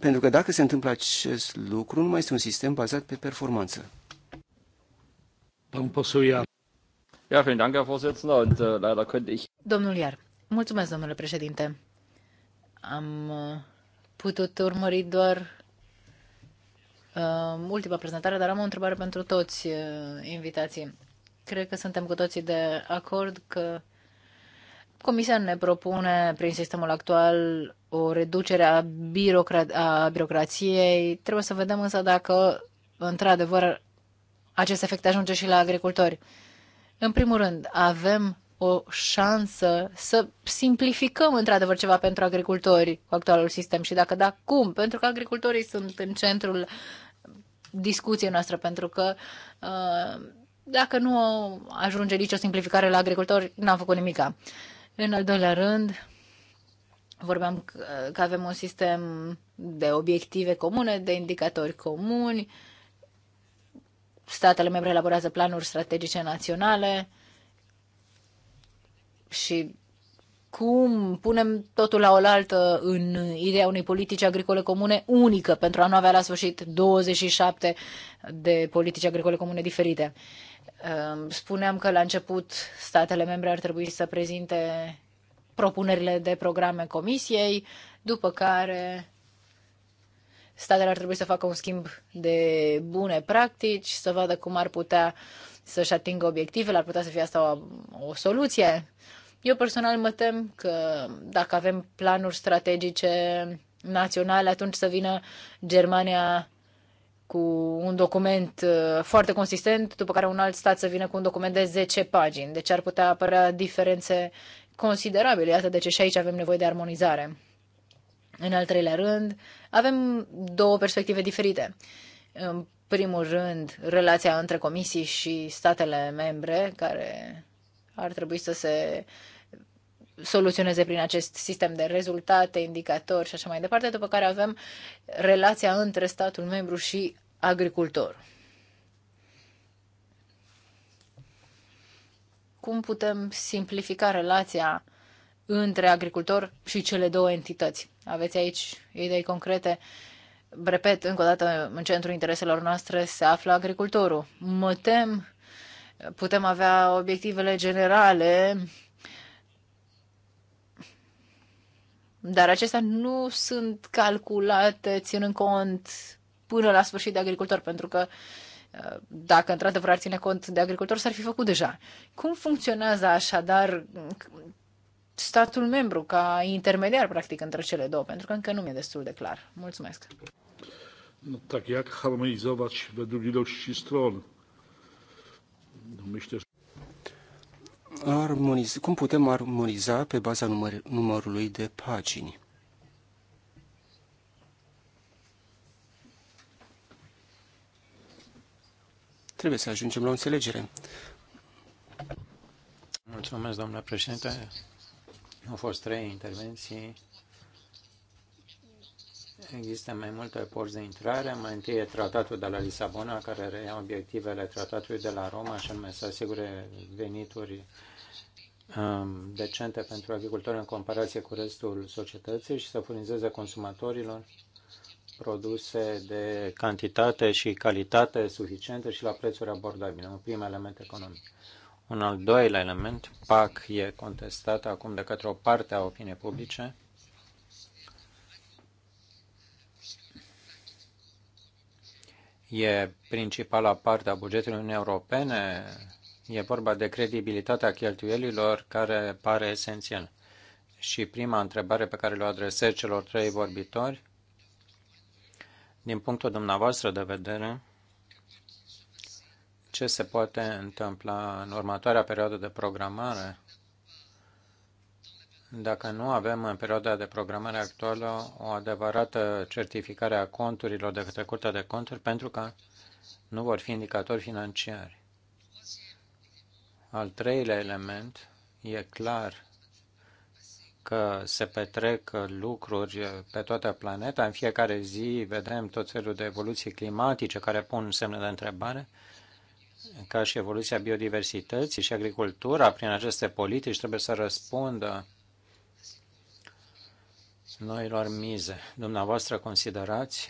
S4: Pentru că dacă se întâmplă acest lucru, nu mai este un sistem bazat pe performanță. Äh,
S3: Domnul Iar, mulțumesc, domnule președinte. Am uh, putut urmări doar uh, ultima prezentare, dar am o întrebare pentru toți uh, invitații. Cred că suntem cu toții de acord că Comisia ne propune, prin sistemul actual, o reducere a, birocra- a birocrației. Trebuie să vedem însă dacă, într-adevăr, acest efect ajunge și la agricultori. În primul rând, avem o șansă să simplificăm într-adevăr ceva pentru agricultori cu actualul sistem și dacă da, cum? Pentru că agricultorii sunt în centrul discuției noastre, pentru că uh, dacă nu ajunge nicio simplificare la agricultori, n-am făcut nimica. În al doilea rând, vorbeam că avem un sistem de obiective comune, de indicatori comuni, statele membre elaborează planuri strategice naționale și cum punem totul la oaltă în ideea unei politici agricole comune unică pentru a nu avea la sfârșit 27 de politici agricole comune diferite. Ehm, spuneam că la început statele membre ar trebui să prezinte propunerile de programe comisiei, după care statele ar trebui să facă un schimb de bune practici, să vadă cum ar putea să-și atingă obiectivele, ar putea să fie asta o, o soluție eu personal mă tem că dacă avem planuri strategice naționale, atunci să vină Germania cu un document uh, foarte consistent, după care un alt stat să vină cu un document de 10 pagini. Deci ar putea apărea diferențe considerabile. Iată de ce și aici avem nevoie de armonizare. În al treilea rând, avem două perspective diferite. În primul rând, relația între comisii și statele membre, care ar trebui să se soluționeze prin acest sistem de rezultate, indicatori și așa mai departe, după care avem relația între statul membru și agricultor. Cum putem simplifica relația între agricultor și cele două entități? Aveți aici idei concrete? Repet, încă o dată, în centrul intereselor noastre se află agricultorul. Mă tem putem avea obiectivele generale, dar acestea nu sunt calculate ținând cont până la sfârșit de agricultor, pentru că uh, dacă într-adevăr ar ține cont de agricultor, s-ar fi făcut deja. Cum funcționează așadar statul membru ca intermediar, practic, între cele două? Pentru că încă nu mi-e destul de clar. Mulțumesc.
S1: No, tak, jak harmonizować według ilości stron?
S4: Armoniz- cum putem armoniza pe baza număr- numărului de pagini? Trebuie să ajungem la o înțelegere.
S2: Mulțumesc, domnule președinte. Au fost trei intervenții Există mai multe porți de intrare. Mai întâi e tratatul de la Lisabona, care reia obiectivele tratatului de la Roma, și anume să asigure venituri um, decente pentru agricultori în comparație cu restul societății și să furnizeze consumatorilor produse de cantitate și calitate suficiente și la prețuri abordabile. Un prim element economic. Un al doilea element, PAC, e contestat acum de către o parte a opiniei publice e principala parte a bugetului Uniunii Europene, e vorba de credibilitatea cheltuielilor care pare esențială. Și prima întrebare pe care le-o adresez celor trei vorbitori, din punctul dumneavoastră de vedere, ce se poate întâmpla în următoarea perioadă de programare dacă nu avem în perioada de programare actuală o adevărată certificare a conturilor de către Curtea de Conturi, pentru că nu vor fi indicatori financiari. Al treilea element e clar că se petrec lucruri pe toată planeta. În fiecare zi vedem tot felul de evoluții climatice care pun semne de întrebare, ca și evoluția biodiversității și agricultura prin aceste politici trebuie să răspundă noilor mize. Dumneavoastră considerați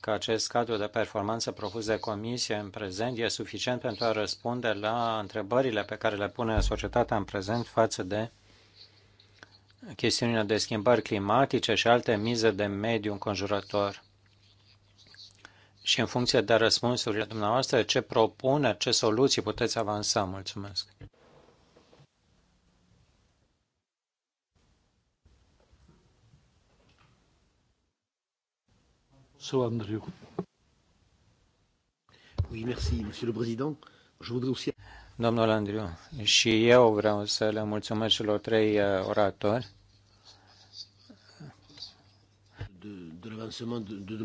S2: că acest cadru de performanță propus de comisie în prezent e suficient pentru a răspunde la întrebările pe care le pune societatea în prezent față de chestiunile de schimbări climatice și alte mize de mediu înconjurător. Și în funcție de răspunsurile dumneavoastră, ce propuneri, ce soluții puteți avansa? Mulțumesc!
S1: So, Andrew. Oui, merci, Monsieur le
S2: Président. Je voudrais aussi... Domnul Andriu, și eu vreau să le mulțumesc celor trei uh, oratori.
S1: De,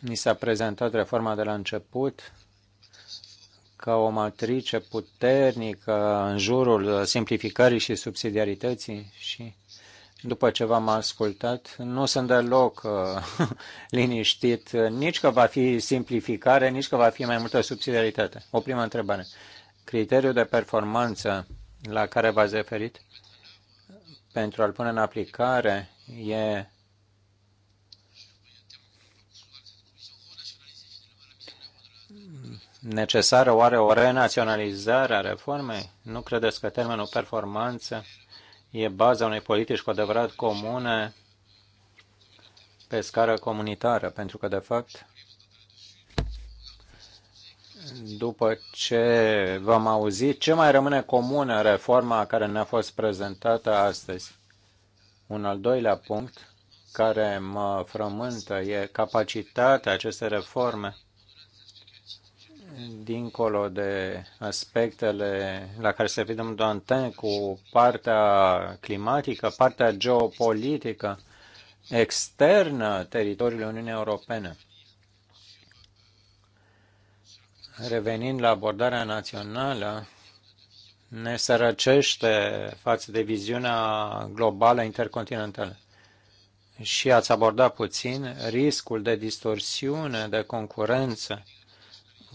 S2: Ni s-a prezentat reforma de la început ca o matrice puternică în jurul uh, simplificării și subsidiarității și după ce v-am ascultat, nu sunt deloc uh, liniștit, nici că va fi simplificare, nici că va fi mai multă subsidiaritate. O primă întrebare. Criteriul de performanță la care v-ați referit pentru a-l pune în aplicare e necesară oare o renaționalizare a reformei? Nu credeți că termenul performanță e baza unei politici cu adevărat comune pe scară comunitară, pentru că, de fapt, după ce v-am auzit, ce mai rămâne comun în reforma care ne-a fost prezentată astăzi? Un al doilea punct care mă frământă e capacitatea acestei reforme dincolo de aspectele la care se vedem domnul Dantin cu partea climatică, partea geopolitică externă teritoriului Uniunii Europene. Revenind la abordarea națională, ne sărăcește față de viziunea globală intercontinentală. Și ați abordat puțin riscul de distorsiune, de concurență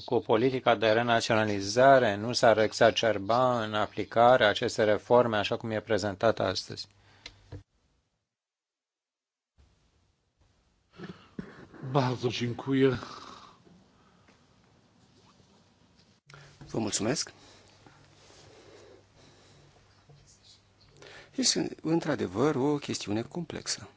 S2: cu politica de renaționalizare nu s-ar exacerba în aplicarea aceste reforme așa cum e prezentată astăzi?
S1: Bardzo dziękuję.
S4: Vă mulțumesc. Este într-adevăr o chestiune complexă.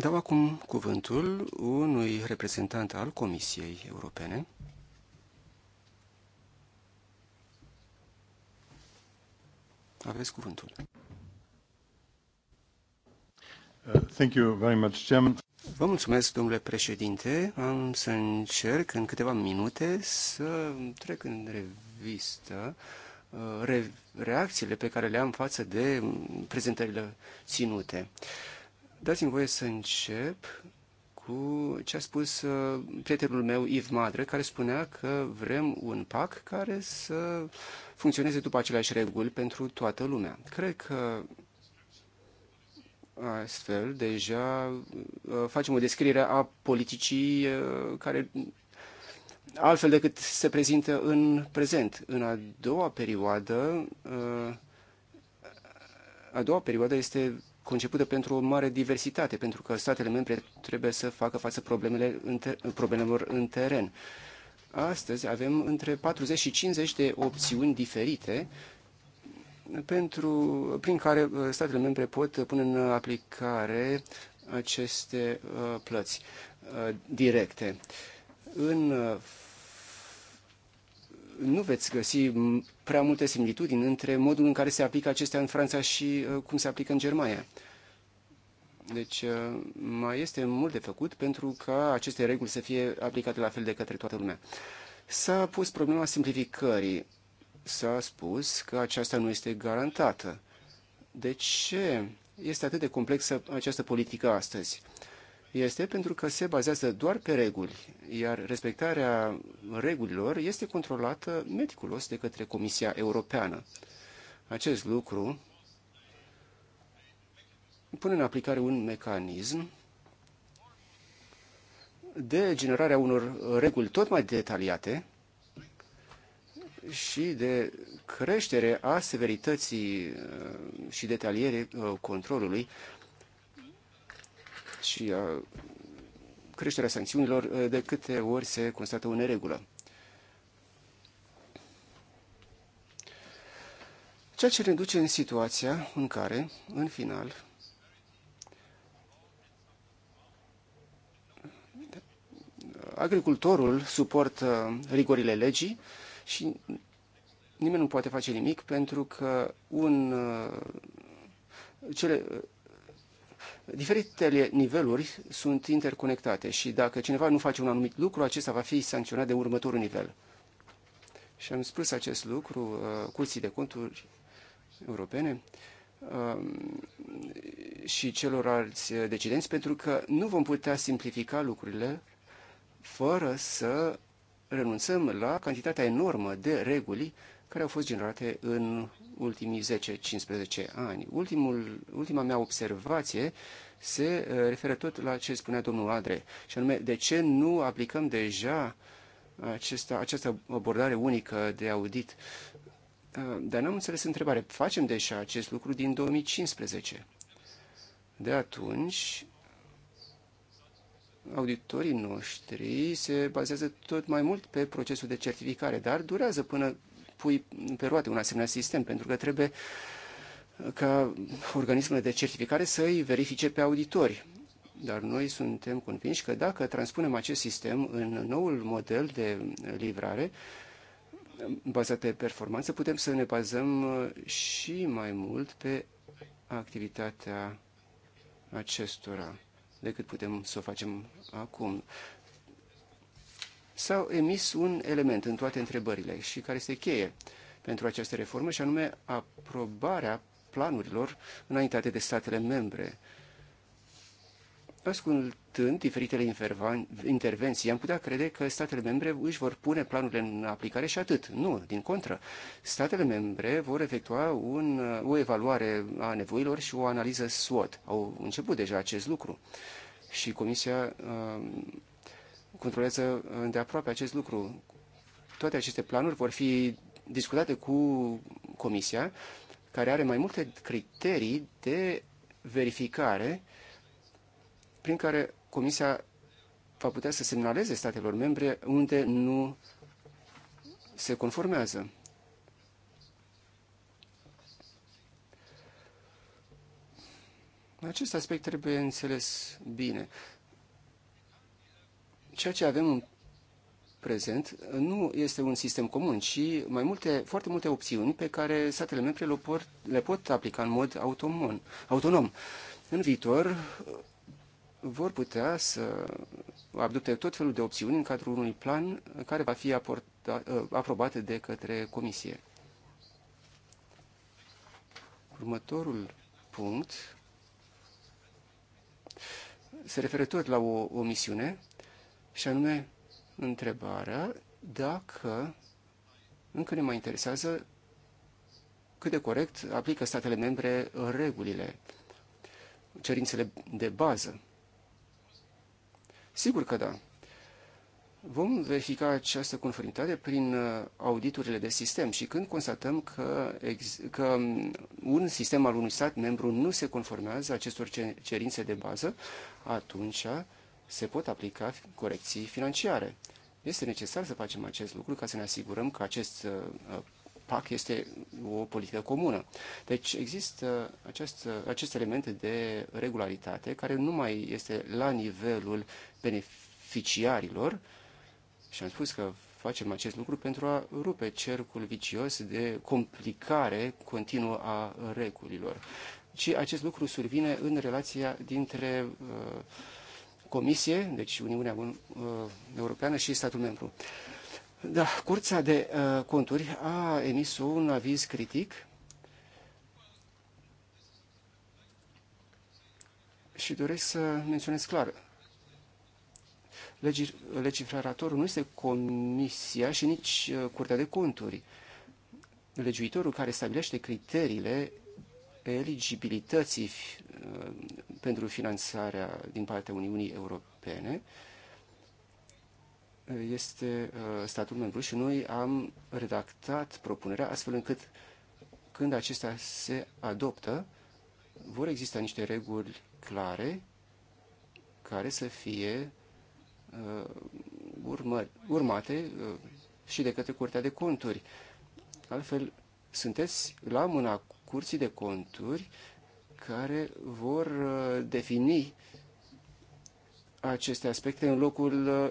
S4: Dau acum cuvântul unui reprezentant al Comisiei Europene. Aveți cuvântul. Uh, thank you very much, Jim. Vă mulțumesc, domnule președinte. Am să încerc în câteva minute să trec în revistă uh, reacțiile pe care le am față de um, prezentările ținute. Dați-mi voie să încep cu ce a spus uh, prietenul meu, Iv Madre, care spunea că vrem un PAC care să funcționeze după aceleași reguli pentru toată lumea. Cred că astfel deja uh, facem o descriere a politicii uh, care altfel decât se prezintă în prezent. În a doua perioadă, a doua perioadă este concepută pentru o mare diversitate, pentru că statele membre trebuie să facă față problemele în problemelor în teren. Astăzi avem între 40 și 50 de opțiuni diferite pentru, prin care uh, statele membre pot pune în aplicare aceste uh, plăți uh, directe. În nu veți găsi prea multe similitudini între modul în care se aplică acestea în Franța și uh, cum se aplică în Germania. Deci uh, mai este mult de făcut pentru ca aceste reguli să fie aplicate la fel de către toată lumea. S-a pus problema simplificării. S-a spus că aceasta nu este garantată. De ce este atât de complexă această politică astăzi? este pentru că se bazează doar pe reguli, iar respectarea regulilor este controlată meticulos de către Comisia Europeană. Acest lucru pune în aplicare un mecanism de generarea unor reguli tot mai detaliate și de creștere a severității uh, și detaliere uh, controlului și creșterea sancțiunilor uh, de câte ori se constată o neregulă. Ceea ce ne duce în situația în care, în final, agricultorul suportă rigorile legii și nimeni nu poate face nimic pentru că un, uh, cele, Diferitele niveluri sunt interconectate și dacă cineva nu face un anumit lucru, acesta va fi sancționat de următorul nivel. Și am spus acest lucru uh, curții de conturi europene uh, și celorlalți decidenți, pentru că nu vom putea simplifica lucrurile fără să renunțăm la cantitatea enormă de reguli care au fost generate în ultimii 10-15 ani. Ultimul, ultima mea observație se uh, referă tot la ce spunea domnul Adre, și anume de ce nu aplicăm deja acesta, această abordare unică de audit. Uh, dar n-am înțeles întrebare. Facem deja acest lucru din 2015. De atunci, auditorii noștri se bazează tot mai mult pe procesul de certificare, dar durează până pui pe roate un asemenea sistem, pentru că trebuie uh, ca organismele de certificare să îi verifice pe auditori. Dar noi suntem convinși că dacă transpunem acest sistem în noul model de livrare, uh, bazat pe performanță, putem să ne bazăm uh, și mai mult pe activitatea acestora decât putem să o facem acum s-au emis un element în toate întrebările și care este cheie pentru această reformă și anume aprobarea planurilor înaintate de statele membre. Ascultând diferitele intervenții, am putea crede că statele membre își vor pune planurile în aplicare și atât. Nu, din contră. Statele membre vor efectua un, o evaluare a nevoilor și o analiză SWOT. Au început deja acest lucru. Și Comisia um, controlează de aproape acest lucru. Toate aceste planuri vor fi discutate cu Comisia, care are mai multe criterii de verificare prin care Comisia va putea să semnaleze statelor membre unde nu se conformează. Acest aspect trebuie înțeles bine. Ceea ce avem în prezent uh, nu este un sistem comun, ci mai multe, foarte multe opțiuni pe care statele membre le pot, le pot aplica în mod autonom. autonom. În viitor uh, vor putea să adopte tot felul de opțiuni în cadrul unui plan care va fi aporta, uh, aprobat de către Comisie. Următorul punct se referă tot la o, o misiune și anume întrebarea dacă încă ne mai interesează cât de corect aplică statele membre regulile, cerințele de bază. Sigur că da. Vom verifica această conformitate prin uh, auditurile de sistem și când constatăm că, că um, un sistem al unui stat membru nu se conformează acestor cerințe de bază, atunci se pot aplica corecții financiare. Este necesar să facem acest lucru ca să ne asigurăm că acest uh, uh, PAC este o politică comună. Deci există acest, acest element de regularitate care nu mai este la nivelul beneficiarilor și am spus că facem acest lucru pentru a rupe cercul vicios de complicare continuă a regulilor. Și acest lucru survine în relația dintre uh, Comisie, deci Uniunea uh, Europeană și statul membru. Da, Curtea de uh, Conturi a emis un aviz critic și doresc să menționez clar. Legiferatorul nu este Comisia și nici uh, Curtea de Conturi. Legiuitorul care stabilește criteriile eligibilității uh, pentru finanțarea din partea Uniunii Europene uh, este uh, statul membru și noi am redactat propunerea astfel încât când acestea se adoptă, vor exista niște reguli clare care să fie uh, urmă, urmate uh, și de către Curtea de Conturi. Altfel, sunteți la mâna curții de conturi care vor uh, defini aceste aspecte în locul uh,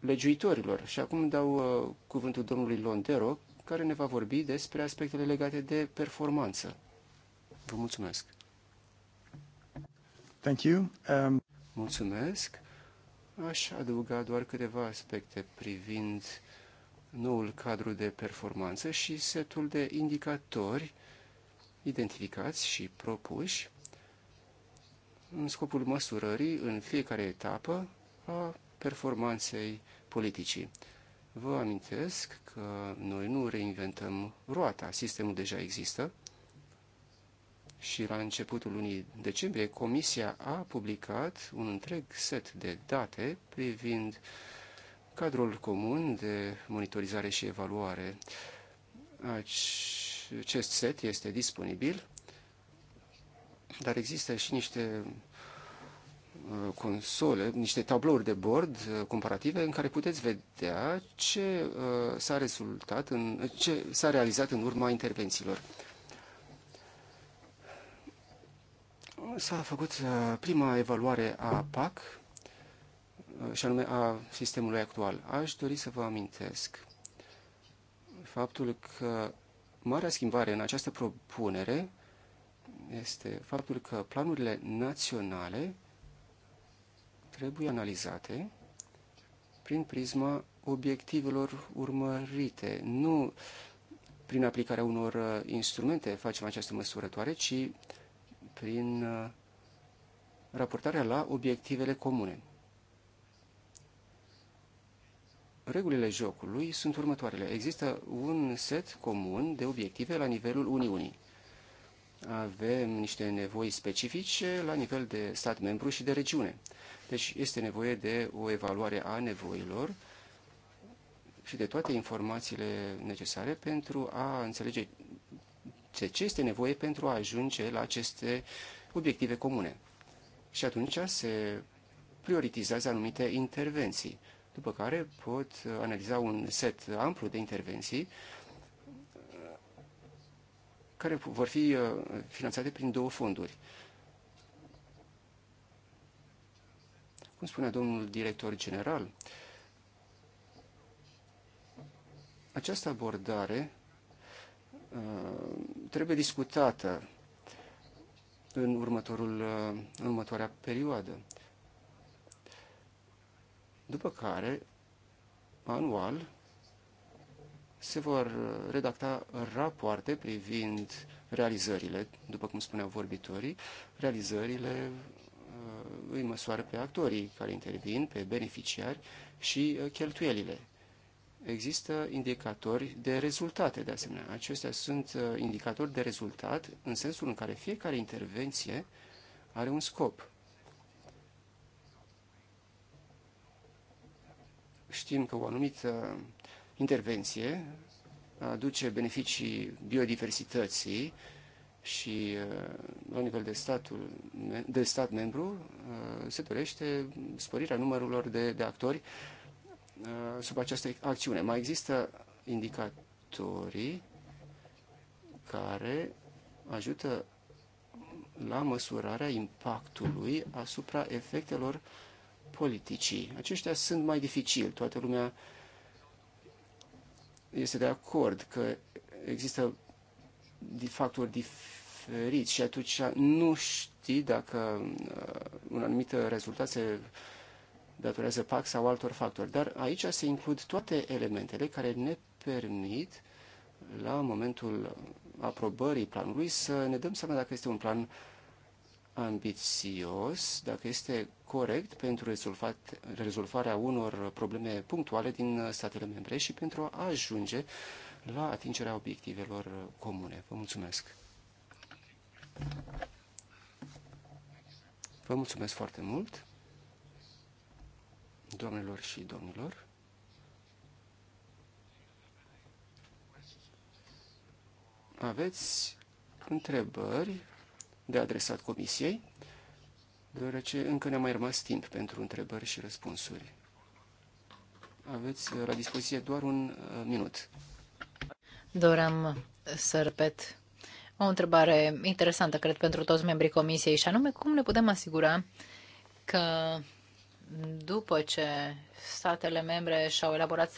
S4: legiuitorilor. Și acum dau uh, cuvântul domnului Londero, care ne va vorbi despre aspectele legate de performanță. Vă mulțumesc! Thank you. Um... Mulțumesc! Aș adăuga doar câteva aspecte privind noul cadru de performanță și setul de indicatori uh, identificați și propuși în scopul măsurării în fiecare etapă a performanței politicii. Vă amintesc că noi nu reinventăm roata, sistemul deja există și la începutul lunii decembrie Comisia a publicat un întreg set de date privind cadrul comun de monitorizare și evaluare. Aci acest set este disponibil, dar există și niște uh, console, niște tablouri de bord uh, comparative în care puteți vedea ce uh, s-a rezultat, în, ce s-a realizat în urma intervențiilor. S-a făcut prima evaluare a PAC și anume a sistemului actual. Aș dori să vă amintesc faptul că Marea schimbare în această propunere este faptul că planurile naționale trebuie analizate prin prisma obiectivelor urmărite, nu prin aplicarea unor uh, instrumente facem această măsurătoare, ci prin uh, raportarea la obiectivele comune. regulile jocului sunt următoarele. Există un set comun de obiective la nivelul Uniunii. Avem niște nevoi specifice la nivel de stat membru și de regiune. Deci este nevoie de o evaluare a nevoilor și de toate informațiile necesare pentru a înțelege de ce este nevoie pentru a ajunge la aceste obiective comune. Și atunci se prioritizează anumite intervenții după care pot analiza un set amplu de intervenții care vor fi uh, finanțate prin două fonduri. Cum spunea domnul director general, această abordare uh, trebuie discutată în, următorul, uh, în următoarea perioadă după care, anual, se vor redacta rapoarte privind realizările, după cum spuneau vorbitorii, realizările uh, îi măsoară pe actorii care intervin, pe beneficiari și uh, cheltuielile. Există indicatori de rezultate, de asemenea. Acestea sunt uh, indicatori de rezultat în sensul în care fiecare intervenție are un scop. știm că o anumită intervenție aduce beneficii biodiversității și uh, la nivel de, statul, de stat membru uh, se dorește sporirea numărului de, de actori uh, sub această acțiune. Mai există indicatorii care ajută la măsurarea impactului asupra efectelor uh, politicii. Aceștia sunt mai dificili. Toată lumea este de acord că există factori diferiți și atunci nu știi dacă uh, un anumit rezultat se datorează PAC sau altor factori. Dar aici se includ toate elementele care ne permit la momentul aprobării planului să ne dăm seama dacă este un plan uh, ambițios, dacă este corect pentru rezolvat, rezolvarea unor probleme punctuale din statele membre și pentru a ajunge la atingerea obiectivelor comune. Vă mulțumesc! Vă mulțumesc foarte mult, doamnelor și domnilor. Aveți întrebări de adresat comisiei, deoarece încă ne-a mai rămas timp pentru întrebări și răspunsuri. Aveți la dispoziție doar un uh, minut.
S3: Doream să repet o întrebare interesantă, cred, pentru toți membrii comisiei, și anume cum ne putem asigura că după ce statele membre și-au elaborat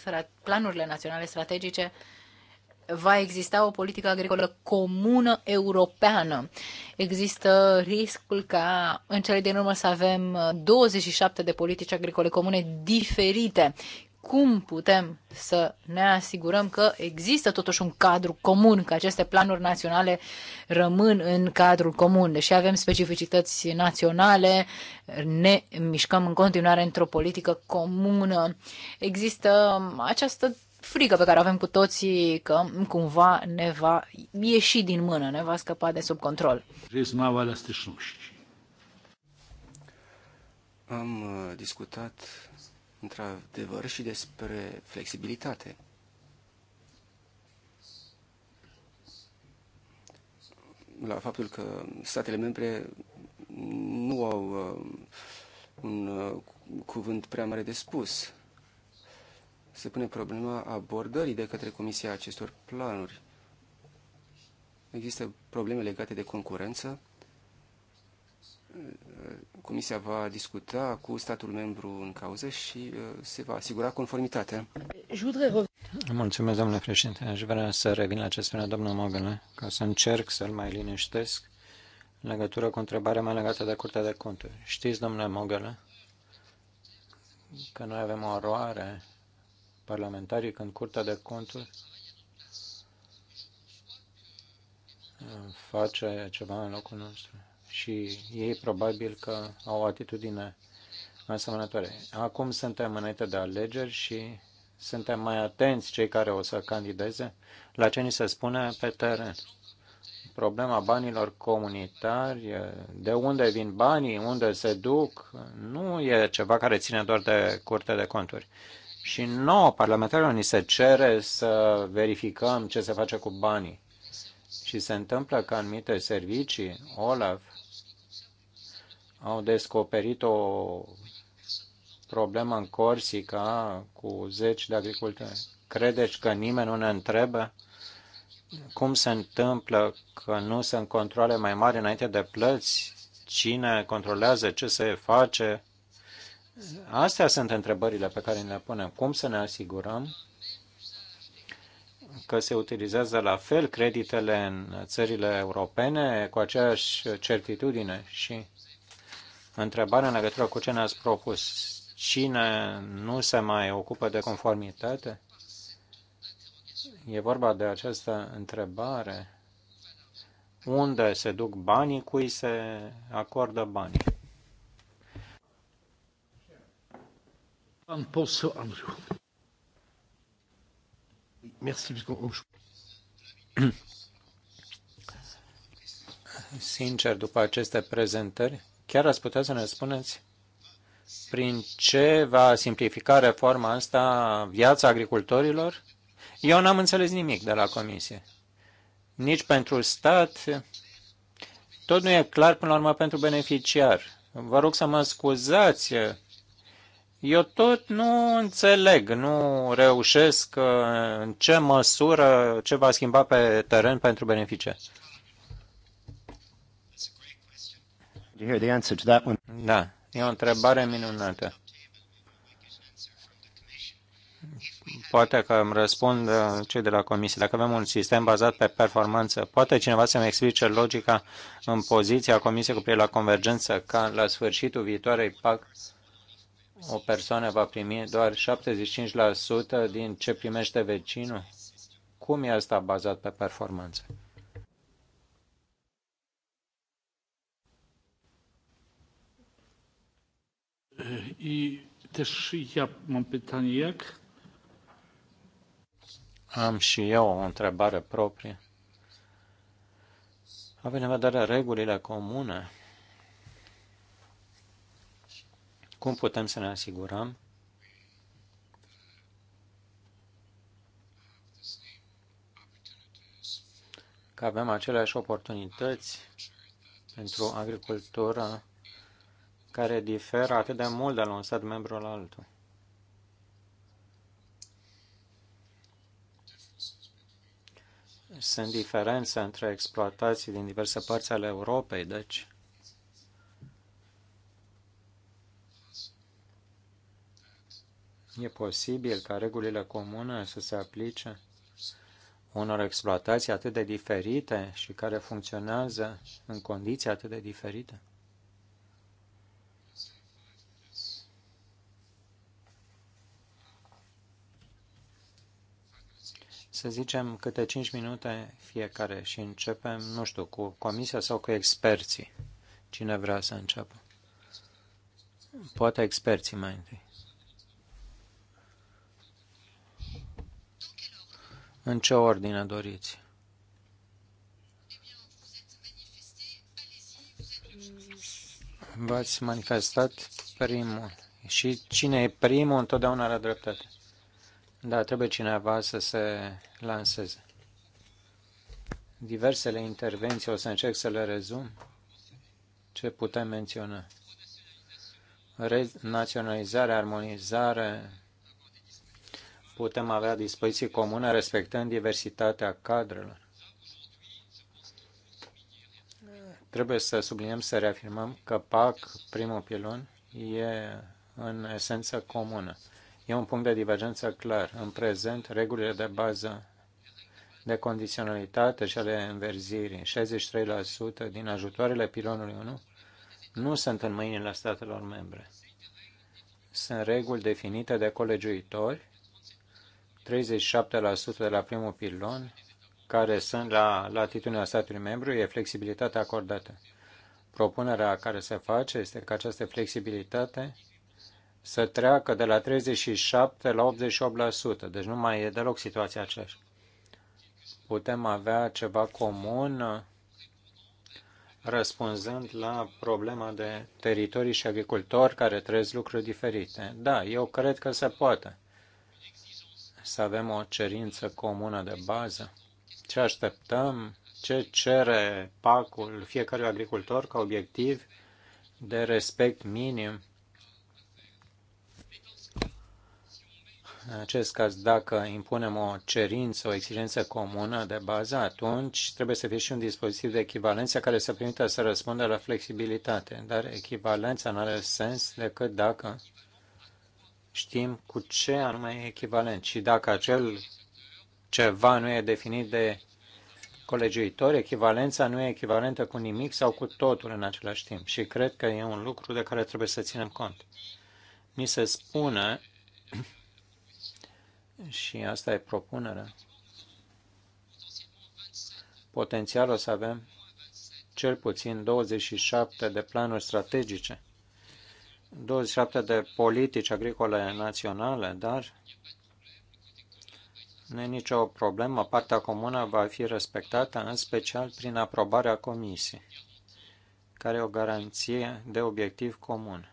S3: planurile naționale strategice, va exista o politică agricolă comună europeană. Există riscul ca în cele din urmă să avem 27 uh, de politici agricole comune diferite. Cum putem să ne asigurăm că există totuși un cadru comun, că aceste planuri naționale rămân în cadrul comun, deși avem specificități naționale, ne mișcăm în continuare într-o politică comună. Există această frică pe care o avem cu toții că cumva ne va ieși din mână, ne va scăpa de sub control.
S4: Am uh, discutat într-adevăr și despre flexibilitate. La faptul că statele membre nu au uh, un uh, cuvânt prea mare de spus se pune problema abordării de către Comisia acestor planuri. Există probleme legate de concurență. Comisia va discuta cu statul membru în cauză și uh, se va asigura conformitatea.
S2: Mulțumesc, domnule președinte. Aș vrea să revin la ce spunea domnul Mogăle, eh? ca să încerc să-l mai liniștesc în legătură cu întrebarea mea legată de Curtea de Conturi. Știți, domnule Mogăle, eh, că noi avem o aroare parlamentarii când Curtea de Conturi face ceva în locul nostru. Și ei probabil că au o atitudine asemănătoare. Acum suntem înainte de alegeri și suntem mai atenți cei care o să candideze la ce ni se spune pe teren. Problema banilor comunitari, de unde vin banii, unde se duc, nu e ceva care ține doar de curte de conturi. Și nouă parlamentarilor ni se cere să verificăm ce se face cu banii. Și se întâmplă că anumite servicii, OLAF, au descoperit o problemă în Corsica cu zeci de agricultori. Credeți că nimeni nu ne întrebă cum se întâmplă că nu sunt controle mai mari înainte de plăți? Cine controlează ce se face? Astea sunt întrebările pe care ne le punem. Cum să ne asigurăm că se utilizează la fel creditele în țările europene cu aceeași certitudine și întrebarea în legătură cu ce ne-ați propus. Cine nu se mai ocupă de conformitate? E vorba de această întrebare. Unde se duc banii, cui se acordă banii?
S1: Pan poseł Andriu. Merci,
S2: Sincer, după aceste prezentări, chiar ați putea să ne spuneți prin ce va simplifica reforma asta viața agricultorilor? Eu n-am înțeles nimic de la comisie. Nici pentru stat, tot nu e clar până la urmă pentru beneficiar. Vă rog să mă scuzați eu tot nu înțeleg, nu reușesc uh, în ce măsură ce va schimba pe teren pentru beneficiari. Da, e o întrebare minunată. Poate că îmi răspund uh, cei de la comisie. Dacă avem un sistem bazat pe performanță, poate cineva să-mi explice logica în poziția comisiei cu privire la convergență ca la sfârșitul viitoarei PAC o persoană va primi doar 75% din ce primește vecinul? Cum e asta bazat pe performanță?
S1: I też ja jak?
S2: Am și eu o întrebare proprie. Având în vedere regulile comune, Cum putem să ne asigurăm că avem aceleași oportunități pentru agricultură care diferă atât de mult de la un stat membru la altul. Sunt diferențe între exploatații din diverse părți ale Europei, deci E posibil ca regulile comune să se aplice unor exploatații atât de diferite și care funcționează în condiții atât de diferite? Să zicem câte 5 minute fiecare și începem, nu știu, cu comisia sau cu experții. Cine vrea să înceapă? Poate experții mai întâi. În ce ordine doriți? V-ați manifestat primul. Și cine e primul întotdeauna are dreptate. Da, trebuie cineva să se lanseze. Diversele intervenții, o să încerc să le rezum. Ce putem menționa? naționalizare, armonizare, putem avea dispoziții comune respectând diversitatea cadrelor. Trebuie să subliniem, să reafirmăm că PAC, primul pilon, e în esență comună. E un punct de divergență clar. În prezent, regulile de bază de condiționalitate și ale înverzirii, 63% din ajutoarele pilonului 1, nu sunt în mâinile statelor membre. Sunt reguli definite de colegiuitori 37% de la primul pilon, care sunt la latitudinea statului membru, e flexibilitatea acordată. Propunerea care se face este că această flexibilitate să treacă de la 37 la 88%, deci nu mai e deloc situația aceeași. Putem avea ceva comun răspunzând la problema de teritorii și agricultori care trăiesc lucruri diferite. Da, eu cred că se poate să avem o cerință comună de bază? Ce așteptăm? Ce cere pacul fiecărui agricultor ca obiectiv de respect minim? În acest caz, dacă impunem o cerință, o exigență comună de bază, atunci trebuie să fie și un dispozitiv de echivalență care să permită să răspundă la flexibilitate. Dar echivalența nu are sens decât dacă știm cu ce anume e echivalent. Și dacă acel ceva nu e definit de colegiuitori, echivalența nu e echivalentă cu nimic sau cu totul în același timp. Și cred că e un lucru de care trebuie să ținem cont. Mi se spune, și asta e propunerea, potențial o să avem cel puțin 27 de planuri strategice 27 de politici agricole naționale, dar nu e nicio problemă. Partea comună va fi respectată, în special prin aprobarea comisiei, care e o garanție de obiectiv comun.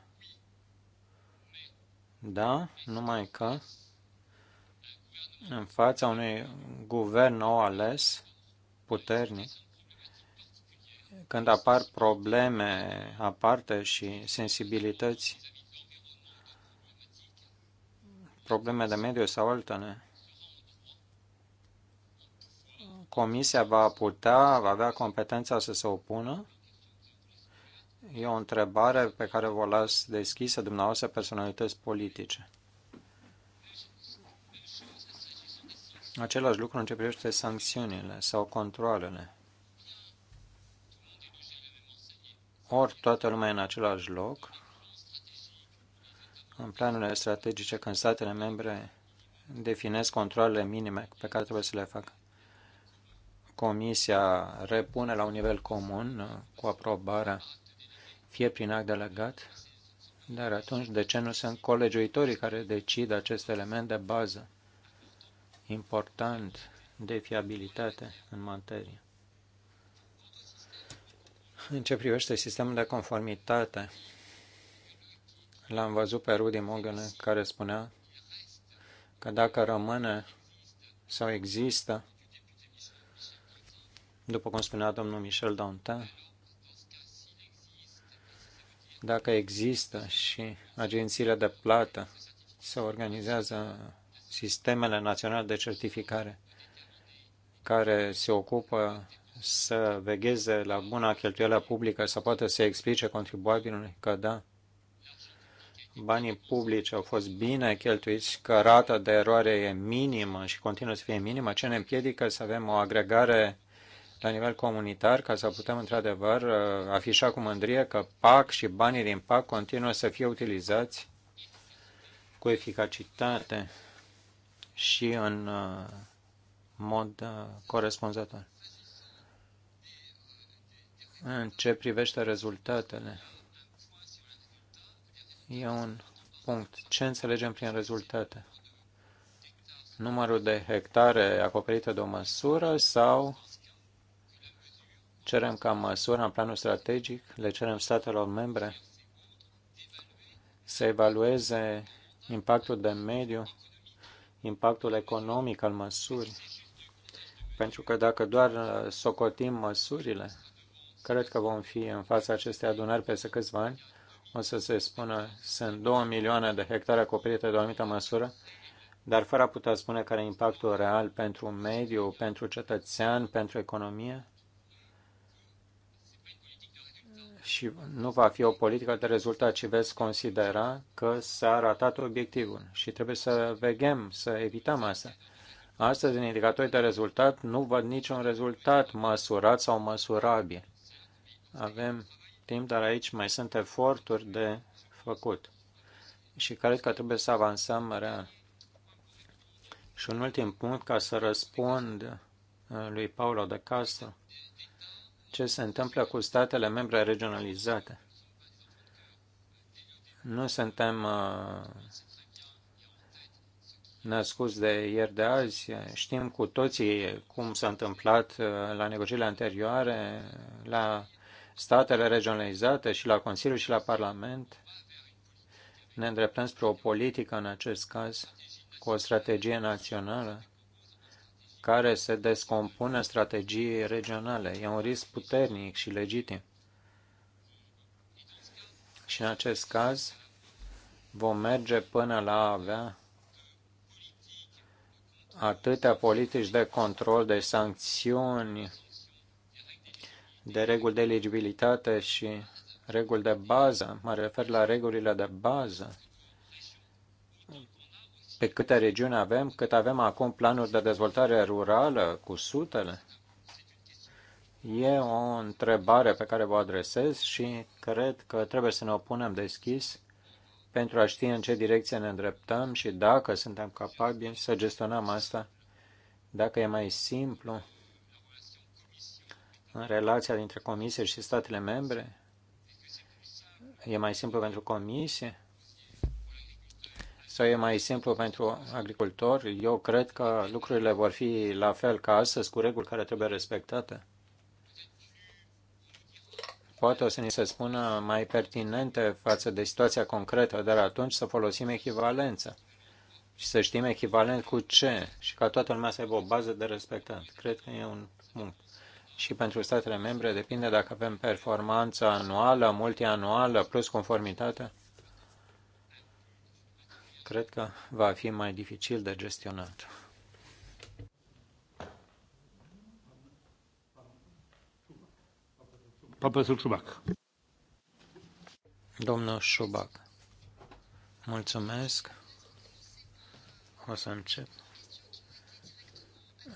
S2: Da, numai că în fața unui guvern nou ales, puternic, când apar probleme aparte și sensibilități, probleme de mediu sau altele, comisia va putea, va avea competența să se opună? E o întrebare pe care vă las deschisă dumneavoastră personalități politice. Același lucru în ce privește sancțiunile sau controlele. ori toată lumea în același loc, în planurile strategice, când statele membre definesc controlele minime pe care trebuie să le facă. Comisia repune la un nivel comun uh, cu aprobarea fie prin act delegat, dar atunci de ce nu sunt colegiuitorii care decid acest element de bază important de fiabilitate în materie? În ce privește sistemul de conformitate, l-am văzut pe Rudy Mogan care spunea că dacă rămâne sau există, după cum spunea domnul Michel Dantin, dacă există și agențiile de plată se organizează sistemele naționale de certificare care se ocupă să vegheze la buna cheltuială publică, să poată să explice contribuabilului că da, banii publici au fost bine cheltuiți, că rata de eroare e minimă și continuă să fie minimă, ce ne împiedică să avem o agregare la nivel comunitar ca să putem într-adevăr uh, afișa cu mândrie că PAC și banii din PAC continuă să fie utilizați cu eficacitate și în uh, mod uh, corespunzător. În ce privește rezultatele, e un punct. Ce înțelegem prin rezultate? Numărul de hectare acoperite de o măsură sau cerem ca măsură în planul strategic, le cerem statelor membre să evalueze impactul de mediu, impactul economic al măsurii. Pentru că dacă doar socotim măsurile, Cred că vom fi în fața acestei adunări peste câțiva ani. O să se spună, sunt 2 milioane de hectare acoperite de o anumită măsură, dar fără a putea spune care e impactul real pentru mediu, pentru cetățean, pentru economie. Și nu va fi o politică de rezultat, ci veți considera că s-a ratat obiectivul și trebuie să veghem, să evităm asta. Astăzi, în indicatorii de rezultat, nu văd niciun rezultat măsurat sau măsurabil avem timp, dar aici mai sunt eforturi de făcut și cred că trebuie să avansăm real. Și un ultim punct ca să răspund uh, lui Paulo de Castro. Ce se întâmplă cu statele membre regionalizate? Nu suntem uh, născuți de ieri de azi. Știm cu toții cum s-a întâmplat uh, la negocierile anterioare, la statele regionalizate și la Consiliu și la Parlament ne îndreptăm spre o politică, în acest caz, cu o strategie națională care se descompune strategiei regionale. E un risc puternic și legitim. Și în acest caz vom merge până la a avea atâtea politici de control, de sancțiuni de reguli de eligibilitate și reguli de bază, mă refer la regulile de bază, pe câte regiuni avem, cât avem acum planuri de dezvoltare rurală cu sutele? E o întrebare pe care vă adresez și cred că trebuie să ne opunem deschis pentru a ști în ce direcție ne îndreptăm și dacă suntem capabili să gestionăm asta, dacă e mai simplu în relația dintre Comisie și statele membre? E mai simplu pentru Comisie? Sau e mai simplu pentru agricultori. Eu cred că lucrurile vor fi la fel ca astăzi, cu reguli care trebuie respectate. Poate o să ni se spună mai pertinente față de situația concretă, dar atunci să folosim echivalența și să știm echivalent cu ce și ca toată lumea să aibă o bază de respectat. Cred că e un punct și pentru statele membre depinde dacă avem performanță anuală, multianuală, plus conformitate. Cred că va fi mai dificil de gestionat. Papasul Șubac. Domnul Șubac. mulțumesc. O să încep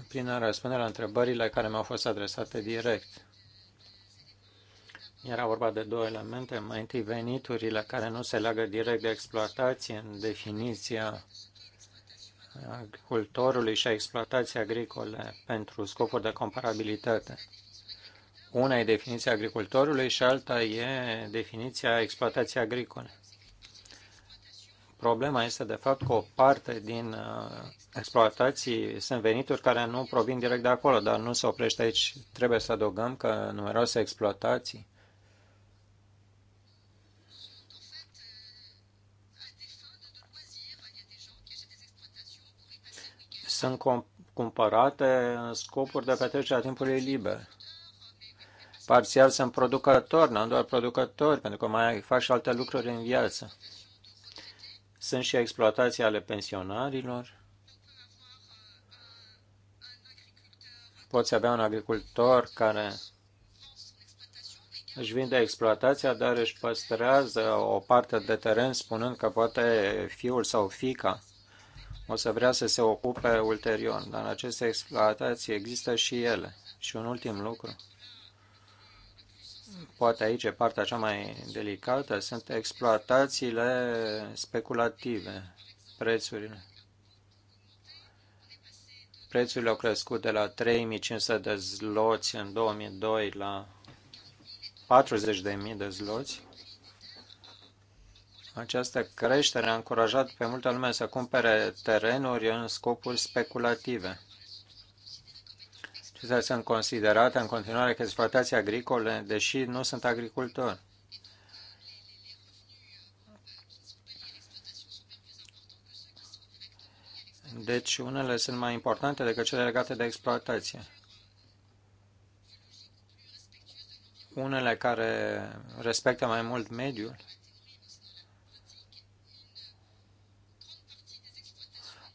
S2: prin a răspunde la întrebările care mi-au fost adresate direct. Era vorba de două elemente. Mai întâi, veniturile care nu se leagă direct de exploatație în definiția agricultorului și a exploatației agricole pentru scopuri de comparabilitate. Una e definiția agricultorului și alta e definiția exploatației agricole. Problema este, de fapt, că o parte din uh, exploatații sunt venituri care nu provin direct de acolo, dar nu se oprește aici. Trebuie să adăugăm că numeroase exploatații sunt cumpărate în scopuri de petrecerea timpului liber. Parțial sunt producători, nu doar producători, pentru că mai fac și alte lucruri în viață sunt și exploatații ale pensionarilor. Poți avea un agricultor care își vinde exploatația, dar își păstrează o parte de teren spunând că poate fiul sau fica o să vrea să se ocupe ulterior. Dar în aceste exploatații există și ele. Și un ultim lucru poate aici e partea cea mai delicată, sunt exploatațiile speculative, prețurile. Prețurile au crescut de la 3500 de zloți în 2002 la 40.000 de zloți. Această creștere a încurajat pe multă lume să cumpere terenuri în scopuri speculative să sunt considerate în continuare că exploatații agricole, deși nu sunt agricultori. Deci unele sunt mai importante decât cele legate de exploatație. Unele care respectă mai mult mediul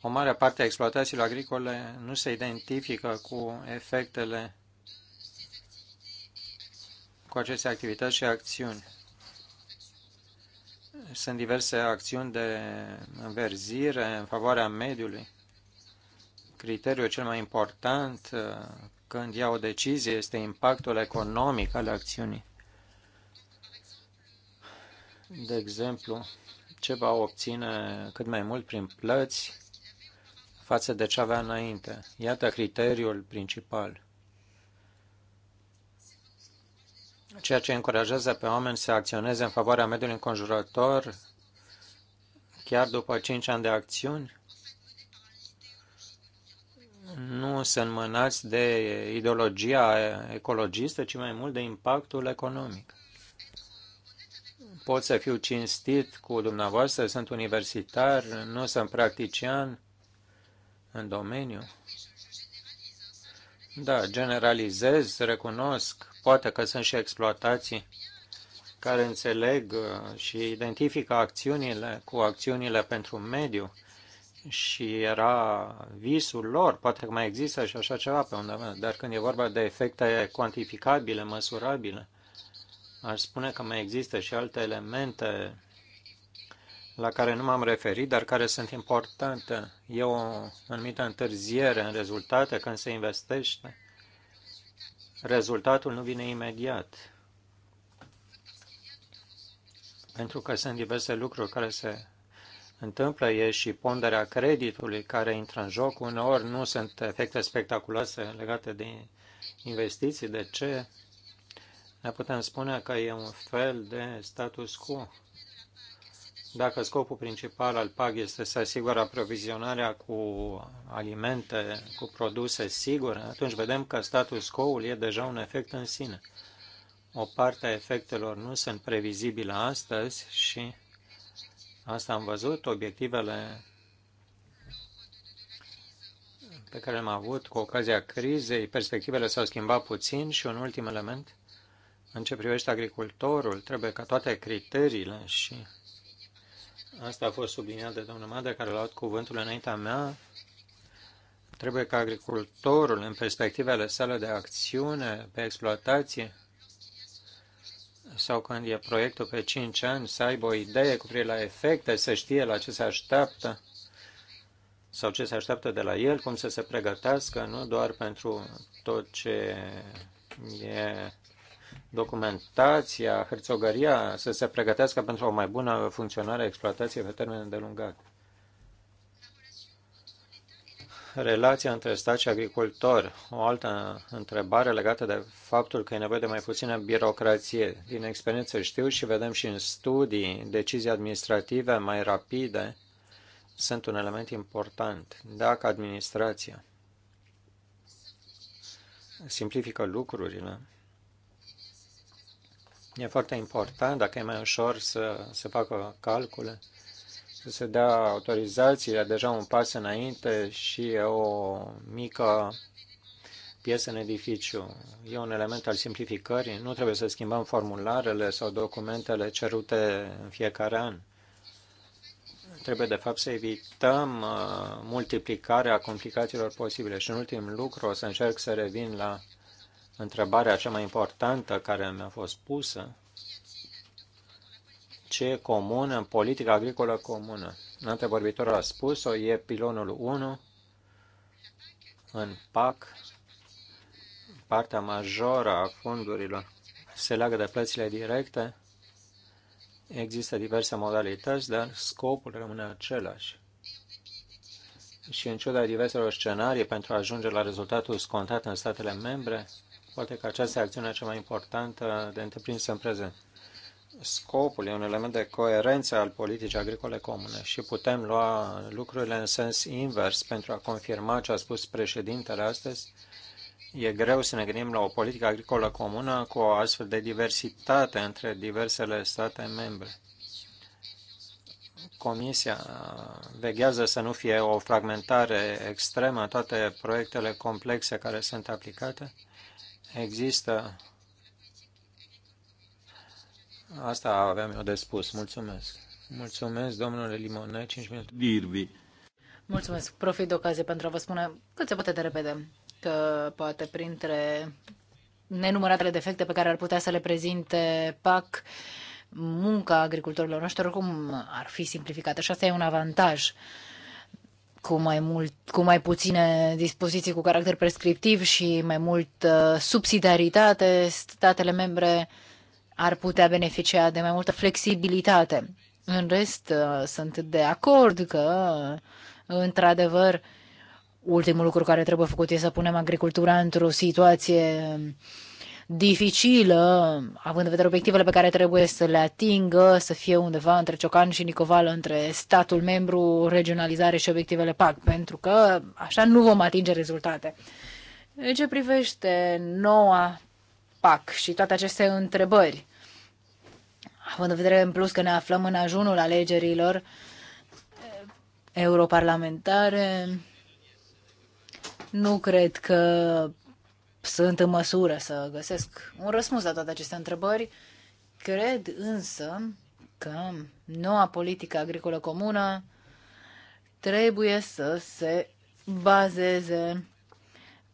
S2: o mare parte a exploatațiilor agricole nu se identifică cu efectele cu aceste activități și acțiuni. Sunt diverse acțiuni de înverzire în favoarea mediului. Criteriul cel mai important uh, când ia o decizie este impactul economic al acțiunii. De exemplu, ce va obține cât mai mult prin plăți față de ce avea înainte. Iată criteriul principal. Ceea ce încurajează pe oameni să acționeze în favoarea mediului înconjurător, chiar după 5 ani de acțiuni, nu sunt mânați de ideologia ecologistă, ci mai mult de impactul economic. Pot să fiu cinstit cu dumneavoastră, sunt universitar, nu sunt practician, în domeniu. Da, generalizez, recunosc, poate că sunt și exploatații care înțeleg uh, și identifică acțiunile cu acțiunile pentru mediu și era visul lor, poate că mai există și așa ceva pe undeva, dar când e vorba de efecte cuantificabile, măsurabile, aș spune că mai există și alte elemente la care nu m-am referit, dar care sunt importante. E o anumită întârziere în rezultate când se investește. Rezultatul nu vine imediat. Pentru că sunt diverse lucruri care se întâmplă, e și ponderea creditului care intră în joc. Uneori nu sunt efecte spectaculoase legate de investiții. De ce? Ne putem spune că e un fel de status quo dacă scopul principal al PAG este să asigure aprovizionarea cu alimente, cu produse sigure, atunci vedem că status quo-ul e deja un efect în sine. O parte a efectelor nu sunt previzibile astăzi și asta am văzut, obiectivele pe care le-am avut cu ocazia crizei, perspectivele s-au schimbat puțin și un ultim element, în ce privește agricultorul, trebuie ca toate criteriile și Asta a fost subliniat de domnul Madre, care a luat cuvântul înaintea mea. Trebuie ca agricultorul, în perspectivele sale de acțiune pe exploatație, sau când e proiectul pe 5 ani, să aibă o idee cu privire la efecte, să știe la ce se așteaptă sau ce se așteaptă de la el, cum să se pregătească, nu doar pentru tot ce e documentația, hârțogăria să se pregătească pentru o mai bună funcționare a exploatației pe termen îndelungat. Relația între stat și agricultor. O altă întrebare legată de faptul că e nevoie de mai puțină birocrație. Din experiență știu și vedem și în studii, decizii administrative mai rapide sunt un element important. Dacă administrația simplifică lucrurile, E foarte important, dacă e mai ușor să se facă calcule, să se dea autorizație, deja un pas înainte și e o mică piesă în edificiu. E un element al simplificării. Nu trebuie să schimbăm formularele sau documentele cerute în fiecare an. Trebuie, de fapt, să evităm uh, multiplicarea complicațiilor posibile. Și, în ultim lucru, o să încerc să revin la întrebarea cea mai importantă care mi-a fost pusă, ce e comun în politica agricolă comună? Antevorbitorul a spus-o, e pilonul 1 în PAC, partea majoră a fondurilor se leagă de plățile directe, există diverse modalități, dar scopul rămâne același. Și în ciuda diverselor scenarii pentru a ajunge la rezultatul scontat în statele membre, Poate că această acțiunea cea mai importantă de întreprins în prezent. Scopul e un element de coerență al politicii agricole comune și putem lua lucrurile în sens invers pentru a confirma ce a spus președintele astăzi. E greu să ne gândim la o politică agricolă comună cu o astfel de diversitate între diversele state membre. Comisia veghează să nu fie o fragmentare extremă în toate proiectele complexe care sunt aplicate Există. Asta aveam eu de spus. Mulțumesc. Mulțumesc, domnule Limone. 5 minute. Dirbi.
S3: Mulțumesc. Profit de ocazie pentru a vă spune cât se poate de repede că poate printre nenumăratele defecte pe care ar putea să le prezinte PAC, munca agricultorilor noștri oricum ar fi simplificată și asta e un avantaj cu mai, mult, cu mai puține dispoziții cu caracter prescriptiv și mai mult uh, subsidiaritate, statele membre ar putea beneficia de mai multă flexibilitate. În rest, uh, sunt de acord că, uh, într-adevăr, ultimul lucru care trebuie făcut este să punem agricultura într-o situație uh, dificilă, având în vedere obiectivele pe care trebuie să le atingă, să fie undeva între Ciocan și Nicoval, între statul membru, regionalizare și obiectivele PAC, pentru că așa nu vom atinge rezultate. În ce privește noua PAC și toate aceste întrebări, având în vedere în plus că ne aflăm în ajunul alegerilor europarlamentare, nu cred că sunt în măsură să găsesc un răspuns la toate aceste întrebări. Cred însă că noua politică agricolă comună trebuie să se bazeze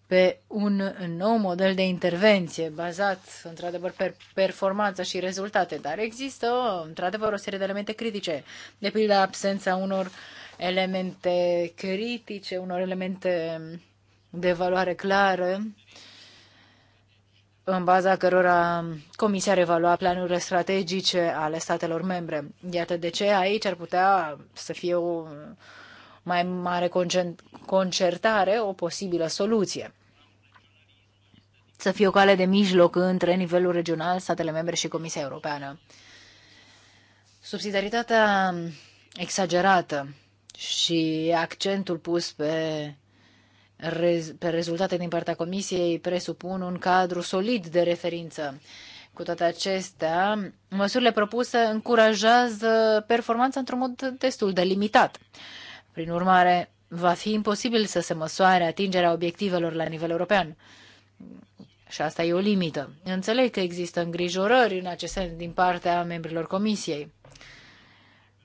S3: pe un nou model de intervenție bazat, într-adevăr, pe performanță și rezultate, dar există, într-adevăr, o serie de elemente critice, de pildă absența unor elemente critice, unor elemente de valoare clară în baza cărora Comisia ar evalua planurile strategice ale statelor membre. Iată de ce aici ar putea să fie o mai mare concertare, o posibilă soluție. Să fie o cale de mijloc între nivelul regional, statele membre și Comisia Europeană. Subsidiaritatea exagerată și accentul pus pe pe rezultate din partea Comisiei presupun un cadru solid de referință. Cu toate acestea, măsurile propuse încurajează performanța într-un mod destul de limitat. Prin urmare, va fi imposibil să se măsoare atingerea obiectivelor la nivel european. Și asta e o limită. Înțeleg că există îngrijorări în acest sens din partea membrilor Comisiei.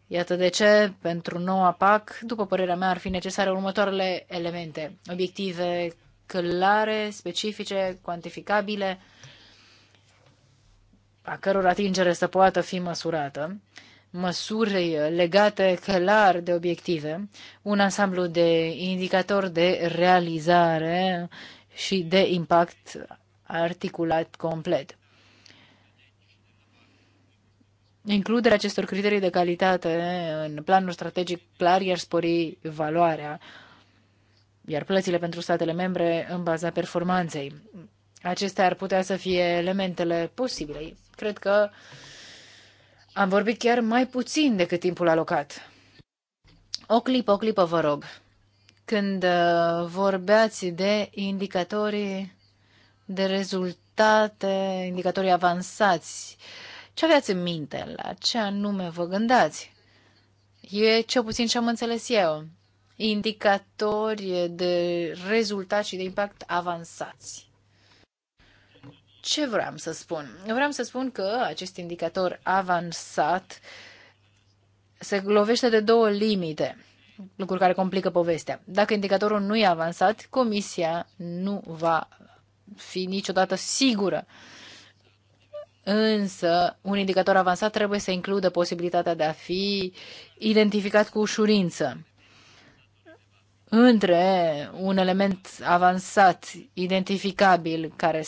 S3: Iată de ce, pentru noua PAC, după părerea mea, ar fi necesare următoarele elemente. Obiective clare, specifice, cuantificabile, a căror atingere să poată fi măsurată, măsuri legate clar de obiective, un ansamblu de indicatori de realizare și de impact articulat complet. Includerea acestor criterii de calitate în planul strategic clar i-ar spori valoarea, iar plățile pentru statele membre în baza performanței. Acestea ar putea să fie elementele posibile. Cred că am vorbit chiar mai puțin decât timpul alocat. O clipă, o clipă, vă rog. Când uh, vorbeați de indicatorii de rezultate, indicatorii avansați, uh, ce aveați în minte? La ce anume vă gândați? E cel puțin ce am înțeles eu. Indicatori de rezultat și de impact avansați. Ce vreau să spun? Vreau să spun că acest indicator avansat se lovește de două limite, lucruri care complică povestea. Dacă indicatorul nu e avansat, comisia nu va fi niciodată sigură uh, însă un indicator avansat trebuie să includă posibilitatea de a fi identificat cu ușurință. Între un element avansat, identificabil, care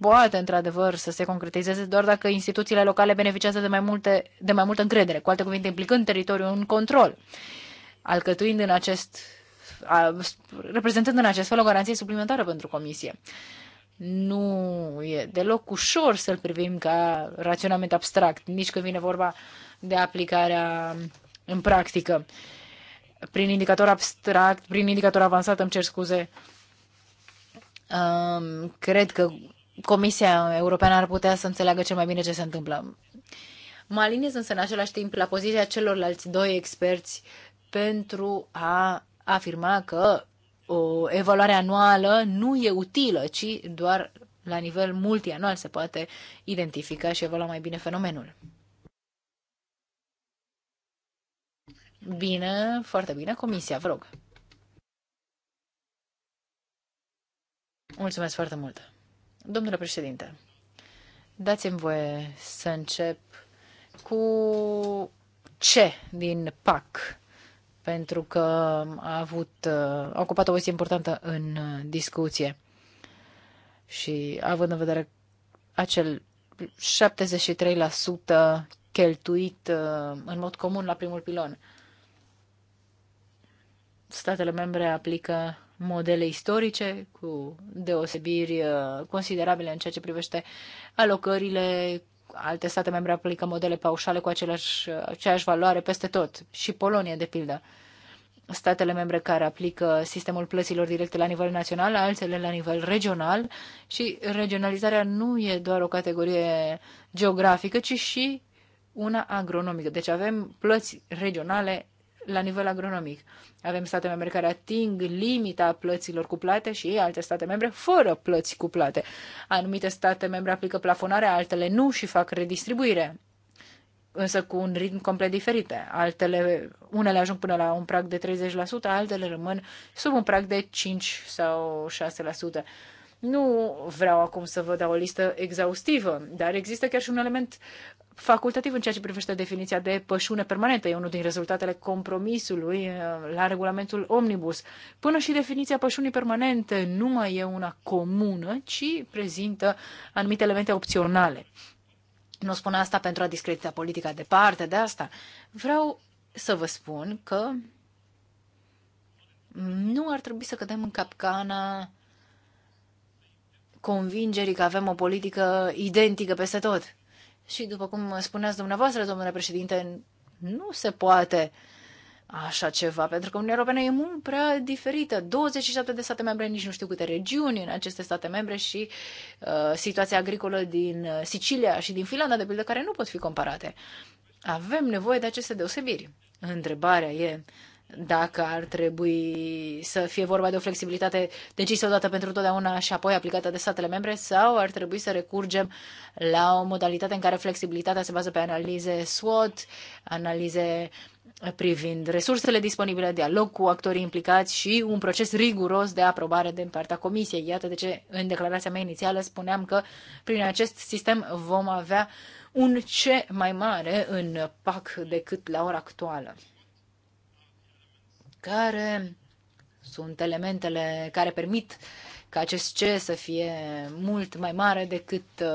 S3: poate într-adevăr să se concretizeze doar dacă instituțiile locale beneficiază de mai, multe, de mai multă încredere, cu alte cuvinte, implicând teritoriul în control, alcătuind în acest, reprezentând în acest fel o garanție suplimentară pentru comisie. Nu e deloc ușor să-l privim ca raționament abstract, nici când vine vorba de aplicarea în practică. Prin indicator abstract, prin indicator avansat, îmi cer scuze, cred că Comisia Europeană ar putea să înțeleagă cel mai bine ce se întâmplă. Mă aliniez însă în același timp la poziția celorlalți doi experți pentru a afirma că o evaluare anuală nu e utilă, ci doar la nivel multianual se poate identifica și evalua mai bine fenomenul. Bine, foarte bine. Comisia, vă rog. Mulțumesc foarte mult. Domnule președinte, dați-mi voie să încep cu ce din PAC pentru că a avut, a ocupat o poziție importantă în uh, discuție. Și având în vedere acel 73% cheltuit uh, în mod comun la primul pilon. Statele membre aplică modele istorice cu deosebiri uh, considerabile în ceea ce privește alocările alte state membre aplică modele paușale cu aceleași, aceeași valoare peste tot. Și Polonia, de pildă. Statele membre care aplică sistemul plăților directe la nivel național, altele la nivel regional și regionalizarea nu e doar o categorie geografică, ci și una agronomică. Deci avem plăți regionale la nivel agronomic. Avem state membre care ating limita plăților cuplate și alte state membre fără plăți cuplate. Anumite state membre aplică plafonare, altele nu și fac redistribuire însă cu un ritm complet diferit. Altele, unele ajung până la un prag de 30%, altele rămân sub un prag de 5 sau 6%. Nu vreau acum să vă dau o listă exhaustivă, dar există chiar și un element facultativ în ceea ce privește definiția de pășune permanentă. E unul din rezultatele compromisului uh, la regulamentul Omnibus. Până și definiția pășunii permanente nu mai e una comună, ci prezintă anumite elemente opționale. Nu spun asta pentru a discredita politica departe de asta. Vreau să vă spun că nu ar trebui să cădem în capcana convingerii că avem o politică identică peste tot. Și după cum spuneați dumneavoastră, domnule președinte, nu se poate așa ceva, pentru că Uniunea Europeană e mult prea diferită. 27 de state membre, nici nu știu câte regiuni în aceste state membre și uh, situația agricolă din Sicilia și din Finlanda, de pildă, care nu pot fi comparate. Avem nevoie de aceste deosebiri. Întrebarea e, dacă ar trebui să fie vorba de o flexibilitate decisă odată pentru totdeauna și apoi aplicată de statele membre sau ar trebui să recurgem la o modalitate în care flexibilitatea se bazează pe analize SWOT, analize privind resursele disponibile, dialog cu actorii implicați și un proces riguros de aprobare din partea Comisiei. Iată de ce în declarația mea inițială spuneam că prin acest sistem vom avea un ce mai mare în PAC decât la ora actuală care sunt elementele care permit ca acest C să fie mult mai mare decât uh,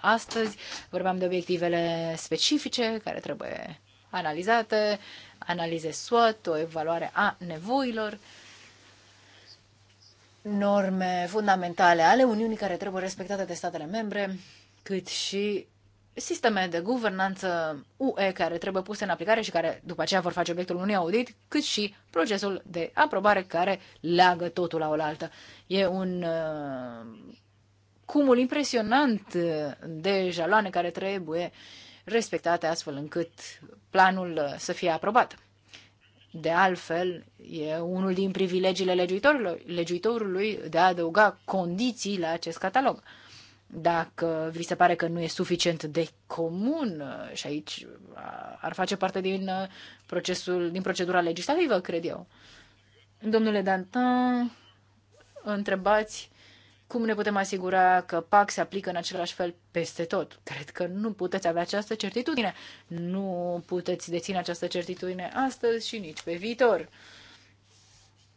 S3: astăzi. Vorbeam de obiectivele specifice care trebuie analizate, analize SWOT, o evaluare a nevoilor, norme fundamentale ale Uniunii care trebuie respectate de statele membre, cât și sisteme de guvernanță UE care trebuie puse în aplicare și care după aceea vor face obiectul unui audit, cât și procesul de aprobare care leagă totul la oaltă. E un uh, cumul impresionant de jaloane care trebuie respectate astfel încât planul uh, să fie aprobat. De altfel, e unul din privilegiile legiuitorului, legiuitorului de a adăuga condiții la acest catalog dacă vi se pare că nu e suficient de comun uh, și aici uh, ar face parte din uh, procesul, din procedura legislativă, cred eu. Domnule Dantin, întrebați cum ne putem asigura că PAC se aplică în același fel peste tot? Cred că nu puteți avea această certitudine. Nu puteți deține această certitudine astăzi și nici pe viitor.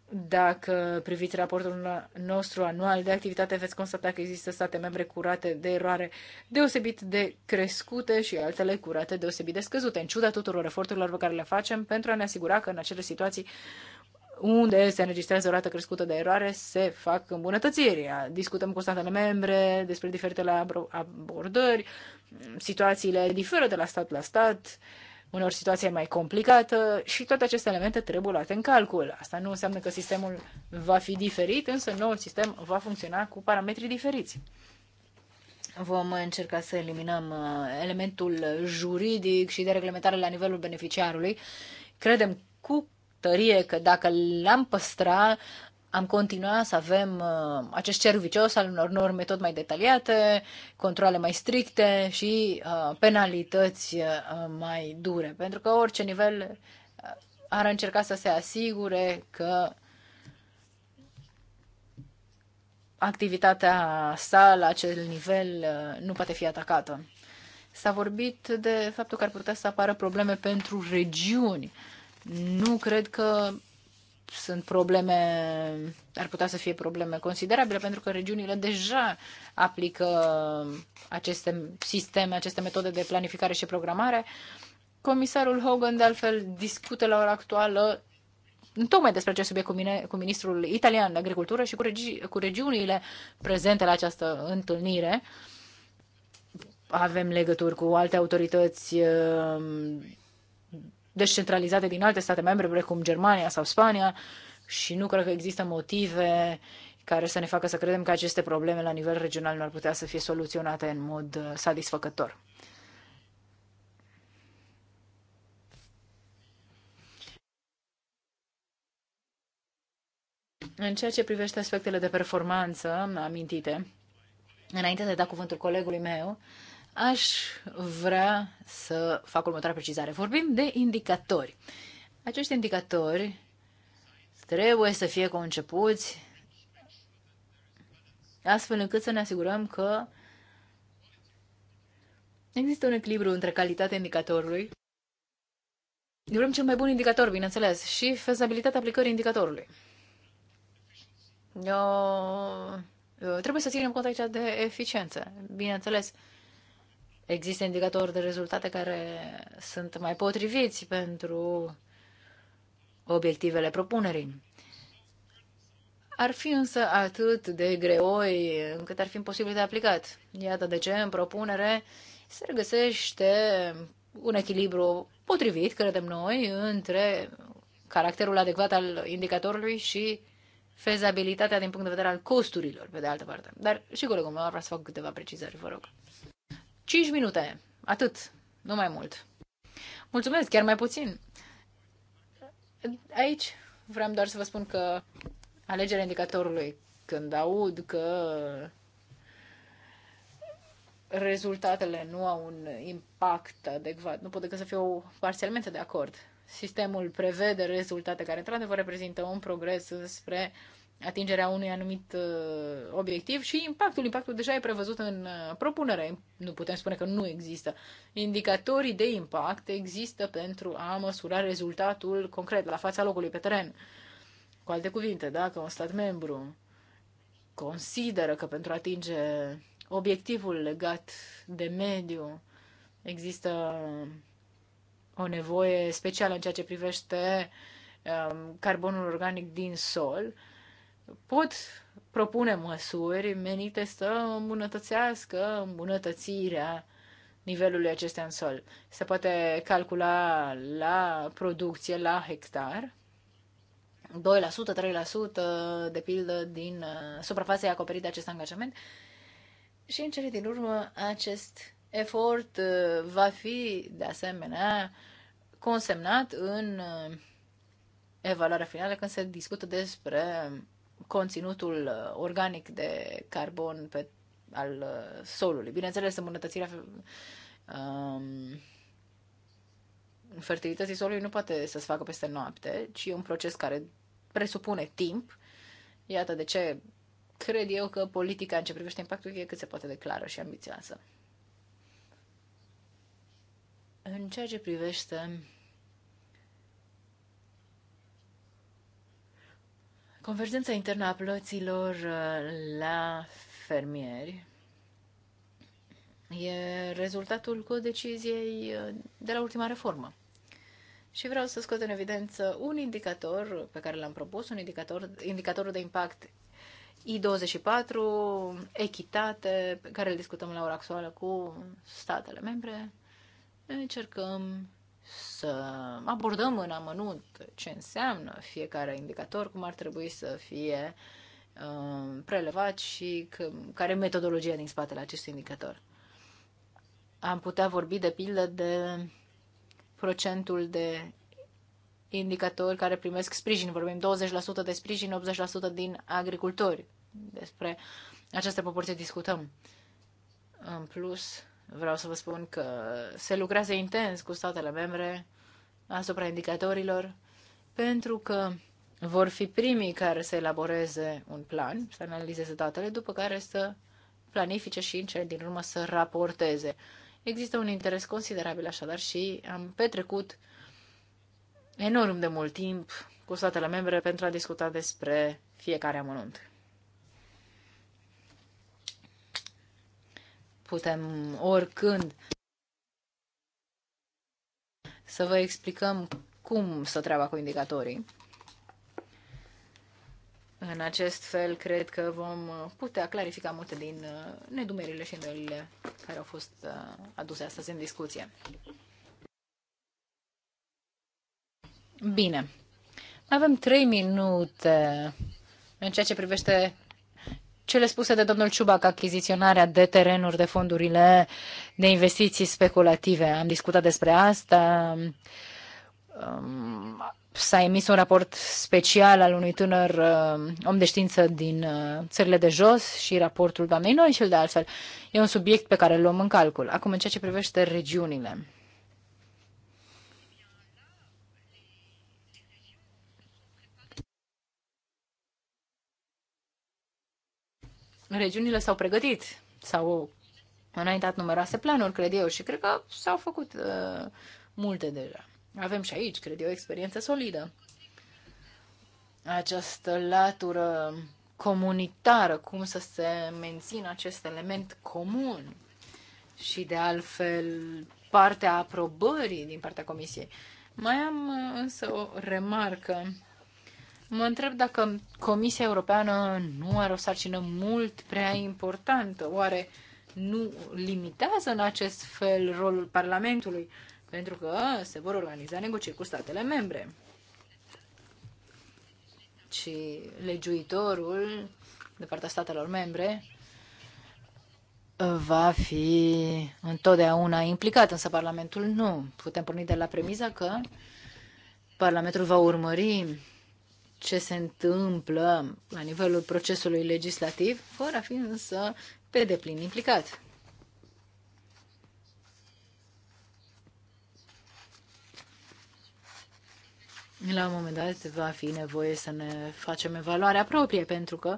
S3: Dacă priviți raportul nostru anual de activitate, veți constata că există state membre curate de eroare deosebit de crescute și altele curate deosebit de scăzute, în ciuda tuturor eforturilor pe care le facem pentru a ne asigura că în acele situații unde se înregistrează o rată crescută de eroare, se fac îmbunătățiri. Discutăm cu statele membre despre diferitele abordări, situațiile diferă de la stat la stat, unor situații mai complicată și toate aceste elemente trebuie luate în calcul. Asta nu înseamnă că sistemul va fi diferit, însă noul sistem va funcționa cu parametri diferiți. Vom încerca să eliminăm uh, elementul juridic și de reglementare la nivelul beneficiarului. Credem cu tărie că dacă l-am păstra, am continuat să avem uh, acest cer vicios al unor norme tot mai detaliate, controle mai stricte și uh, penalități uh, mai dure. Pentru că orice nivel uh, ar încerca să se asigure că activitatea sa la acel nivel uh, nu poate fi atacată. S-a vorbit de faptul că ar putea să apară probleme pentru regiuni. Nu cred că sunt probleme, ar putea să fie probleme considerabile, pentru că regiunile deja aplică aceste sisteme, aceste metode de planificare și programare. Comisarul Hogan, de altfel, discută la ora actuală tocmai despre acest subiect cu, mine, cu ministrul italian de agricultură și cu, regi, cu regiunile prezente la această întâlnire. Avem legături cu alte autorități descentralizate din alte state membre, precum Germania sau Spania, și nu cred că există motive care să ne facă să credem că aceste probleme la nivel regional nu ar putea să fie soluționate în mod uh, satisfăcător. În ceea ce privește aspectele de performanță amintite, înainte de da cuvântul colegului meu, Aș vrea să fac următoarea precizare. Vorbim de indicatori. Acești indicatori trebuie să fie concepuți astfel încât să ne asigurăm că există un echilibru între calitatea indicatorului. Vrem cel mai bun indicator, bineînțeles, și fezabilitatea aplicării indicatorului. Eu, trebuie să ținem cont aici de eficiență. Bineînțeles, există indicatori de rezultate care sunt mai potriviți pentru obiectivele propunerii. Ar fi însă atât de greoi încât ar fi imposibil de aplicat. Iată de ce în propunere se regăsește un echilibru potrivit, credem noi, între caracterul adecvat al indicatorului și fezabilitatea din punct de vedere al costurilor, pe de altă parte. Dar și colegul meu ar vrea să fac câteva precizări, vă rog. 5 minute. Atât. Nu mai mult. Mulțumesc, chiar mai puțin. Aici vreau doar să vă spun că alegerea indicatorului, când aud că rezultatele nu au un impact adecvat, nu pot decât să fiu parțialmente de acord. Sistemul prevede rezultate care, într-adevăr, reprezintă un progres spre uh, atingerea unui anumit uh, obiectiv și impactul. Impactul deja e prevăzut în uh, propunere. Nu putem spune că nu există. Indicatorii de impact există pentru a măsura rezultatul concret la fața locului pe teren. Cu alte cuvinte, dacă un stat membru consideră că pentru a atinge obiectivul legat de mediu există uh, o nevoie specială în ceea ce privește um, carbonul organic din sol, pot propune măsuri menite să îmbunătățească îmbunătățirea nivelului acestea în sol. Se poate calcula la producție, la hectar, 2%, 3% de pildă din uh, suprafața acoperită de acest angajament. Și în cele din urmă, acest efort uh, va fi de asemenea consemnat în uh, evaluarea finală când se discută despre conținutul uh, organic de carbon pe, al uh, solului. Bineînțeles, îmbunătățirea uh, um, fertilității solului nu poate să se facă peste noapte, ci e un proces care presupune timp. Iată de ce cred eu că politica în ce privește impactul e cât se poate de clară și ambițioasă. În ceea ce privește Convergența internă a plăților uh, la fermieri e rezultatul cu deciziei uh, de la ultima reformă. Și vreau să scot în evidență un indicator pe care l-am propus, un indicator, indicatorul de impact I24, echitate, pe care îl discutăm la ora actuală cu statele membre. Încercăm să abordăm în amănunt ce înseamnă fiecare indicator, cum ar trebui să fie um, prelevat și care e metodologia din spatele acestui indicator. Am putea vorbi de pildă de procentul de indicatori care primesc sprijin. Vorbim 20% de sprijin, 80% din agricultori. Despre această proporție discutăm. În plus, Vreau să vă spun că se lucrează intens cu statele membre asupra indicatorilor, pentru că vor fi primii care să elaboreze un plan, să analizeze datele, după care să planifice și în cele din urmă să raporteze. Există un interes considerabil așadar și am petrecut enorm de mult timp cu statele membre pentru a discuta despre fiecare amănunt. putem oricând să vă explicăm cum să treaba cu indicatorii. În acest fel, cred că vom putea clarifica multe din uh, nedumerile și îndoielile care au fost uh, aduse astăzi în discuție. Bine. Mai avem trei minute în ceea ce privește cele spuse de domnul Ciubac, achiziționarea de terenuri, de fondurile de investiții speculative. Am discutat despre asta. Um, s-a emis un raport special al unui tânăr um, om de știință din uh, țările de jos și raportul doamnei noi și de altfel. E un subiect pe care îl luăm în calcul. Acum, în ceea ce privește regiunile. regiunile s-au pregătit, s-au înaintat numeroase planuri, cred eu, și cred că s-au făcut uh, multe deja. Avem și aici, cred eu, o experiență solidă. Această latură comunitară, cum să se mențină acest element comun și, de altfel, partea aprobării din partea Comisiei. Mai am uh, însă o remarcă Mă întreb dacă Comisia Europeană nu are o sarcină mult prea importantă. Oare nu limitează în acest fel rolul Parlamentului? Pentru că se vor organiza negocieri cu statele membre. Și legiuitorul de partea statelor membre uh, va fi întotdeauna implicat, însă Parlamentul nu. Putem porni de la premiza că Parlamentul va urmări ce se întâmplă la nivelul procesului legislativ, fără a fi însă pe deplin implicat. La un moment dat va fi nevoie să ne facem evaluarea proprie, pentru că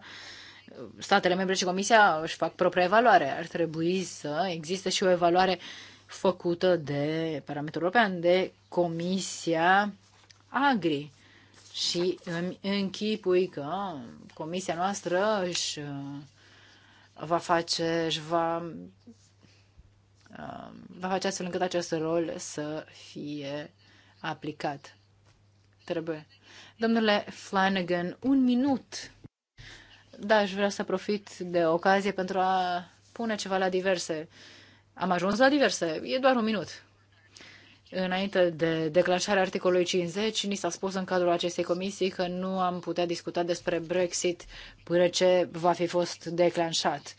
S3: statele membre și Comisia își fac propria evaluare. Ar trebui să existe și o evaluare făcută de parametrul european, de Comisia Agri și îmi închipui că comisia noastră își uh, va face, își va, uh, va face astfel încât acest rol să fie aplicat. Trebuie. Domnule Flanagan, un minut. Da, aș vrea să profit de ocazie pentru a pune ceva la diverse. Am ajuns la diverse. E doar un minut. Înainte de declanșarea articolului 50, ni s-a spus în cadrul acestei comisii că nu am putea discuta despre Brexit până ce va fi fost declanșat.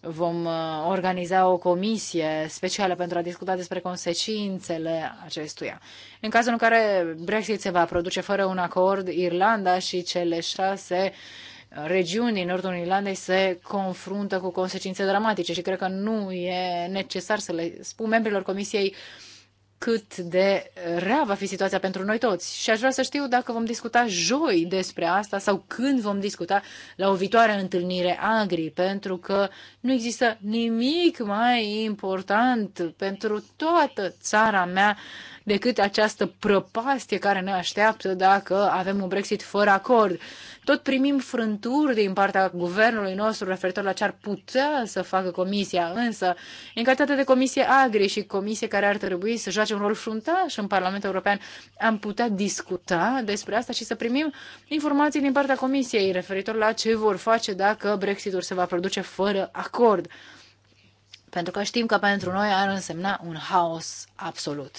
S3: Vom uh, organiza o comisie specială pentru a discuta despre consecințele acestuia. În cazul în care Brexit se va produce fără un acord, Irlanda și cele șase uh, regiuni din nordul Irlandei se confruntă cu consecințe dramatice și cred că nu e necesar să le spun membrilor comisiei uh, cât de rea va fi situația pentru noi toți. Și aș vrea să știu dacă vom discuta joi despre asta sau când vom discuta la o viitoare întâlnire agri, pentru că nu există nimic mai important pentru toată țara mea decât această prăpastie care ne așteaptă dacă avem un Brexit fără acord. Tot primim frânturi din partea guvernului nostru referitor la ce ar putea să facă comisia, însă, în calitate de comisie agri și comisie care ar trebui să joace un rol fruntaș în Parlamentul European, am putea discuta despre asta și să primim informații din partea comisiei referitor la ce vor face dacă Brexitul se va produce fără acord. Pentru că știm că pentru noi ar însemna un haos absolut.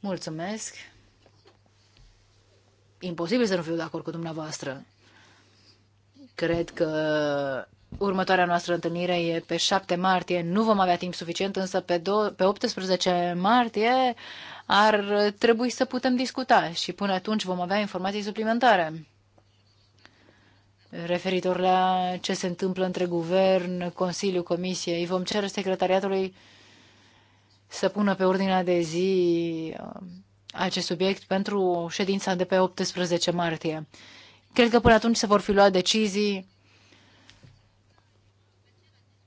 S3: Mulțumesc! imposibil să nu fiu de acord cu dumneavoastră. Cred că următoarea noastră întâlnire e pe 7 martie. Nu vom avea timp suficient, însă pe, do- pe 18 martie ar trebui să putem discuta și până atunci vom avea informații suplimentare referitor la ce se întâmplă între guvern, Consiliu, Comisie. Îi vom cere secretariatului să pună pe ordinea de zi acest subiect pentru ședința de pe 18 martie. Cred că până atunci se vor fi luat decizii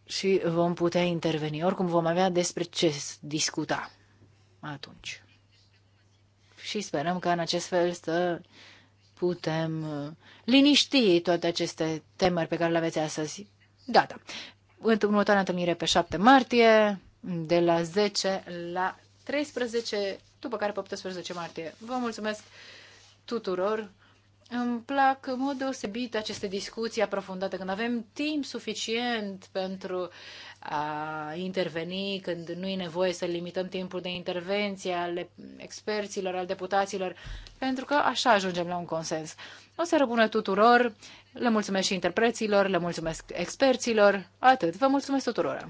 S3: și vom putea interveni. Oricum vom avea despre ce discuta atunci. Și sperăm că în acest fel să putem uh, liniști toate aceste temeri pe care le aveți astăzi. Gata. Următoarea întâlnire pe 7 martie de la 10 la 13 după care pe 18 martie. Vă mulțumesc tuturor! Îmi plac în mod deosebit aceste discuții aprofundate, când avem timp suficient pentru a interveni, când nu e nevoie să limităm timpul de intervenție al experților, al deputaților, pentru că așa ajungem la un consens. O să răbună tuturor, le mulțumesc și interpreților, le mulțumesc experților, atât. Vă mulțumesc tuturor!